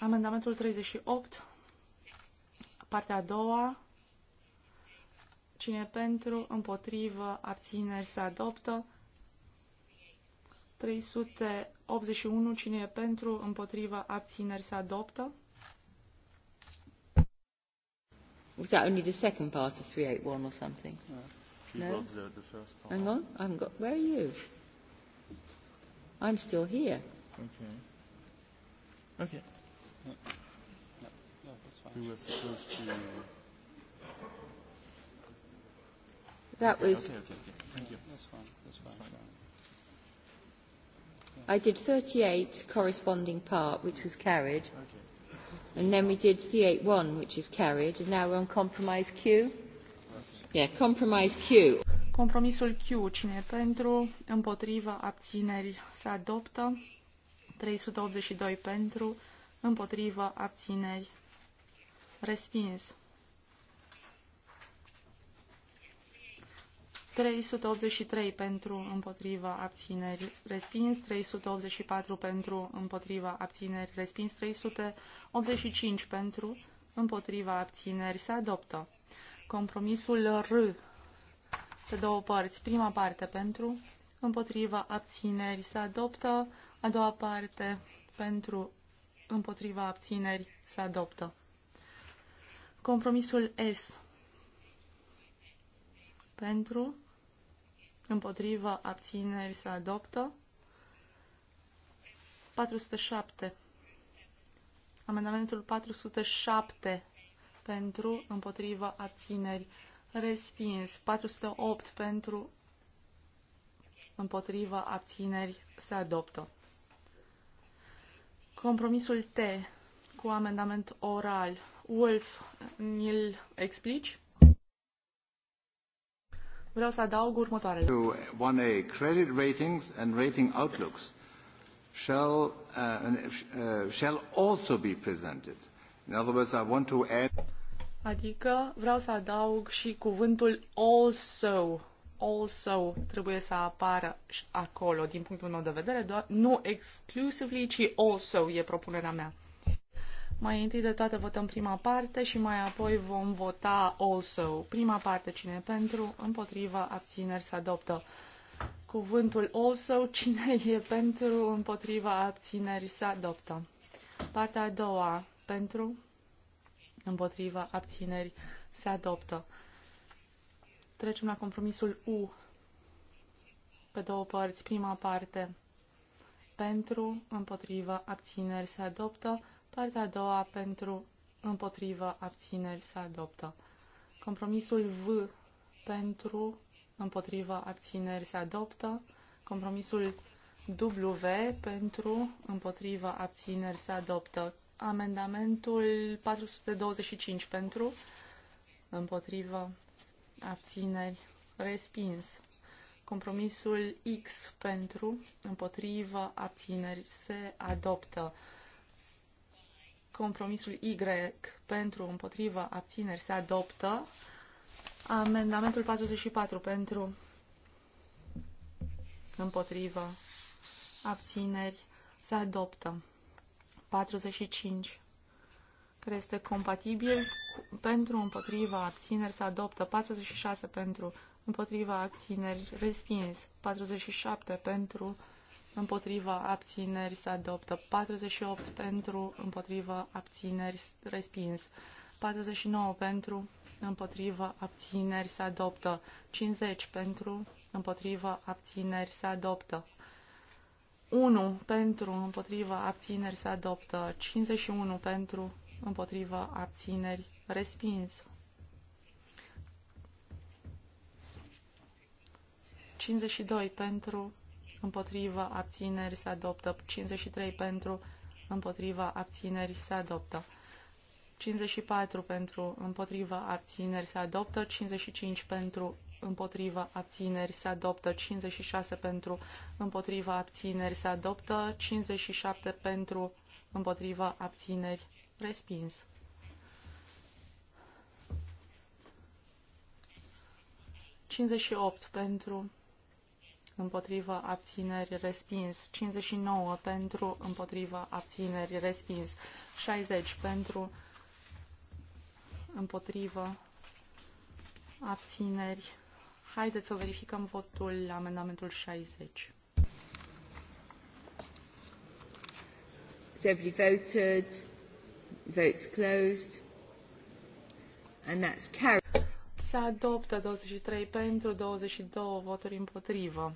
Amendamentul 38, partea a doua, cine pentru, împotrivă, abțineri se adoptă. 381, cine e pentru, împotrivă, abțineri se adoptă. Was that only the second part of 381 or something? Yeah. No? The, first part. Hang on, I haven't got. Where are you? I'm still here. Okay. Okay. No, no, no that's fine. We were supposed to. That okay, was. Okay, okay, okay. Thank you. that's fine. That's fine. That's fine. I did 38 corresponding part, which was carried. Okay. And then we did 381, which is carried. And now we're on compromise Q. Compromisul Q. Cine e pentru? împotriva Abțineri? Se adoptă. 382 pentru. împotriva Abțineri? Respins. 383 pentru împotriva abțineri respins, 384 pentru împotriva abțineri respins, 385 pentru împotriva abțineri se adoptă. Compromisul R, pe două părți. Prima parte pentru, împotriva abțineri se adoptă, a doua parte pentru, împotriva abțineri se adoptă. Compromisul S, pentru, împotriva abțineri se adoptă, 407. Amendamentul 407 pentru, împotriva, abțineri, respins. 408 pentru, împotriva, abțineri, se adoptă. Compromisul T cu amendament oral. Wolf, mi l explici? Vreau să adaug următoarele. To 1A, credit ratings and rating outlooks shall, uh, uh, shall also be presented. In other words, I want to add... Adică vreau să adaug și cuvântul also. Also trebuie să apară și acolo, din punctul meu de vedere, doar, nu exclusively, ci also e propunerea mea. Mai întâi de toate votăm prima parte și mai apoi vom vota also. Prima parte cine e pentru, împotriva, abțineri se adoptă. Cuvântul also, cine e pentru, împotriva, abțineri se adoptă. Partea a doua, pentru, împotriva, abțineri, se adoptă. Trecem la compromisul U, pe două părți. Prima parte, pentru, împotriva, abțineri, se adoptă. Partea a doua, pentru, împotriva, abțineri, se adoptă. Compromisul V, pentru, împotriva, abțineri, se adoptă. Compromisul W, pentru, împotriva, abțineri, se adoptă. Amendamentul 425 pentru, împotrivă, abțineri, respins. Compromisul X pentru, împotrivă, abțineri, se adoptă. Compromisul Y pentru, împotrivă, abțineri, se adoptă. Amendamentul 44 pentru, împotrivă, abțineri, se adoptă. 45 care este compatibil pentru împotriva abțineri se adoptă 46 pentru împotriva abțineri respins 47 pentru împotriva abțineri se adoptă 48 pentru împotriva abțineri respins 49 pentru împotriva abțineri se adoptă 50 pentru împotriva abțineri se adoptă 1 pentru, împotrivă, abțineri se adoptă. 51 pentru, împotrivă, abțineri, respins. 52 pentru, împotrivă, abțineri se adoptă. 53 pentru, împotriva abțineri se adoptă. 54 pentru împotriva abțineri se adoptă, 55 pentru împotriva abțineri se adoptă, 56 pentru împotriva abțineri se adoptă, 57 pentru împotriva abțineri respins. cinzeci opt pentru împotriva abțineri respins, 59 pentru împotriva abțineri respins, șaizeci pentru împotriva abțineri Haideți să verificăm votul la amendamentul 60. Deputy voted. Votes closed. And that's carried. Se adoptă 23 pentru, 22 voturi împotrivă.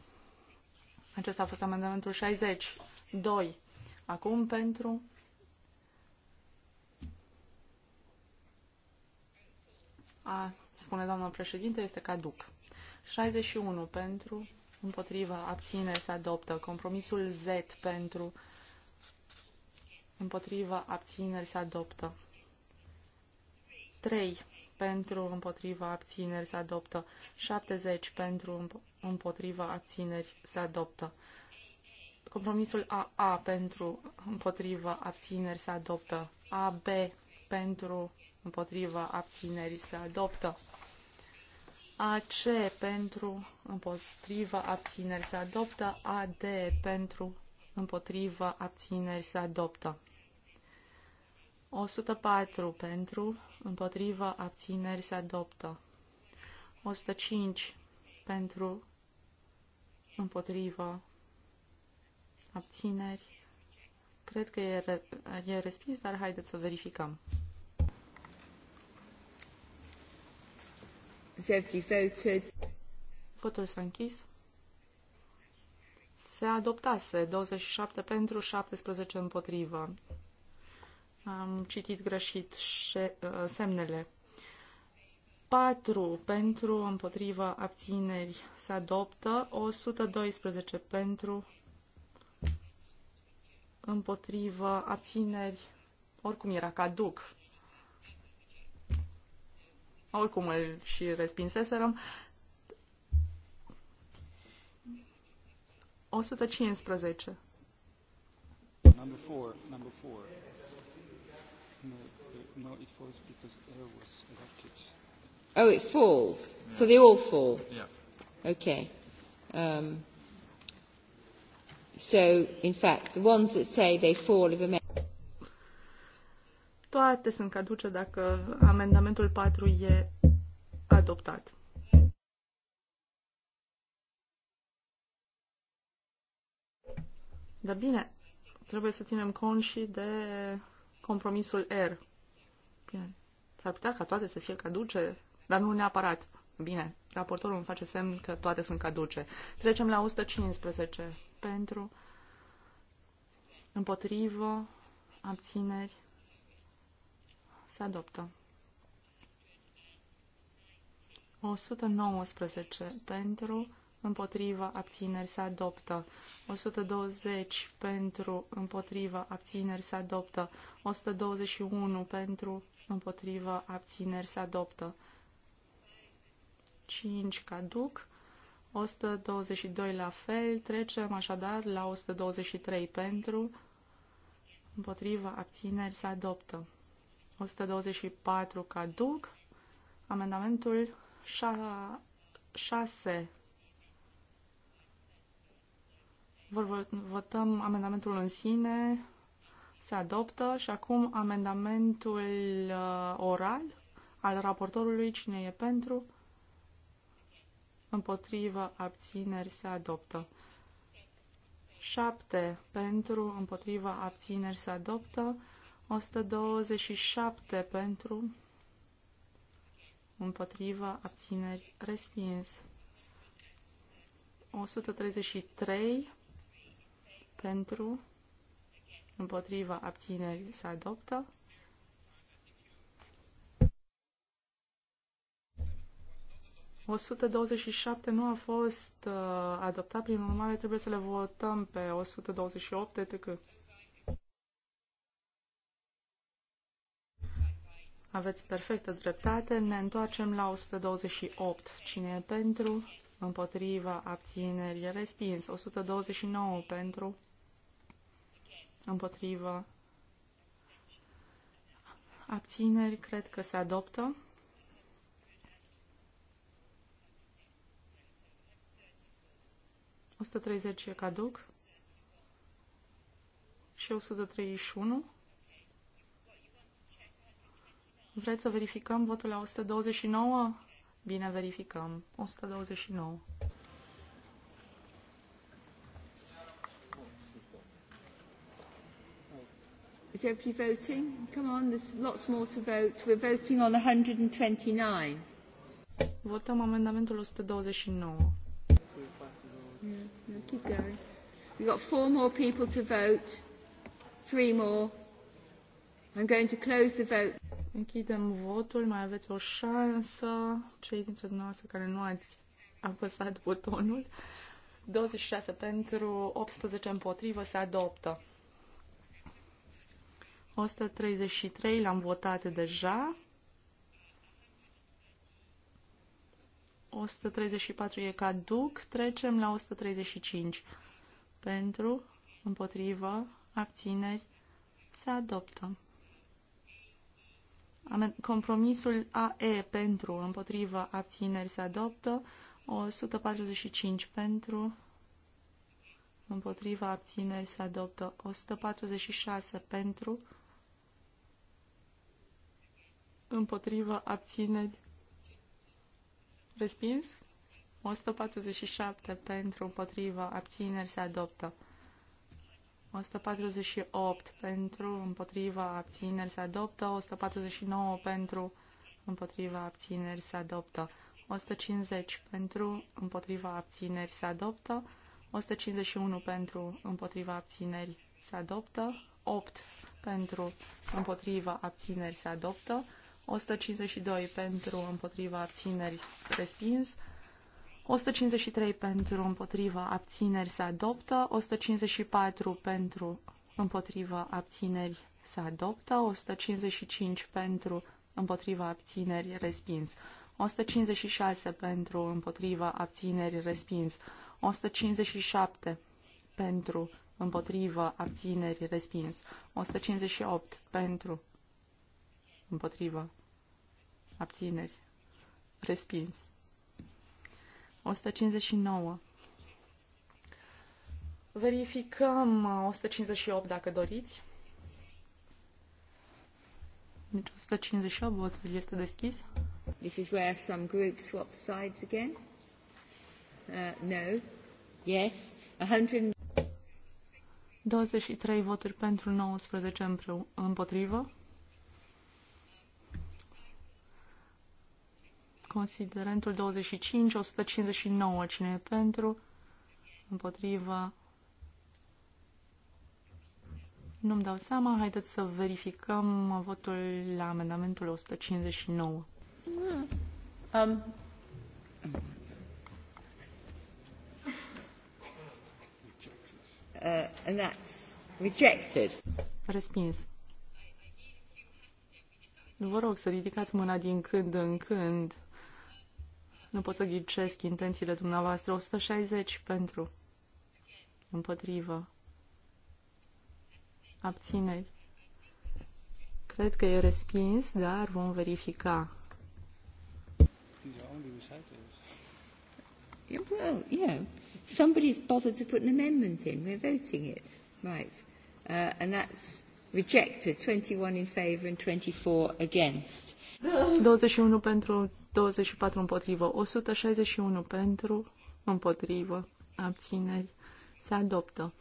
Acesta a fost amendamentul 60. 2. Acum pentru A, spune doamna președinte, este caduc. 61 pentru, împotriva, abține, se adoptă. Compromisul Z pentru, împotriva, abțineri se adoptă. 3 pentru, împotriva, abțineri se adoptă. 70 pentru, împotriva, abțineri se adoptă. Compromisul AA pentru, împotriva, abțineri se adoptă. AB pentru, împotriva, abțineri se adoptă. AC pentru împotriva abțineri se adoptă, AD pentru împotriva abțineri se adoptă. 104 pentru împotriva abțineri se adoptă. 105 pentru împotriva abțineri. Cred că e, re- e respins, dar haideți să verificăm. Votul s-a închis. Se adoptase 27 pentru, 17 împotrivă. Am citit greșit uh, semnele. 4 pentru, împotriva, abțineri se adoptă, 112 pentru, împotriva, abțineri, oricum era caduc oricum îl și respinseserăm. 115. Number four, number four. No, no, it falls because air was Oh, it falls. Yeah. So they all fall. Yeah. Okay. Um, so, in fact, the ones that say they fall have a toate sunt caduce dacă amendamentul 4 e adoptat. Dar bine, trebuie să ținem cont și de compromisul R. Bine, s-ar putea ca toate să fie caduce, dar nu neapărat. Bine, raportorul îmi face semn că toate sunt caduce. Trecem la 115. Pentru, împotrivă, abțineri, se adoptă. 119 pentru, împotriva, abțineri, se adoptă. 120 pentru, împotriva, abțineri, se adoptă. 121 pentru, împotriva, abțineri, se adoptă. 5 caduc. 122 la fel. Trecem așadar la 123 pentru, împotriva, abțineri, se adoptă. 124 caduc. Amendamentul 6. Vor votăm amendamentul în sine. Se adoptă și acum amendamentul uh, oral al raportorului. Cine e pentru? Împotrivă, abțineri, se adoptă. 7 pentru, împotriva, abțineri se adoptă. 127 pentru, împotriva, abțineri, respins. 133 pentru, împotriva, abțineri, se adoptă. O 127 nu a fost uh, adoptat, prin urmare trebuie să le votăm pe 128 TTC. Aveți perfectă dreptate. Ne întoarcem la 128. Cine e pentru? Împotriva abțineri. E respins. 129 pentru. Împotriva abțineri. Cred că se adoptă. Osta treizeci e caduc și 131 Vreți să verificăm votul la 129? Bine, verificăm. 129. Is everybody voting? Come on, there's lots more to vote. We're voting on 129. Votăm amendamentul 129. Yeah, no, keep going. We've got four more people to vote. Three more. I'm going to close the vote. Închidem votul, mai aveți o șansă, cei dintre dumneavoastră care nu ați apăsat butonul. 26 pentru, 18 împotrivă, se adoptă. 133 l-am votat deja. 134 e caduc, trecem la 135. Pentru, împotrivă, abțineri, se adoptă. Compromisul AE pentru, împotrivă, abțineri se adoptă. 145 pentru, împotriva abțineri se adoptă. 146 pentru, împotriva abțineri respins. 147 pentru, împotriva abțineri se adoptă. 148 pentru, împotriva abțineri se adoptă, 149 pentru, împotriva abțineri se adoptă, 150 pentru, împotriva abțineri se adoptă, 151 pentru, împotriva abțineri se adoptă, 8 pentru, împotriva abțineri se adoptă, 152 pentru, împotriva abțineri respins, 153 pentru împotrivă abțineri se adoptă, 154 pentru împotrivă abțineri se adoptă, 155 pentru împotrivă abțineri respins, 156 pentru împotrivă abțineri respins, 157 pentru împotrivă abțineri respins, 158 pentru împotrivă abțineri respins. 159. Verificăm 158 uh, dacă doriți. Deci 158, votul este deschis. This is where some group swap sides again. Uh, no. Yes. 100... 23 voturi pentru 19 împotrivă. Considerentul 25, 159. Cine e pentru? Împotrivă? Nu-mi dau seama. Haideți să verificăm votul la amendamentul 159. Mm. Um. Uh, and that's rejected. Respins. Vă rog să ridicați mâna din când în când. Nu pot să ghicesc intențiile dumneavoastră. 160 pentru. Împotrivă. Abțineri. Cred că e respins, dar vom verifica. Yeah, well, yeah. Somebody's bothered to put an amendment in. We're voting it. Right. Uh, and that's rejected. 21 in favour and 24 against. 21 pentru 24 împotrivă, 161 pentru, împotrivă, abțineri, se adoptă.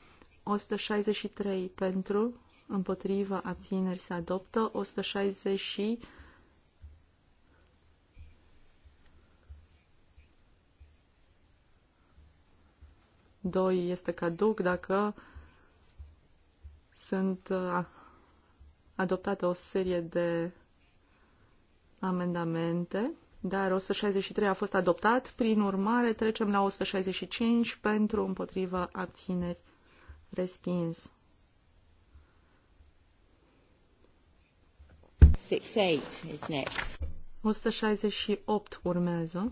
163 pentru, împotrivă, abțineri, se adoptă. 160 2 este caduc dacă sunt uh, adoptate o serie de amendamente dar 163 a fost adoptat. Prin urmare, trecem la 165 pentru împotriva abțineri respins. 168 next. 168 urmează.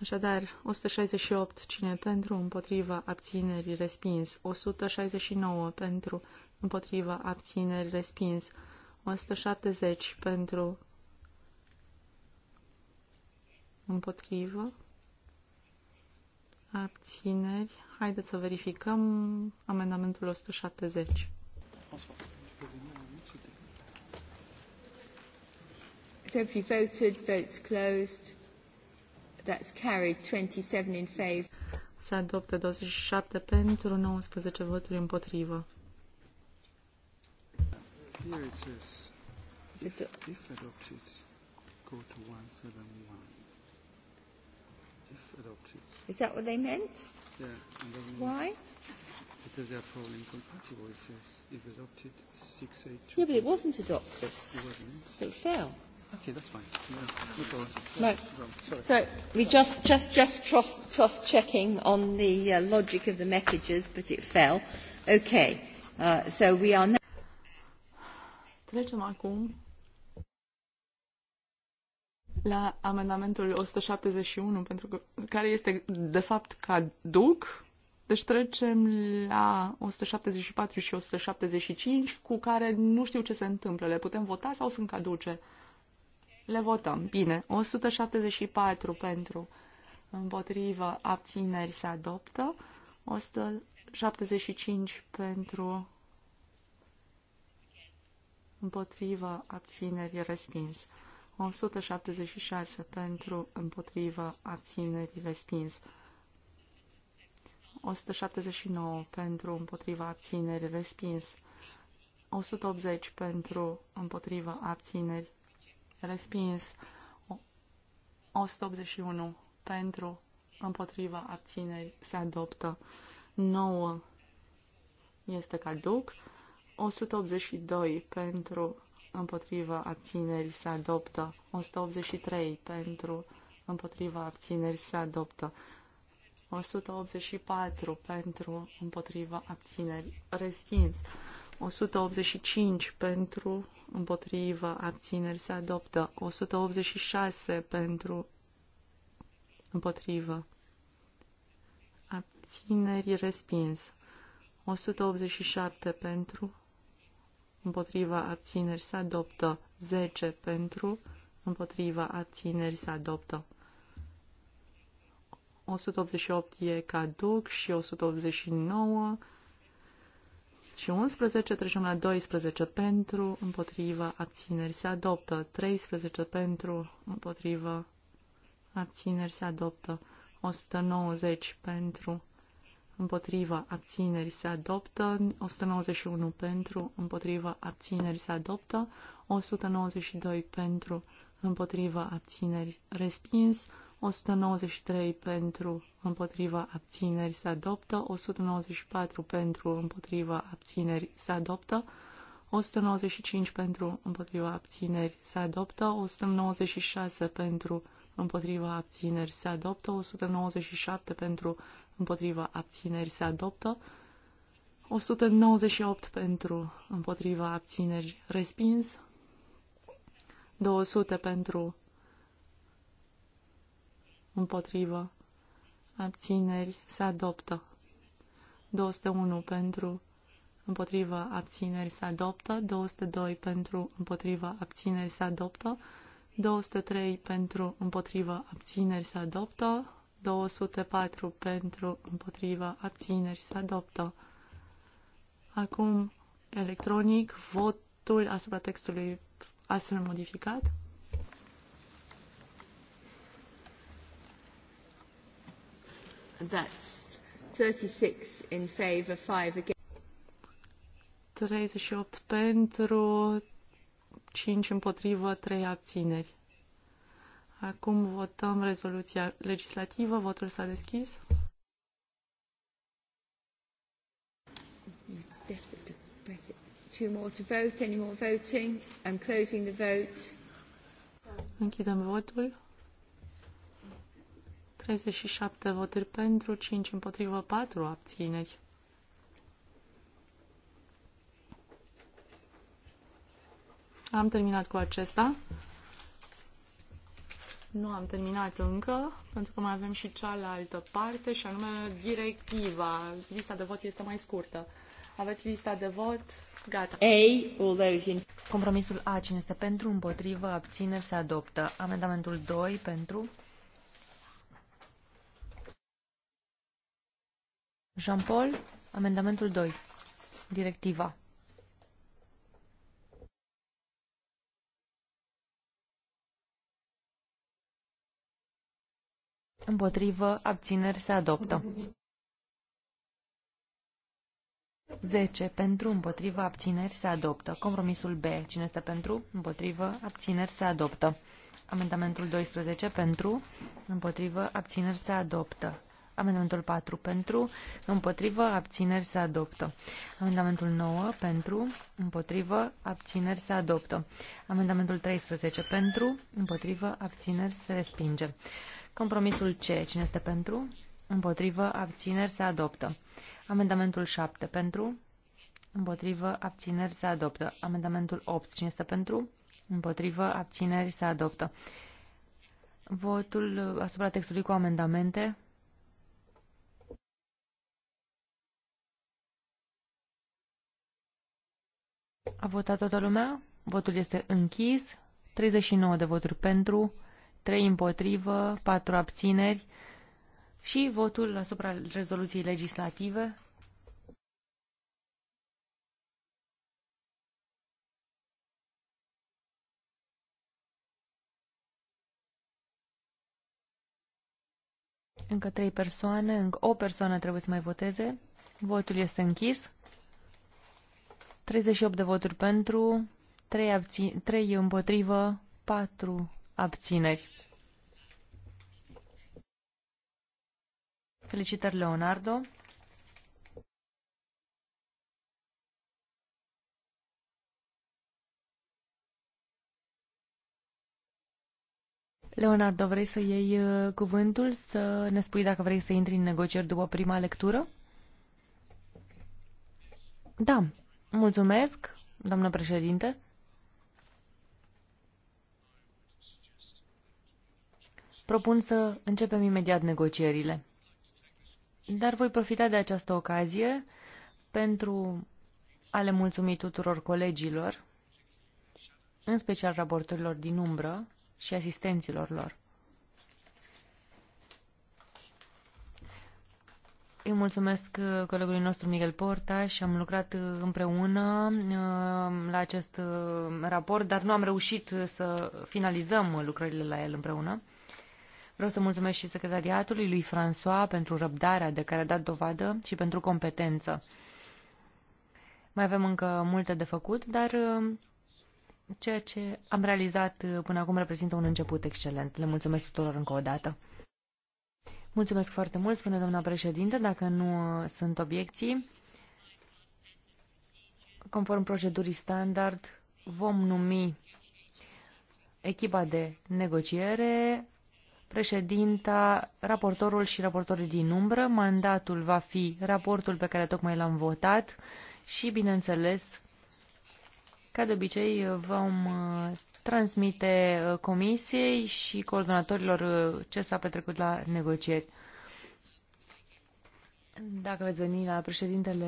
Așadar, 168 cine pentru, împotriva, abțineri, respins. 169 pentru, împotriva, abțineri, respins. 170 pentru, împotrivă, abțineri. Haideți să verificăm amendamentul 170. Every voted, votes closed. That's carried 27 in favor. Se adoptă 27 pentru, 19 voturi împotrivă. Here it says, if, if adopted, go to 171. Is that what they meant? Yeah. Why? Because they are probably incompatible. It says if adopted, 682. Yeah, but it wasn't adopted. It wasn't. It fell. Okay, that's fine. No. no. So we just just just cross cross checking on the uh, logic of the messages, but it fell. Okay. Uh, so we are now. Trecem acum la amendamentul 171, pentru că, care este de fapt caduc. Deci trecem la 174 și 175, cu care nu știu ce se întâmplă. Le putem vota sau sunt caduce? Le votăm. Bine. 174 pentru împotrivă abțineri se adoptă. 175 pentru împotrivă abțineri respins. 176 pentru, împotriva abținerii respins. 179 pentru, împotriva, abțineri, respins. 180 pentru, împotriva, abțineri, respins. 181 pentru, împotriva, abțineri, se adoptă. 9 este caduc. 182 pentru, împotriva abținerii se adoptă. 183 pentru împotriva abținerii se adoptă. 184 pentru împotriva abținerii respins. 185 pentru împotriva abținerii se adoptă. 186 pentru împotriva abținerii respins. 187 pentru împotriva abțineri se adoptă 10 pentru, împotriva abțineri se adoptă. 188 e caduc și 189 și 11 trecem la 12 pentru, împotriva abțineri se adoptă, 13 pentru, împotriva abțineri se adoptă, 190 pentru, împotriva abțineri se adoptă, 191 pentru, împotriva abțineri se adoptă, 192 pentru, împotriva abțineri respins, 193 pentru, împotriva abțineri se adoptă, 194 pentru, împotriva abțineri se adoptă, 195 pentru, împotriva abțineri se adoptă, 196 pentru, împotriva abțineri se adoptă, 197 pentru, împotriva abțineri se adoptă, 198 pentru împotriva abțineri respins, 200 pentru împotriva abțineri se adoptă, 201 pentru împotriva abțineri se adoptă, 202 pentru împotriva abțineri se adoptă, 203 pentru împotriva abțineri se adoptă, 204 pentru, împotriva, abțineri se adoptă. Acum, electronic, votul asupra textului astfel modificat. That's 36 in favor, 5 against. 38 pentru, 5 împotrivă, 3 abțineri. Acum votăm rezoluția legislativă. Votul s-a deschis. Închidem votul. 37 voturi pentru, 5 împotrivă, 4 abțineri. Am terminat cu acesta. Nu am terminat încă, pentru că mai avem și cealaltă parte, și anume directiva. Lista de vot este mai scurtă. Aveți lista de vot? Gata. A, all those in... Compromisul A, cine este pentru, împotrivă, abțineri, se adoptă. Amendamentul 2, pentru. Jean-Paul, amendamentul 2, directiva. Împotrivă, abțineri se adoptă. 10. Pentru, împotrivă, abțineri se adoptă. Compromisul B. Cine este pentru, împotrivă, abțineri se adoptă. Amendamentul 12. Pentru, împotrivă, abțineri se adoptă. Amendamentul 4 pentru, împotrivă, abțineri se adoptă. Amendamentul 9 pentru, împotrivă, abțineri se adoptă. Amendamentul 13 pentru, împotrivă, abțineri se respinge. Compromisul C. Cine este pentru? Împotrivă, abțineri se adoptă. Amendamentul 7 pentru, împotrivă, abțineri se adoptă. Amendamentul 8. Cine este pentru? Împotrivă, abțineri se adoptă. Votul asupra textului cu amendamente. A votat toată lumea? Votul este închis. 39 de voturi pentru, 3 împotrivă, 4 abțineri și votul asupra rezoluției legislative. Încă trei persoane, încă o persoană trebuie să mai voteze. Votul este închis. 38 de voturi pentru, 3, abțin- 3 împotrivă, 4 abțineri. Felicitări, Leonardo! Leonardo, vrei să iei uh, cuvântul, să ne spui dacă vrei să intri în negocieri după prima lectură? Da, Mulțumesc, doamnă președinte. Propun să începem imediat negocierile. Dar voi profita de această ocazie pentru a le mulțumi tuturor colegilor, în special raportorilor din umbră și asistenților lor. Îi mulțumesc uh, colegului nostru Miguel Porta și am lucrat uh, împreună uh, la acest raport, dar nu am reușit să finalizăm lucrările la el împreună. Vreau să mulțumesc și secretariatului lui François pentru răbdarea de care a dat dovadă și pentru competență. Mai avem încă multe de făcut, dar ceea ce am realizat până acum reprezintă un început excelent. Le mulțumesc tuturor încă o dată. Mulțumesc foarte mult, spune doamna președinte. Dacă nu sunt obiecții, conform procedurii standard, vom numi echipa de negociere, președinta, raportorul și raportorii din umbră. Mandatul va fi raportul pe care tocmai l-am votat și, bineînțeles, ca de obicei, vom transmite uh, comisiei și coordonatorilor uh, ce s-a petrecut la negocieri. Dacă veți veni la președintele,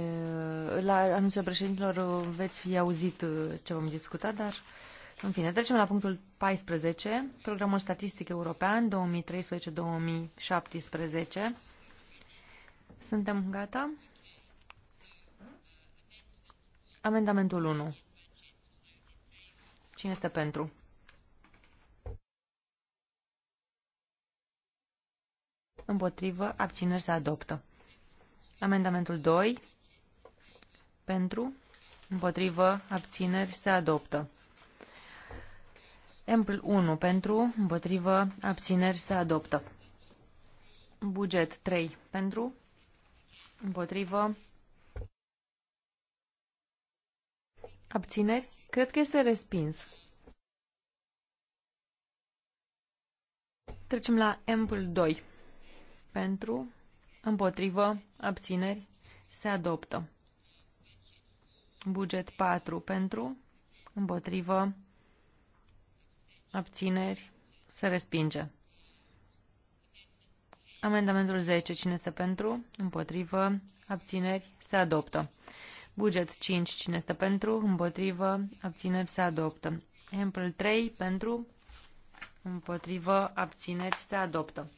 uh, la anunțul președintelor, veți fi auzit ce vom discuta, dar în fine, trecem la punctul 14, programul statistic european 2013-2017. Suntem gata? Amendamentul 1. Cine este pentru? Împotrivă, abțineri se adoptă. Amendamentul 2. Pentru, împotrivă, abțineri se adoptă. Empl 1. Pentru, împotrivă, abțineri se adoptă. Buget 3. Pentru, împotrivă, abțineri Cred că este respins. Trecem la Ample 2. Pentru, împotrivă, abțineri, se adoptă. Buget 4 pentru, împotrivă, abțineri, se respinge. Amendamentul 10, cine este pentru, împotrivă, abțineri, se adoptă. Buget 5, cine este pentru, împotrivă, abțineri se adoptă. Ample 3, pentru, împotrivă, abțineri se adoptă.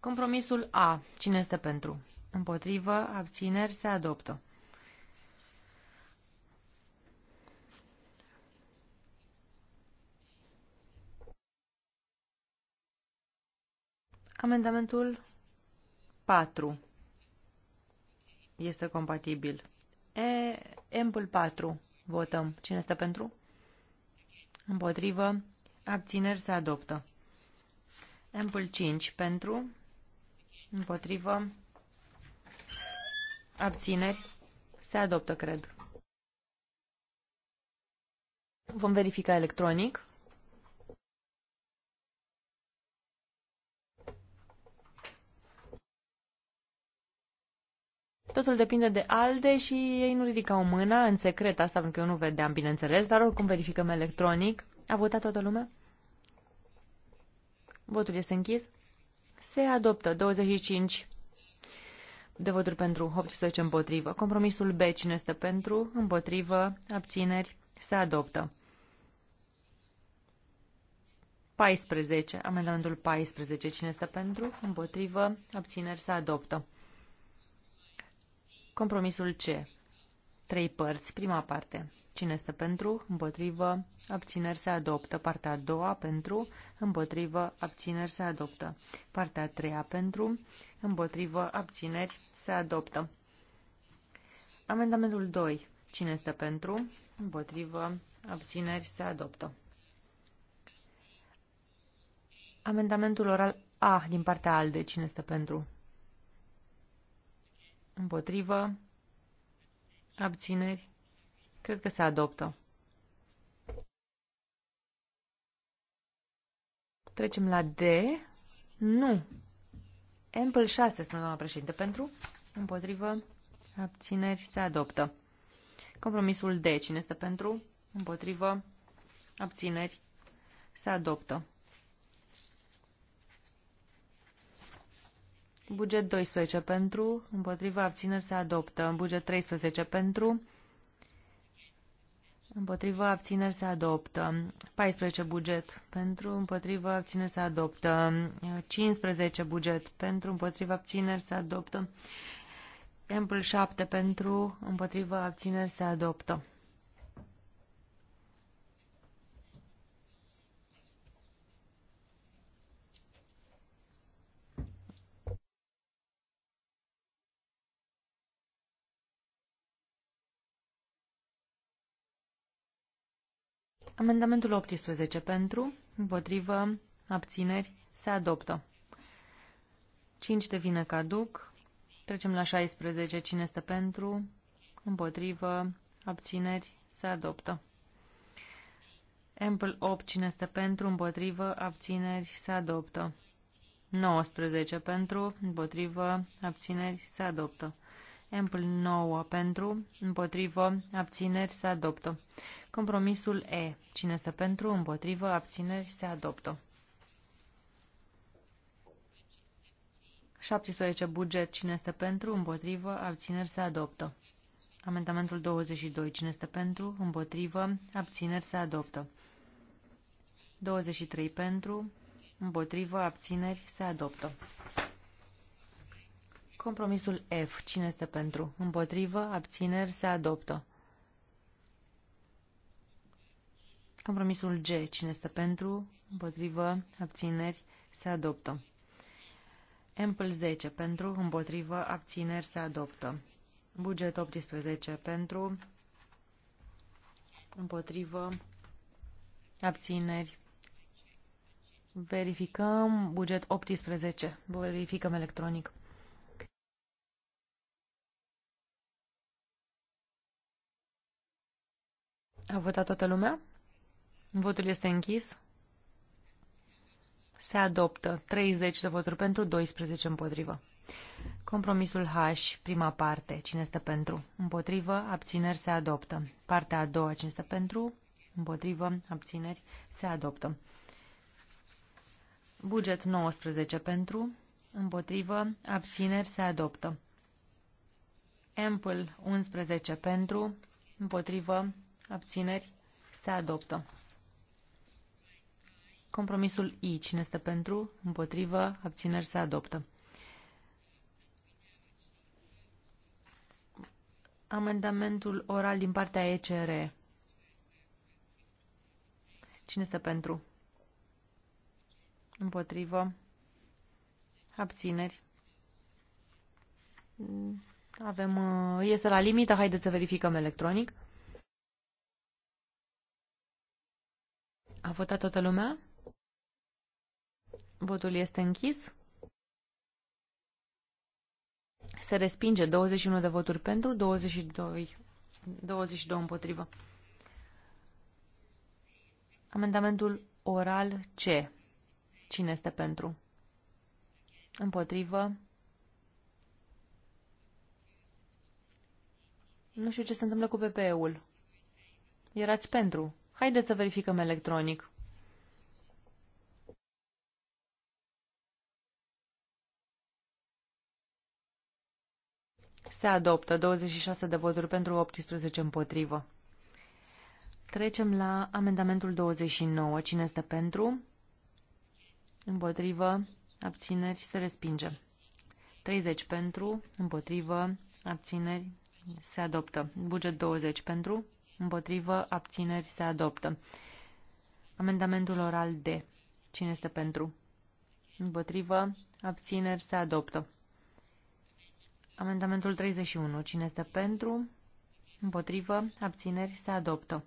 Compromisul A, cine este pentru, împotrivă, abțineri se adoptă. Amendamentul 4 este compatibil. E, Ample 4. Votăm. Cine stă pentru? Împotrivă. Abțineri se adoptă. Ample 5 pentru. Împotrivă. Abțineri se adoptă, cred. Vom verifica electronic. Totul depinde de ALDE și ei nu ridicau mâna în secret asta, pentru că eu nu vedeam, bineînțeles, dar oricum verificăm electronic. A votat toată lumea? Votul este închis. Se adoptă 25 de voturi pentru, 18 împotrivă. Compromisul B, cine este pentru, împotrivă, abțineri, se adoptă. 14. Amendamentul 14. Cine este pentru? Împotrivă. Abțineri se adoptă. Compromisul C. Trei părți. Prima parte. Cine este pentru, împotrivă, abțineri se adoptă. Partea a doua pentru, împotrivă, abțineri se adoptă. Partea a treia pentru, împotrivă, abțineri se adoptă. Amendamentul 2. Cine este pentru, împotrivă, abțineri se adoptă. Amendamentul oral A din partea ALDE. Cine este pentru? Împotrivă. Abțineri. Cred că se adoptă. Trecem la D. Nu. Ample 6, spune doamna președinte, pentru, împotrivă, abțineri, se adoptă. Compromisul D, cine este pentru, împotrivă, abțineri, se adoptă. Buget 12 pentru, împotriva abțineri se adoptă. Buget 13 pentru, împotriva abțineri se adoptă. 14 buget pentru, împotriva abțineri se adoptă. 15 buget pentru, împotriva abțineri se adoptă. Ample 7 pentru, împotriva abțineri se adoptă. Amendamentul 18 pentru, împotrivă, abțineri, se adoptă. 5 devine caduc. Trecem la 16. Cine este pentru, împotrivă, abțineri, se adoptă. Ample 8. Cine este pentru, împotrivă, abțineri, se adoptă. 19 pentru, împotrivă, abțineri, se adoptă. Ample 9 pentru, împotrivă, abțineri, se adoptă. Compromisul E. Cine este pentru, împotrivă, abțineri, se adoptă. 17. Buget. Cine este pentru, împotrivă, abțineri, se adoptă. Amendamentul 22. Cine este pentru, împotrivă, abțineri, se adoptă. 23. Pentru, împotrivă, abțineri, se adoptă. Compromisul F. Cine este pentru? Împotrivă, abțineri, se adoptă. Compromisul G. Cine este pentru? Împotrivă. Abțineri. Se adoptă. Empl 10. Pentru. Împotrivă. Abțineri. Se adoptă. Buget 18. Pentru. Împotrivă. Abțineri. Verificăm buget 18. Verificăm electronic. A votat toată lumea? Votul este închis. Se adoptă 30 de voturi pentru, 12 împotrivă. Compromisul H, prima parte, cine este pentru? Împotrivă, abțineri se adoptă. Partea a doua, cine este pentru? Împotrivă, abțineri se adoptă. Buget 19 pentru, împotrivă, abțineri se adoptă. Ample 11 pentru, împotrivă, abțineri se adoptă. Compromisul I. Cine este pentru? Împotrivă? Abțineri se adoptă. Amendamentul oral din partea ECR. Cine este pentru? Împotrivă? Abțineri? Avem, uh, iese la limită, haideți să verificăm electronic. A votat toată lumea? Votul este închis. Se respinge 21 de voturi pentru, 22, 22 împotrivă. Amendamentul oral C. Cine este pentru? Împotrivă. Nu știu ce se întâmplă cu PPE-ul. Erați pentru. Haideți să verificăm electronic. Se adoptă 26 de voturi pentru 18 împotrivă. Trecem la amendamentul 29. Cine este pentru? Împotrivă. Abțineri. Se respinge. 30 pentru. Împotrivă. Abțineri. Se adoptă. Buget 20 pentru. Împotrivă. Abțineri. Se adoptă. Amendamentul oral D. Cine este pentru? Împotrivă. Abțineri. Se adoptă. Amendamentul 31. Cine este pentru? Împotrivă? Abțineri? Se adoptă.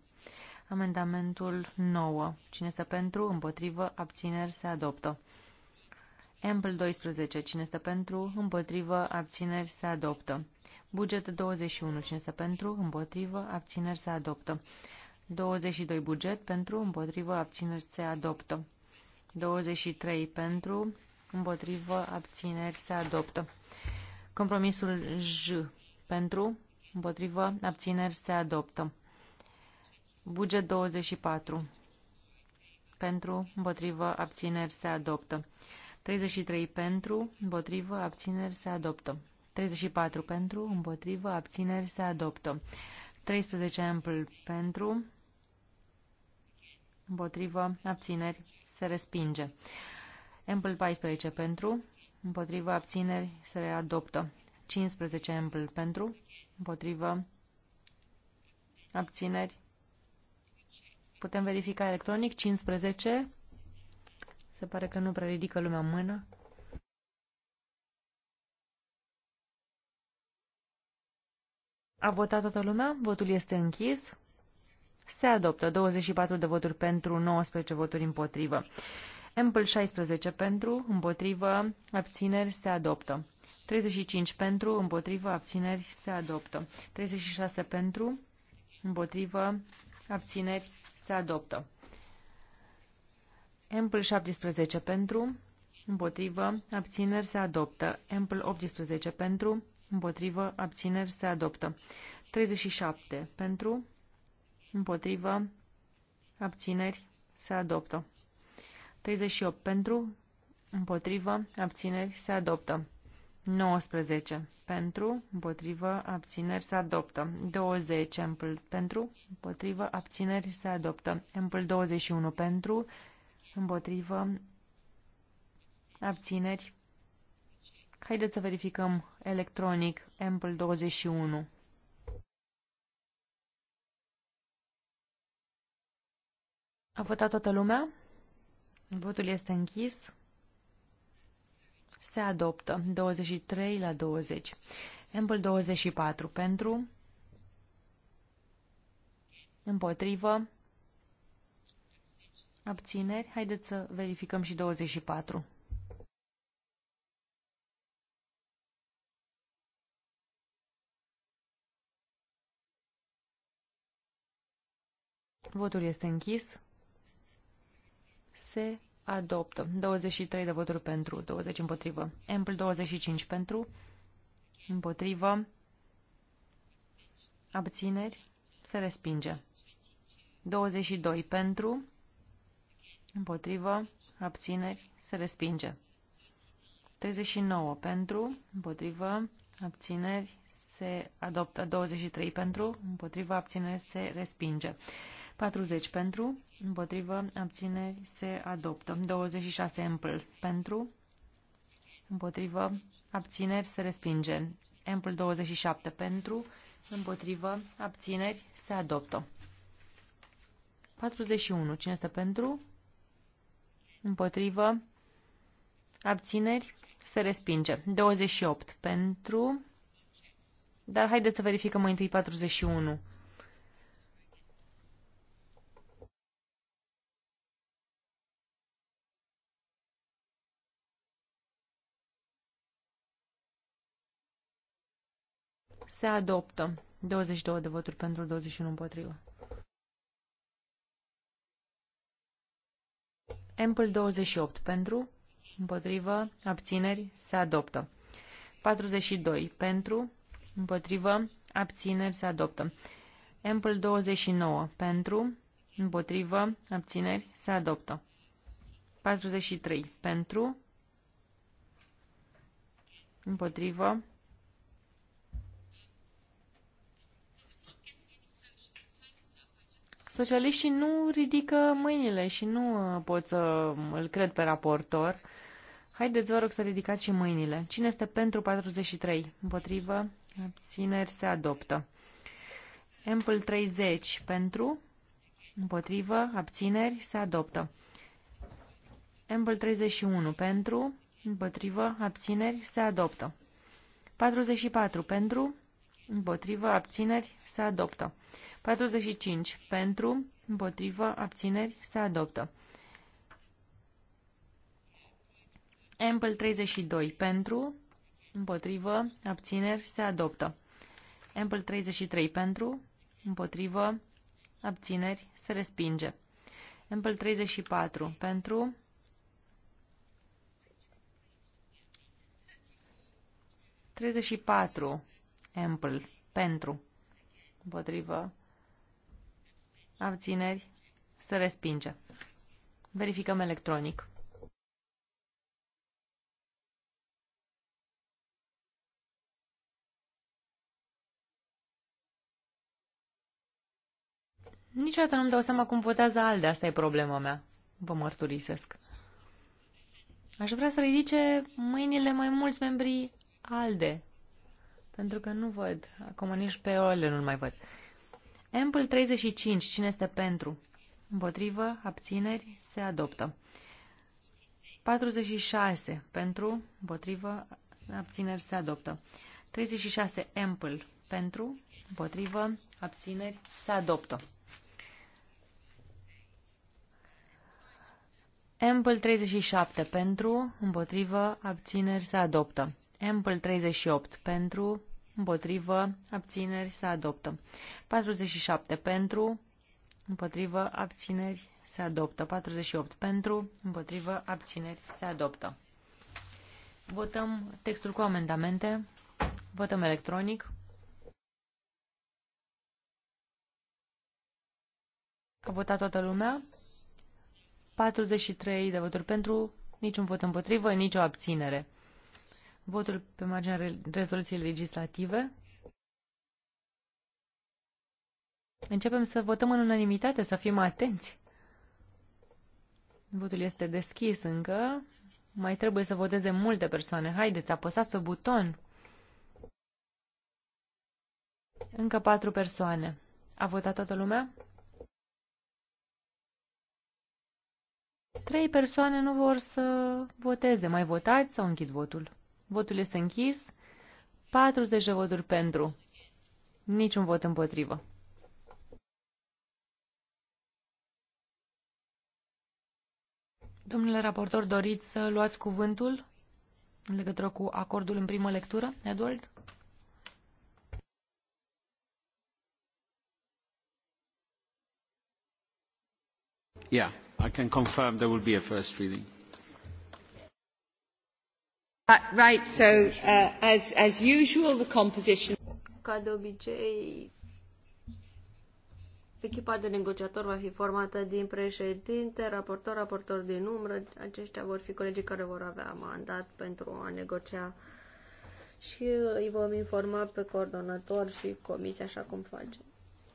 Amendamentul 9. Cine este pentru? Împotrivă? Abțineri? Se adoptă. Ampl 12. Cine este pentru? Împotrivă? Abțineri? Se adoptă. Buget 21. Cine este pentru? Împotrivă? Abțineri? Se adoptă. 22. Buget pentru? Împotrivă? Abțineri? Se adoptă. 23. Pentru? Împotrivă? Abțineri? Se adoptă. Compromisul J pentru, împotrivă, abțineri se adoptă. Buget 24 pentru, împotrivă, abțineri se adoptă. 33 pentru, împotrivă, abțineri se adoptă. 34 pentru, împotrivă, abțineri se adoptă. 13 ampl pentru, împotrivă, abțineri se respinge. Ampl 14 pentru, împotriva abțineri se adoptă. 15 ampl pentru. Împotrivă abțineri. Putem verifica electronic. 15. Se pare că nu prea ridică lumea mână. A votat toată lumea, votul este închis. Se adoptă 24 de voturi pentru, 19 voturi împotrivă. Ample 16 pentru, împotrivă, abțineri se adoptă. 35 pentru, împotrivă, abțineri se adoptă. 36 pentru, împotrivă, abțineri se adoptă. Ample 17 pentru, împotrivă, abțineri se adoptă. Ample 18 pentru, împotrivă, abțineri se adoptă. 37 pentru, împotrivă, abțineri se adoptă. 38 pentru, împotrivă, abțineri, se adoptă. 19 pentru, împotrivă, abțineri, se adoptă. 20 ampl pentru, împotrivă, abțineri, se adoptă. Împl 21 pentru, împotrivă, abțineri. Haideți să verificăm electronic ampl 21. A votat toată lumea? Votul este închis. Se adoptă. 23 la 20. Ample 24 pentru. Împotrivă. Abțineri. Haideți să verificăm și 24. Votul este închis. Se adoptă. 23 de voturi pentru, 20 împotrivă. Ample 25 pentru, împotrivă, abțineri, se respinge. 22 pentru, împotrivă, abțineri, se respinge. 39 pentru, împotrivă, abțineri, se adoptă. 23 pentru, împotrivă, abțineri, se respinge. 40 pentru, împotrivă, abțineri, se adoptă. 26 ampl pentru, împotrivă, abțineri, se respinge. Ampl 27 pentru, împotrivă, abțineri, se adoptă. 41. Cine este pentru? Împotrivă, abțineri, se respinge. 28 pentru, dar haideți să verificăm mai întâi 41. se adoptă. 22 de voturi pentru, 21 împotrivă. Ample 28 pentru, împotrivă, abțineri, se adoptă. 42 pentru, împotrivă, abțineri, se adoptă. Ample 29 pentru, împotrivă, abțineri, se adoptă. 43 pentru, împotrivă, Socialiștii nu ridică mâinile și nu uh, pot să um, îl cred pe raportor. Haideți, vă rog, să ridicați și mâinile. Cine este pentru 43? Împotrivă? Abțineri se adoptă. Ample 30 pentru, împotrivă, abțineri se adoptă. Ample 31 pentru, împotrivă, abțineri se adoptă. 44 pentru, împotrivă, abțineri se adoptă. 45 pentru, împotrivă, abțineri, se adoptă. Ample 32 pentru, împotrivă, abțineri, se adoptă. Ample 33 pentru, împotrivă, abțineri, se respinge. Ample 34 pentru, Treizeci și patru, ample, pentru, împotrivă, abțineri, se respinge. Verificăm electronic. Niciodată nu-mi dau seama cum votează ALDE, asta e problema mea. Vă mărturisesc. Aș vrea să ridice mâinile mai mulți membri ALDE, pentru că nu văd. Acum nici pe OL nu-l mai văd. Ample 35. Cine este pentru? Împotrivă, abțineri, se adoptă. 46. Pentru, împotrivă, abțineri, se adoptă. 36. Ample. Pentru, împotrivă, abțineri, se adoptă. Ample 37. Pentru, împotrivă, abțineri, se adoptă. Ample 38. Pentru, împotrivă, abțineri, se adoptă. 47 pentru, împotrivă, abțineri, se adoptă. 48 pentru, împotrivă, abțineri, se adoptă. Votăm textul cu amendamente. Votăm electronic. A votat toată lumea. 43 de voturi pentru, niciun vot împotrivă, nicio abținere. Votul pe marginea rezoluției legislative. Începem să votăm în unanimitate, să fim atenți. Votul este deschis încă. Mai trebuie să voteze multe persoane. Haideți, apăsați pe buton. Încă patru persoane. A votat toată lumea? Trei persoane nu vor să voteze. Mai votați sau închid votul? Votul este închis. 40 de voturi pentru. Niciun vot împotrivă. Domnule raportor, doriți să luați cuvântul în legătură cu acordul în primă lectură, Edward? Yeah, I can confirm there will be a first reading. Right, so uh, as, as usual, the composition... Ca de obicei, echipa de negociator va fi formată din președinte, raportor, raportor din umbră. Aceștia vor fi colegii care vor avea mandat pentru a negocia și uh, îi vom informa pe coordonator și comisia așa cum facem.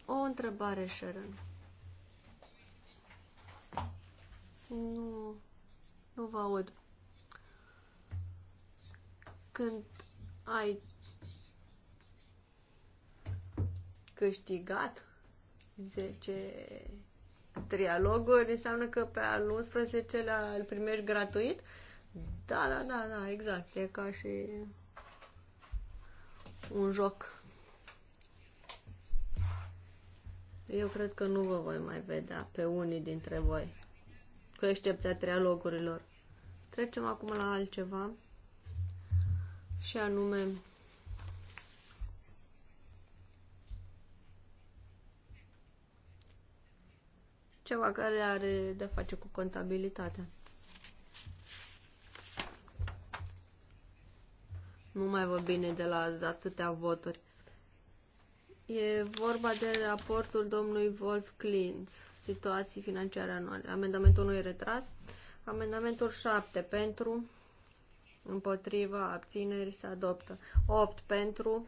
O întrebare, Sharon. Nu, nu vă aud când ai câștigat 10 trialoguri, înseamnă că pe al 11-lea îl primești gratuit? Da, da, da, da, exact. E ca și un joc. Eu cred că nu vă voi mai vedea pe unii dintre voi, cu excepția trialogurilor. Trecem acum la altceva și anume ceva care are de face cu contabilitatea. Nu mai vă bine de la atâtea voturi. E vorba de raportul domnului Wolf Klintz, situații financiare anuale. Amendamentul nu e retras. Amendamentul 7 pentru împotriva abțineri se adoptă. 8 pentru,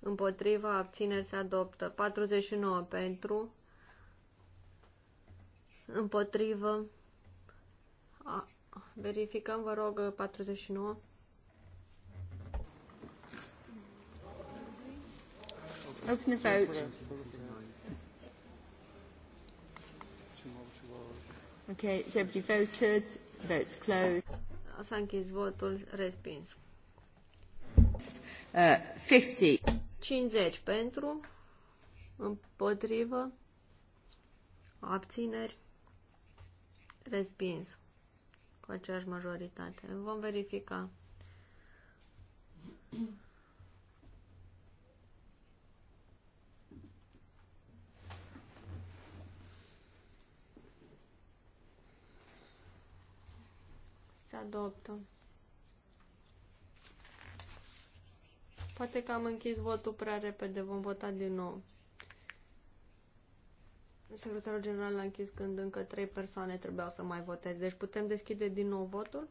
împotriva abțineri se adoptă. 49 pentru, împotrivă, a, verificăm vă rog 49. Open the vote. Okay, so everybody voted, votes closed. S-a închis votul respins. 50. Uh, 50 pentru, împotrivă, abțineri, respins cu aceeași majoritate. Vom verifica. se adoptă. Poate că am închis votul prea repede, vom vota din nou. Secretarul general l-a închis când încă trei persoane trebuiau să mai voteze. Deci putem deschide din nou votul?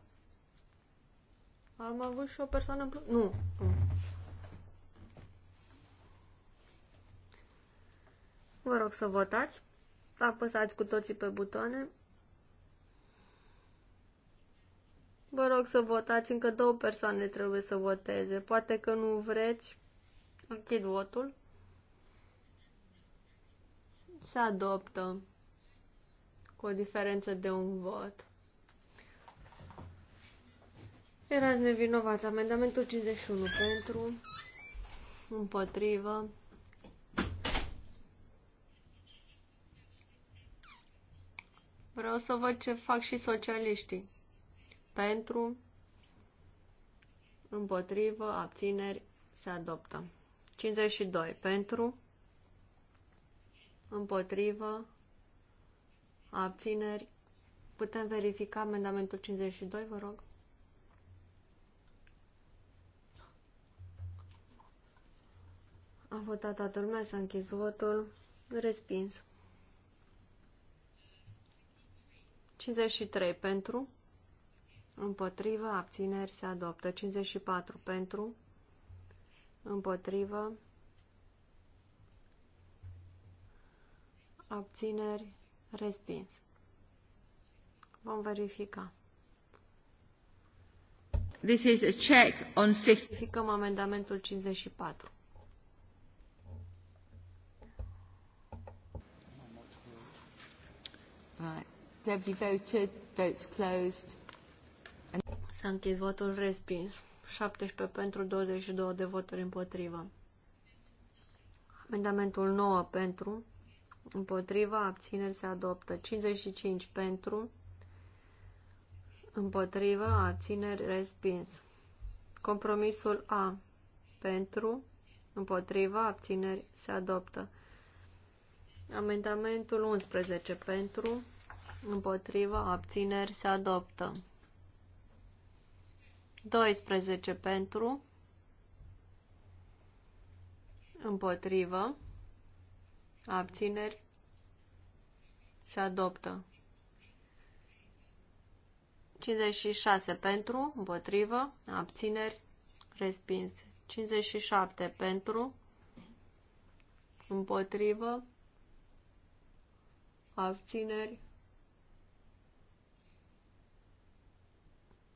Am avut și o persoană în plus? Nu. nu. Vă rog să votați. Apăsați cu toții pe butoane. Vă rog să votați, încă două persoane trebuie să voteze. Poate că nu vreți. Închid votul. Se adoptă cu o diferență de un vot. Erați nevinovați. Amendamentul 51 pentru, împotrivă. Vreau să văd ce fac și socialiștii pentru, împotrivă, abțineri, se adoptă. 52 pentru, împotrivă, abțineri. Putem verifica amendamentul 52, vă rog? A votat toată lumea, s-a închis votul, respins. 53 pentru, Împotrivă, abțineri se adoptă. 54 pentru. Împotrivă. Abțineri respins. Vom verifica. This is a check on 50. Verificăm amendamentul 54. Right. Deputy voted. Votes closed. S-a închis votul respins. 17 pentru 22 de voturi împotrivă. Amendamentul 9 pentru, împotriva, abțineri se adoptă. 55 pentru, împotrivă, abțineri respins. Compromisul A pentru, împotriva, abțineri se adoptă. Amendamentul 11 pentru, împotriva, abțineri se adoptă. 12 pentru, împotrivă, abțineri, și adoptă. 56 pentru, împotrivă, abțineri, respins. 57 pentru, împotrivă, abțineri,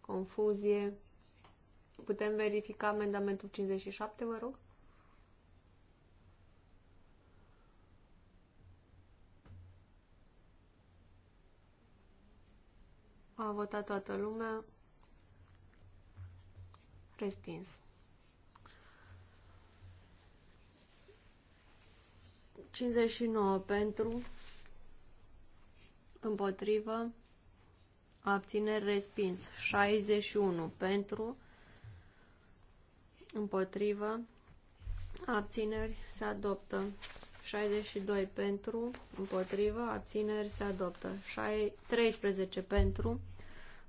confuzie. Putem verifica amendamentul 57, vă rog? A votat toată lumea. Respins. Cincizeci și nouă pentru, împotrivă, abțineri respins. Șaizeci și unu pentru, împotrivă, abțineri se adoptă. 62 pentru, împotrivă, abțineri se adoptă. 13 pentru,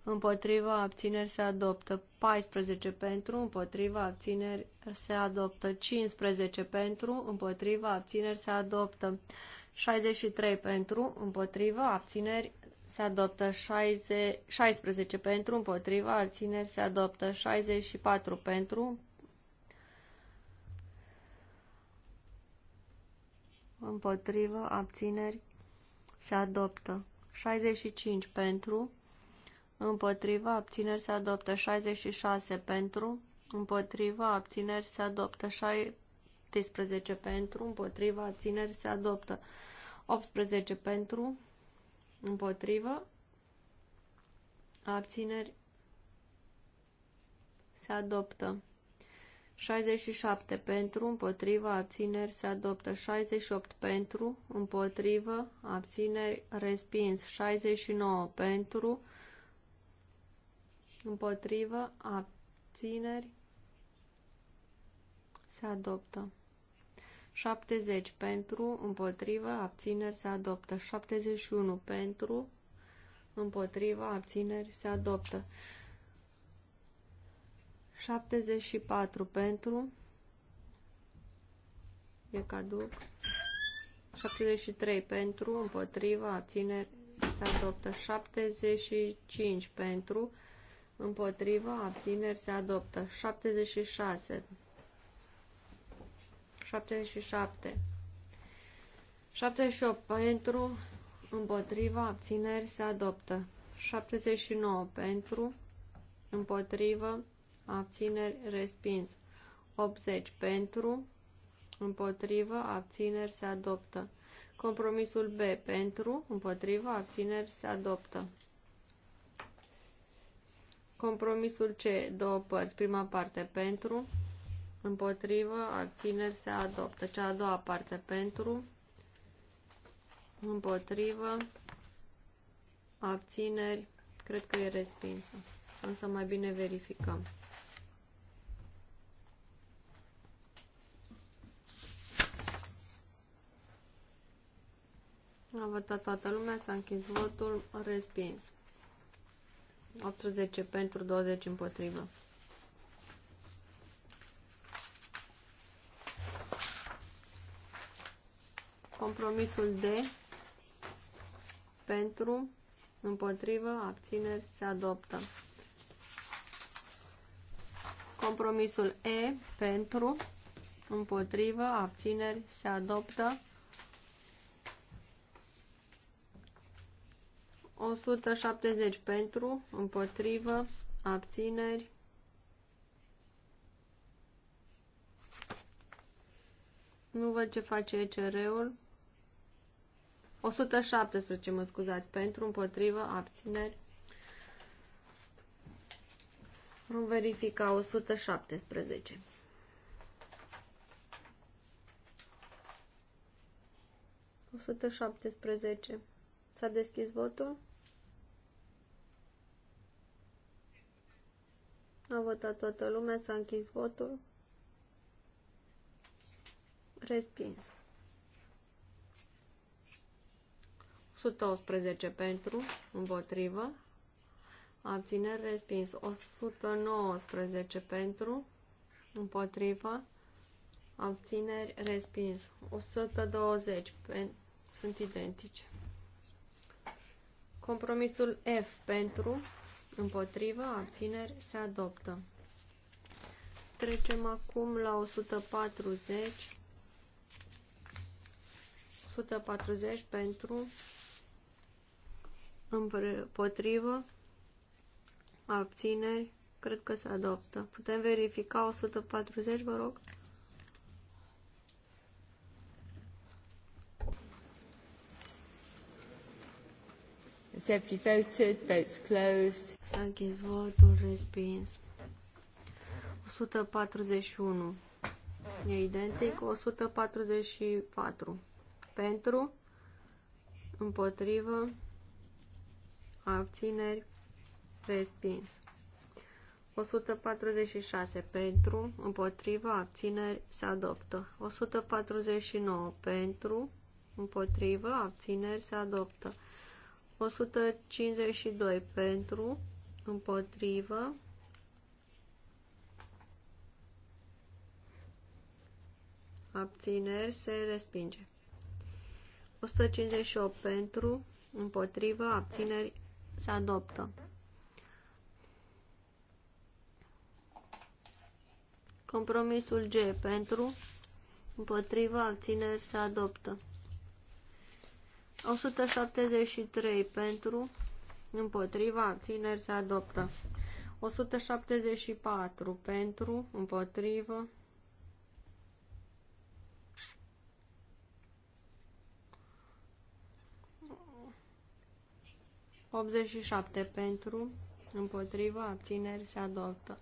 împotrivă, abțineri se adoptă. 14 pentru, împotrivă, abțineri se adoptă. 15 pentru, împotrivă, abțineri se adoptă. 63 pentru, împotrivă, abțineri se adoptă 16 pentru, împotriva, abțineri se adoptă 64 pentru, împotrivă, abțineri, se adoptă. 65 pentru, împotrivă, abțineri, se adoptă. 66 pentru, împotrivă, abțineri, se adoptă. 17 pentru, împotrivă, abțineri, se adoptă. 18 pentru, împotrivă, abțineri, se adoptă. 67 pentru, împotriva, abțineri se adoptă. 68 pentru, împotrivă, abțineri respins. 69 pentru, împotrivă, abțineri se adoptă. 70 pentru, împotrivă, abțineri se adoptă. 71 pentru, împotrivă, abțineri se adoptă. 74 pentru. E caduc. 73 pentru, împotriva, abțineri, se adoptă. 75 pentru, împotriva, abțineri, se adoptă. 76. 77. 78 pentru, împotriva, abțineri, se adoptă. 79 pentru, împotrivă, abțineri, respins. 80 pentru, împotrivă, abțineri, se adoptă. Compromisul B pentru, împotrivă, abțineri, se adoptă. Compromisul C, două părți, prima parte pentru, împotrivă, abțineri, se adoptă. Cea a doua parte pentru, împotrivă, abțineri, cred că e respinsă. Însă mai bine verificăm. A votat toată lumea, s-a închis votul, respins. 80 pentru, 20 împotrivă. Compromisul D pentru, împotrivă, abțineri, se adoptă. Compromisul E pentru, împotrivă, abțineri, se adoptă. 170 pentru, împotrivă, abțineri. Nu văd ce face ECR-ul. 117, mă scuzați, pentru, împotrivă, abțineri. Vom verifica 117. Sută șaptesprezece. S-a deschis votul? A votat toată lumea, s-a închis votul. Respins. 118 pentru, împotrivă. Abțineri respins. 119 pentru, împotrivă. Abțineri respins. 120 pentru, sunt identice. Compromisul F pentru, Împotrivă, abțineri, se adoptă. Trecem acum la 140. 140 pentru împotrivă, abțineri, cred că se adoptă. Putem verifica 140, vă rog? Has everybody voted? Votes closed. S-a închis votul, respins. 141. E identic 144. Pentru, împotrivă, abțineri, respins. 146 pentru, împotriva, abțineri, se adoptă. 149 pentru, împotriva, abțineri, se adoptă. 152 pentru, împotrivă, abțineri, se respinge. 158 pentru, împotrivă, abțineri, se adoptă. Compromisul G pentru, împotrivă, abțineri, se adoptă. 173 pentru, împotriva, tineri se adoptă. 174 pentru, împotrivă. 87 pentru, împotriva, abțineri se adoptă.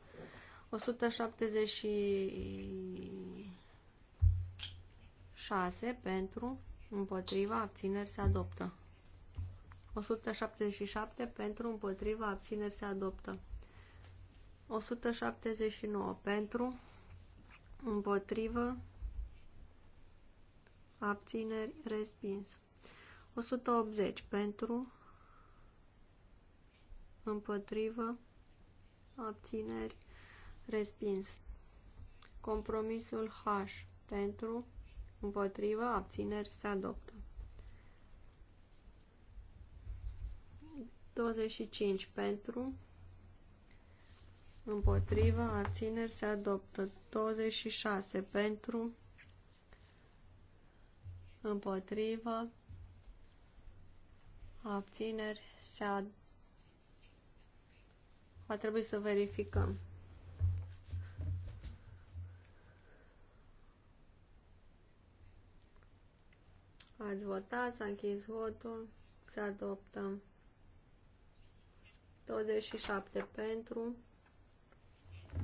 176 pentru, împotriva, abțineri se adoptă. 177 pentru, împotriva, abțineri se adoptă. 179 pentru, împotrivă, abțineri, respins. 180 pentru, împotrivă, abțineri, respins. Compromisul H pentru, Împotrivă, abțineri, se adoptă. 25 pentru, împotrivă, abțineri, se adoptă. 26 pentru, împotrivă, abțineri, se adoptă. Va trebui să verificăm. Ați votat, s-a închis votul, se adoptă. 27 pentru,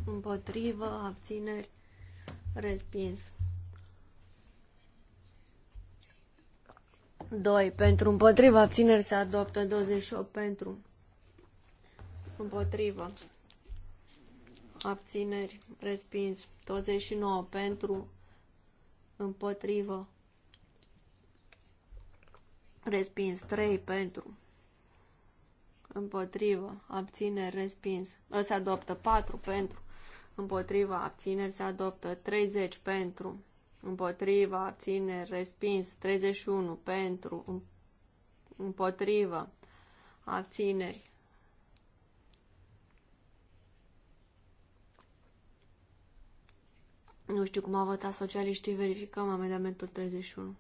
împotrivă, abțineri, respins. 2 pentru, împotrivă, abțineri, se adoptă. 28 pentru, împotrivă, abțineri, respins. 29 pentru, împotrivă, respins 3 pentru, împotrivă, abțineri, respins, ă, se adoptă 4 pentru, împotriva, abțineri, se adoptă 30 pentru, împotriva, abțineri, respins 31 pentru, împotrivă, abțineri. Nu știu cum a votat socialiștii, verificăm amendamentul 31.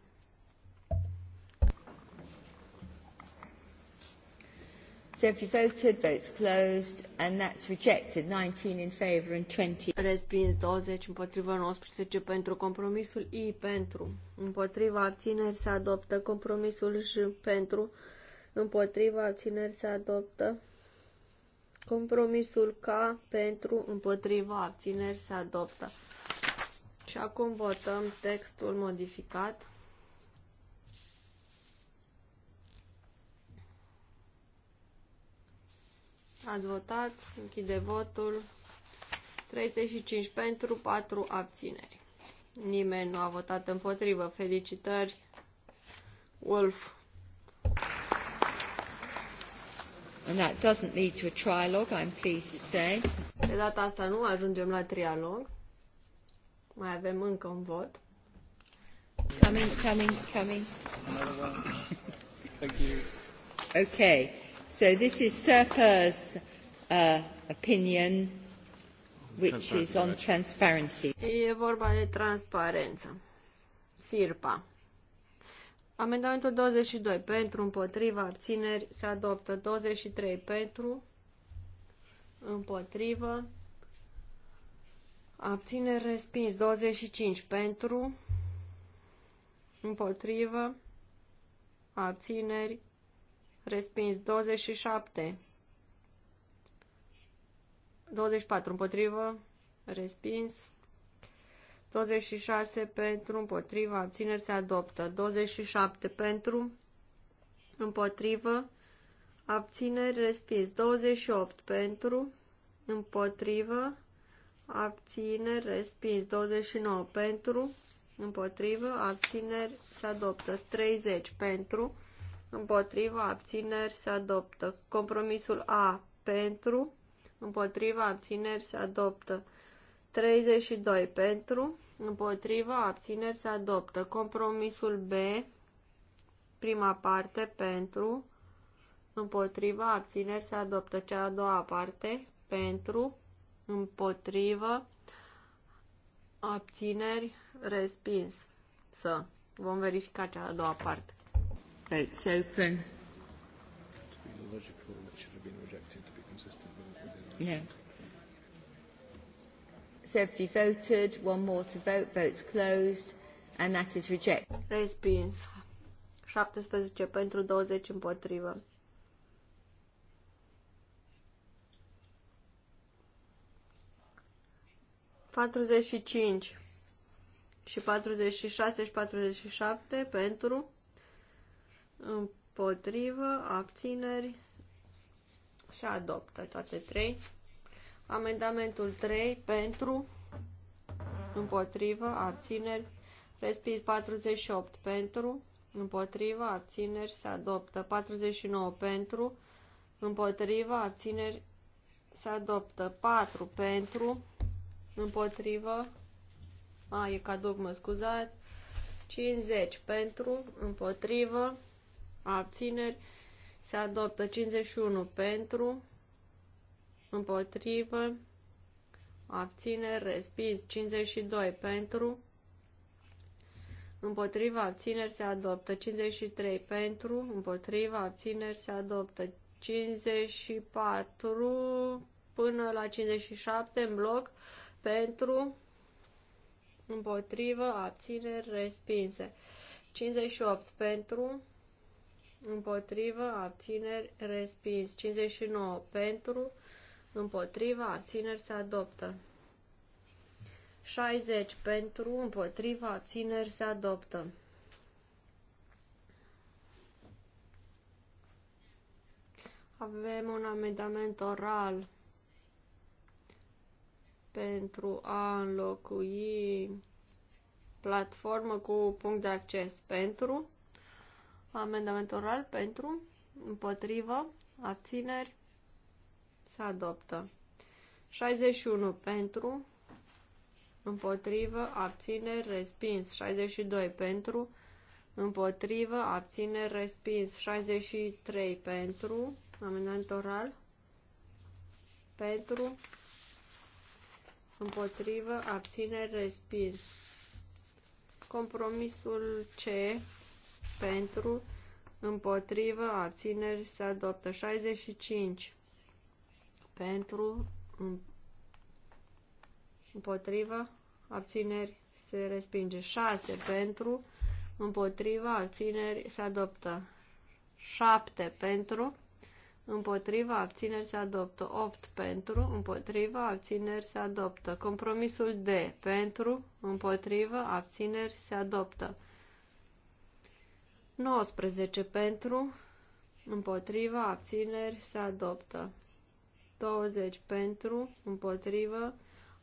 So if you voted, votes closed, and that's rejected. 19 in favor and 20. Respins 20 împotriva 19 pentru compromisul I pentru. Împotriva abțineri se adoptă compromisul J pentru. Împotriva abțineri se adoptă compromisul K pentru. Împotriva abțineri se adoptă. Și acum votăm textul modificat. Ați votat, închide votul. 35 pentru, 4 abțineri. Nimeni nu a votat împotrivă. Felicitări, Wolf. And that doesn't lead to a trilog. I'm pleased to say. De data asta nu ajungem la trialog. Mai avem încă un vot. Coming, coming, coming. <laughs> Thank you. Okay. So this is Serpa's uh, opinion, which is on transparency. E vorba de transparență. Sirpa. Amendamentul 22 pentru, împotriva, abțineri, se adoptă 23 pentru, împotrivă, abțineri, respins 25 pentru, împotrivă, abțineri, Respins. 27. 24 împotrivă. Respins. 26 pentru, împotriva, abțineri se adoptă. 27 pentru, împotrivă, abțineri respins. 28 pentru, împotrivă, abțineri respins. 29 pentru, împotrivă, abțineri se adoptă. 30 pentru, împotriva, abțineri, se adoptă. Compromisul A, pentru, împotriva, abțineri, se adoptă. 32 pentru, împotriva, abțineri, se adoptă. Compromisul B, prima parte, pentru, împotriva, abțineri, se adoptă. Cea a doua parte, pentru, împotrivă, abțineri, respins. Să. Vom verifica cea a doua parte. Votes open. To be logical, it should have been rejected to be consistent with the Yeah. So if you voted, one more to vote, votes closed, and that is rejected. Respins. 17 pentru 20 împotrivă. Patruzeci și cinci și patruzeci și șase și patruzeci și șapte pentru împotrivă, abțineri, și adoptă toate trei. Amendamentul 3 pentru, împotrivă, abțineri, respins 48 pentru, împotrivă, abțineri, se adoptă 49 pentru, împotrivă, abțineri, se adoptă 4 pentru, împotrivă, a, e ca dogmă, scuzați, 50 pentru, împotrivă, abțineri, se adoptă 51 pentru, împotrivă, abțineri, respins, 52 pentru, împotriva abțineri se adoptă, 53 pentru, împotriva abțineri se adoptă, 54 până la 57 în bloc, pentru, împotrivă, abțineri, respinse. 58 pentru, împotrivă, abțineri, respins. 59 pentru, împotrivă, abțineri, se adoptă. 60 pentru, împotrivă, abțineri, se adoptă. Avem un amendament oral pentru a înlocui platformă cu punct de acces pentru Amendament oral pentru, împotrivă, abțineri, se adoptă. 61 pentru, împotrivă, abțineri, respins. 62 pentru, împotrivă, abțineri, respins. 63 pentru, amendament oral, pentru, împotrivă, abțineri, respins. Compromisul C pentru, împotrivă, abțineri se adoptă. 65 pentru, împotrivă, abțineri se respinge. 6 pentru, împotrivă, abțineri se adoptă. 7 pentru, împotrivă, abțineri se adoptă. 8 pentru, împotrivă, abțineri se adoptă. Compromisul D pentru, împotrivă, abțineri se adoptă. 19 pentru, împotriva, abțineri, se adoptă. 20 pentru, împotrivă,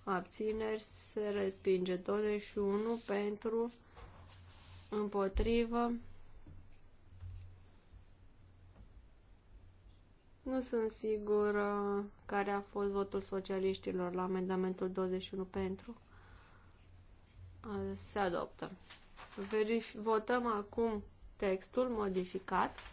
abțineri, se respinge. 21 pentru, împotrivă. Nu sunt sigură care a fost votul socialiștilor la amendamentul 21 pentru. Se adoptă. Verif votăm acum textul modificat.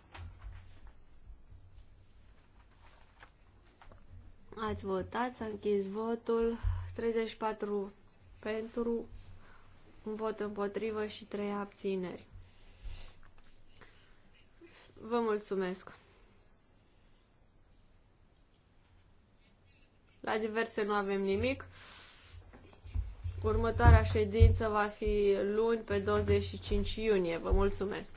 Ați votat, s-a închis votul, 34 pentru, un vot împotrivă și 3 abțineri. Vă mulțumesc! La diverse nu avem nimic. Următoarea ședință va fi luni pe 25 iunie. Vă mulțumesc!